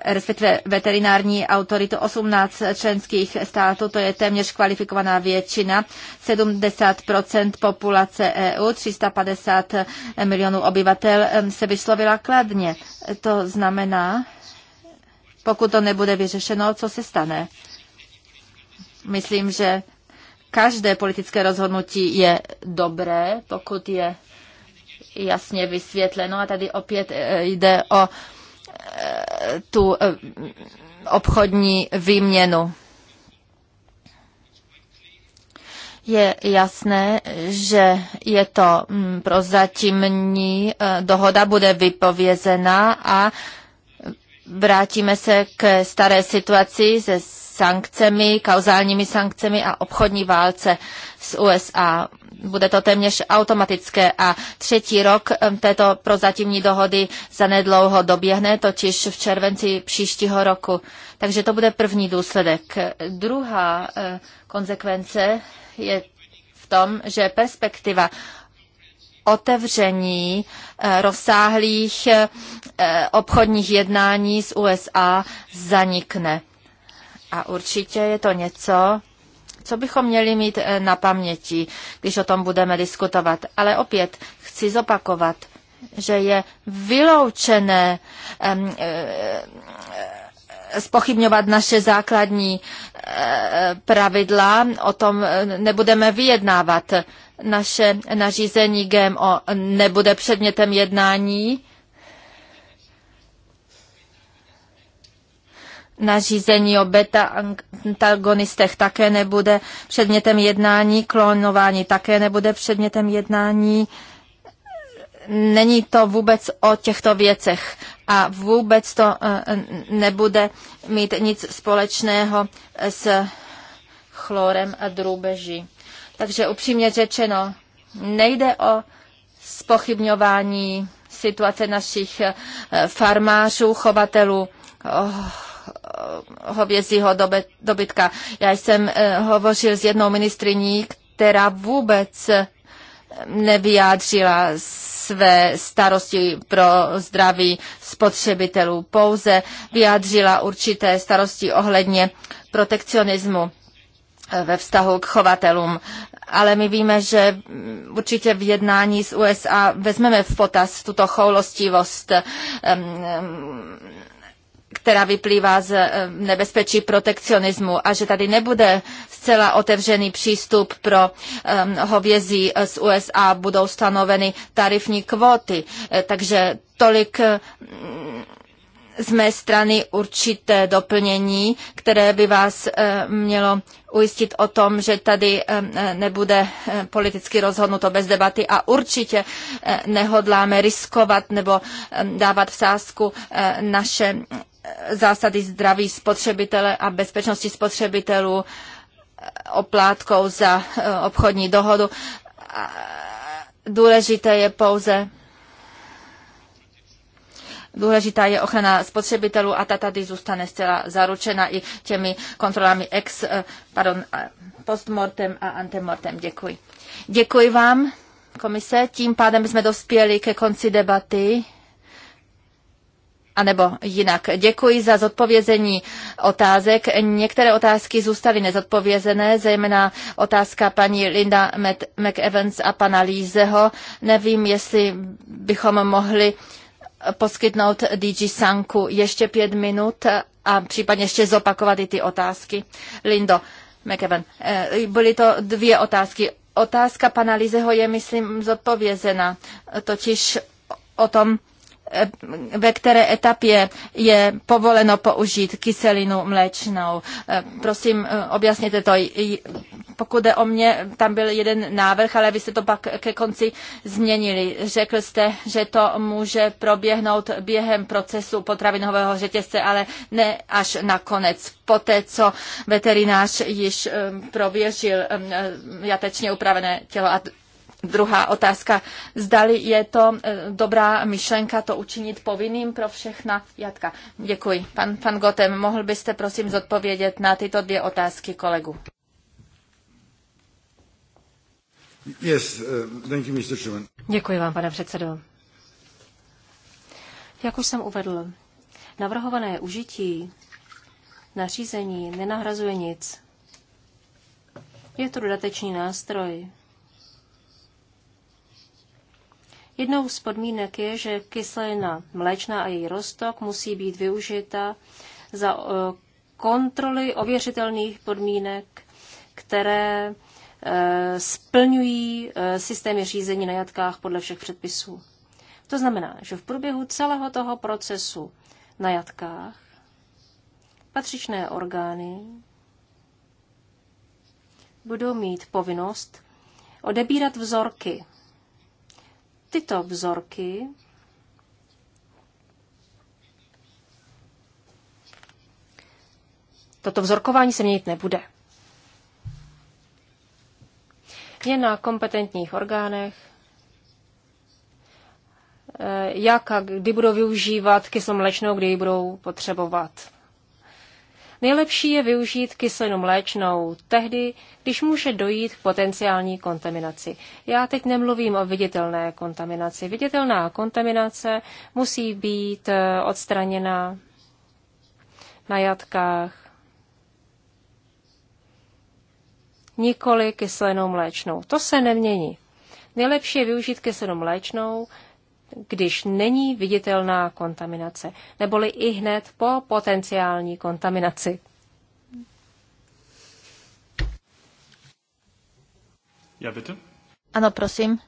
respektive veterinární autoritu 18 členských států, to je téměř kvalifikovaná většina, 70 populace EU, 350 milionů obyvatel se vyslovila kladně. To znamená, pokud to nebude vyřešeno, co se stane? Myslím, že každé politické rozhodnutí je dobré, pokud je jasně vysvětleno. A tady opět eh, jde o tu eh, obchodní výměnu. Je jasné, že je to mm, prozatímní eh, dohoda, bude vypovězená a vrátíme se k staré situaci ze sankcemi, kauzálními sankcemi a obchodní válce s USA. Bude to téměř automatické a třetí rok této prozatímní dohody zanedlouho doběhne, totiž v červenci příštího roku. Takže to bude první důsledek. Druhá eh, konsekvence je v tom, že perspektiva otevření eh, rozsáhlých eh, obchodních jednání s USA zanikne. A určitě je to něco, co bychom měli mít eh, na paměti, když o tom budeme diskutovat. Ale opět chci zopakovat, že je vyloučené um, spochybňovat naše základní pravidla, o tom nebudeme vyjednávat. Naše nařízení GMO nebude předmětem jednání nařízení o beta-antagonistech také nebude předmětem jednání, klonování také nebude předmětem jednání. Není to vůbec o těchto věcech a vůbec to eh, nebude mít nic společného s chlorem a drůbeží. Takže upřímně řečeno, nejde o spochybňování situace našich eh, farmářů, chovatelů oh, Eh, hovězího dobytka. Já jsem eh, hovořil s jednou ministriní, která vůbec nevyjádřila své starosti pro zdraví spotřebitelů, pouze vyjádřila určité starosti ohledně protekcionismu eh, ve vztahu k chovatelům. Ale my víme, že určitě v jednání s USA vezmeme v potaz tuto choulostivost která vyplývá z eh, nebezpečí protekcionismu a že tady nebude zcela otevřený přístup pro um, hovězí eh, z USA, budou stanoveny tarifní kvóty. Eh, takže tolik z mé strany určité doplnění, které by vás mělo ujistit o tom, že tady nebude politicky rozhodnuto bez debaty a určitě nehodláme riskovat nebo ehm, dávat v sázku naše zásady zdraví spotřebitele a bezpečnosti spotřebitelů e, oplátkou za e, obchodní dohodu. Důležité je pouze Důležitá je ochrana spotřebitelů a ta tady zůstane zcela zaručena i těmi kontrolami ex, e, pardon, postmortem a antemortem. Děkuji. Děkuji vám, komise. Tím pádem jsme dospěli ke konci debaty anebo jinak. Děkuji za zodpovězení otázek. Některé otázky zůstaly nezodpovězené, zejména otázka paní Linda McEvans a pana Lízeho. Nevím, jestli bychom mohli poskytnout DG Sanku ještě pět minut a případně ještě zopakovat i ty otázky. Lindo McEvan, eh, byly to dvě otázky. Otázka pana Lízeho je, myslím, zodpovězena, totiž o tom, Eh, ve které etapě je povoleno použít kyselinu mléčnou. Eh, prosím, eh, objasněte to. Pokud jde o mě, tam byl jeden návrh, ale vy jste to pak ke konci změnili. Řekl jste, že to může proběhnout během procesu potravinového řetězce, ale ne až nakonec, poté co veterinář již prověřil jatečně upravené tělo a Druhá otázka. Zdali je to e, dobrá myšlenka to učinit povinným pro všechna jatka. Děkuji. Pan, pan Gotem, mohl byste prosím zodpovědět na tyto dvě otázky kolegu? Yes, uh, thank you, Mr. Děkuji vám, pane předsedo. Jak už jsem uvedl, navrhované užití nařízení nenahrazuje nic. Je to dodatečný nástroj, Jednou z podmínek je, že kyselina mléčná a její roztok musí být využita za eh, kontroly ověřitelných podmínek, které eh, splňují eh, systémy řízení na jatkách podle všech předpisů. To znamená, že v průběhu celého toho procesu na jatkách patřičné orgány budou mít povinnost odebírat vzorky tyto vzorky Toto vzorkování se měnit nebude. Je na kompetentních orgánech, eh, jak a kdy budou využívat kyslomlečnou, kdy ji budou potřebovat. Nejlepší je využít kyselinu mléčnou tehdy, když může dojít k potenciální kontaminaci. Já teď nemluvím o viditelné kontaminaci. Viditelná kontaminace musí být eh, odstraněna na jatkách, nikoli kyselinou mléčnou. To se nemění. Nejlepší je využít kyselinu mléčnou, když není viditelná kontaminace, neboli i hned po potenciální kontaminaci. Já bitte? Ano, prosím.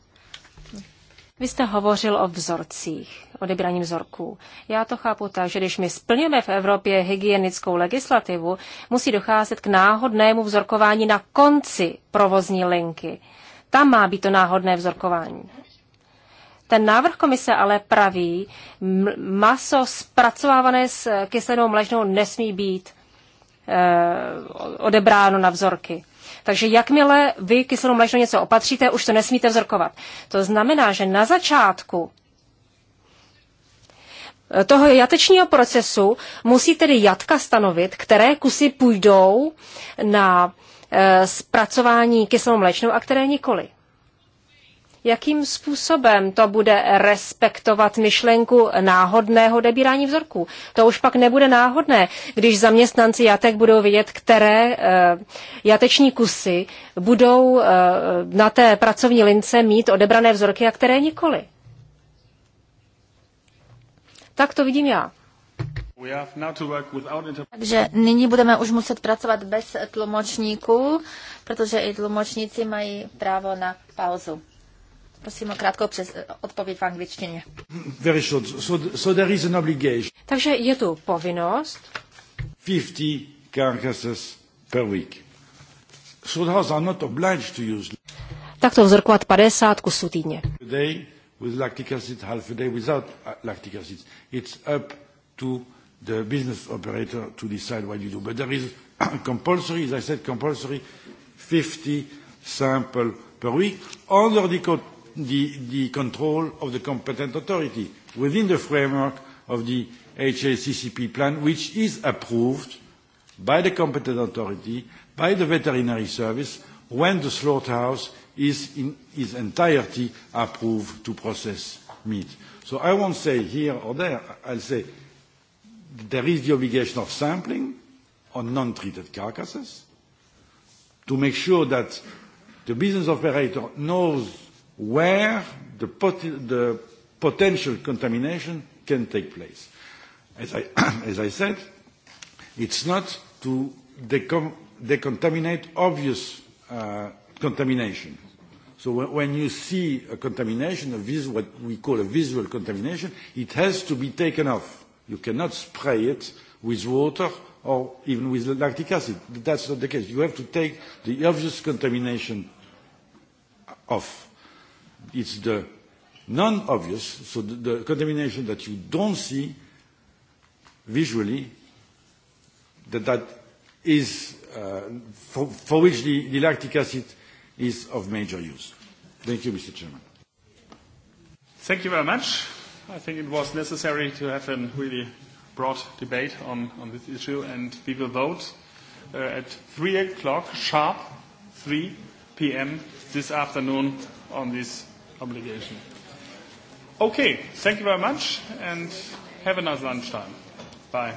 Vy jste hovořil o vzorcích, odebraním vzorků. Já to chápu tak, že když my splňujeme v Evropě hygienickou legislativu, musí docházet k náhodnému vzorkování na konci provozní linky. Tam má být to náhodné vzorkování. Ten návrh komise ale praví, maso zpracovávané s kyselinou mléčnou nesmí být e, odebráno na vzorky. Takže jakmile vy kyselou mléčnou něco opatříte, už to nesmíte vzorkovat. To znamená, že na začátku toho jatečního procesu musí tedy jatka stanovit, které kusy půjdou na eh, zpracování kyselou mléčnou a které nikoli jakým způsobem to bude respektovat myšlenku náhodného odebírání vzorků. To už pak nebude náhodné, když zaměstnanci jatek budou vědět, které eh, jateční kusy budou eh, na té pracovní lince mít odebrané vzorky a které nikoli. Tak to vidím já. Takže nyní budeme už muset pracovat bez tlumočníků, protože i tlumočníci mají právo na pauzu. Prosím o krátkou přes odpověď v angličtině. Very short. So, so there is an obligation. Takže je tu povinnost. 50 carcasses per week. Slaughterhouses are not obliged to use. Takto vzorkovat 50 kusů týdně. Today with lactic acid, half a day without uh, lactic acid. It's up to the business operator to decide what you do. But there is <coughs> compulsory, as I said, compulsory 50 sample per week under the code the, the control of the competent authority within the framework of the HACCP plan, which is approved by the competent authority, by the veterinary service, when the slaughterhouse is in its entirety approved to process meat. So I won't say here or there. I'll say there is the obligation of sampling on non-treated carcasses to make sure that the business operator knows where the, pot the potential contamination can take place. As I, <coughs> as I said, it's not to decom decontaminate obvious uh, contamination. So when you see a contamination, a vis what we call a visual contamination, it has to be taken off. You cannot spray it with water or even with lactic acid. That's not the case. You have to take the obvious contamination off it's the non-obvious, so the, the contamination that you don't see visually, that that is uh, for, for which the, the lactic acid is of major use. Thank you, Mr. Chairman. Thank you very much. I think it was necessary to have a really broad debate on, on this issue, and we will vote uh, at 3 o'clock sharp, 3 p.m. this afternoon on this obligation. Okay, thank you very much and have a nice lunchtime. Bye.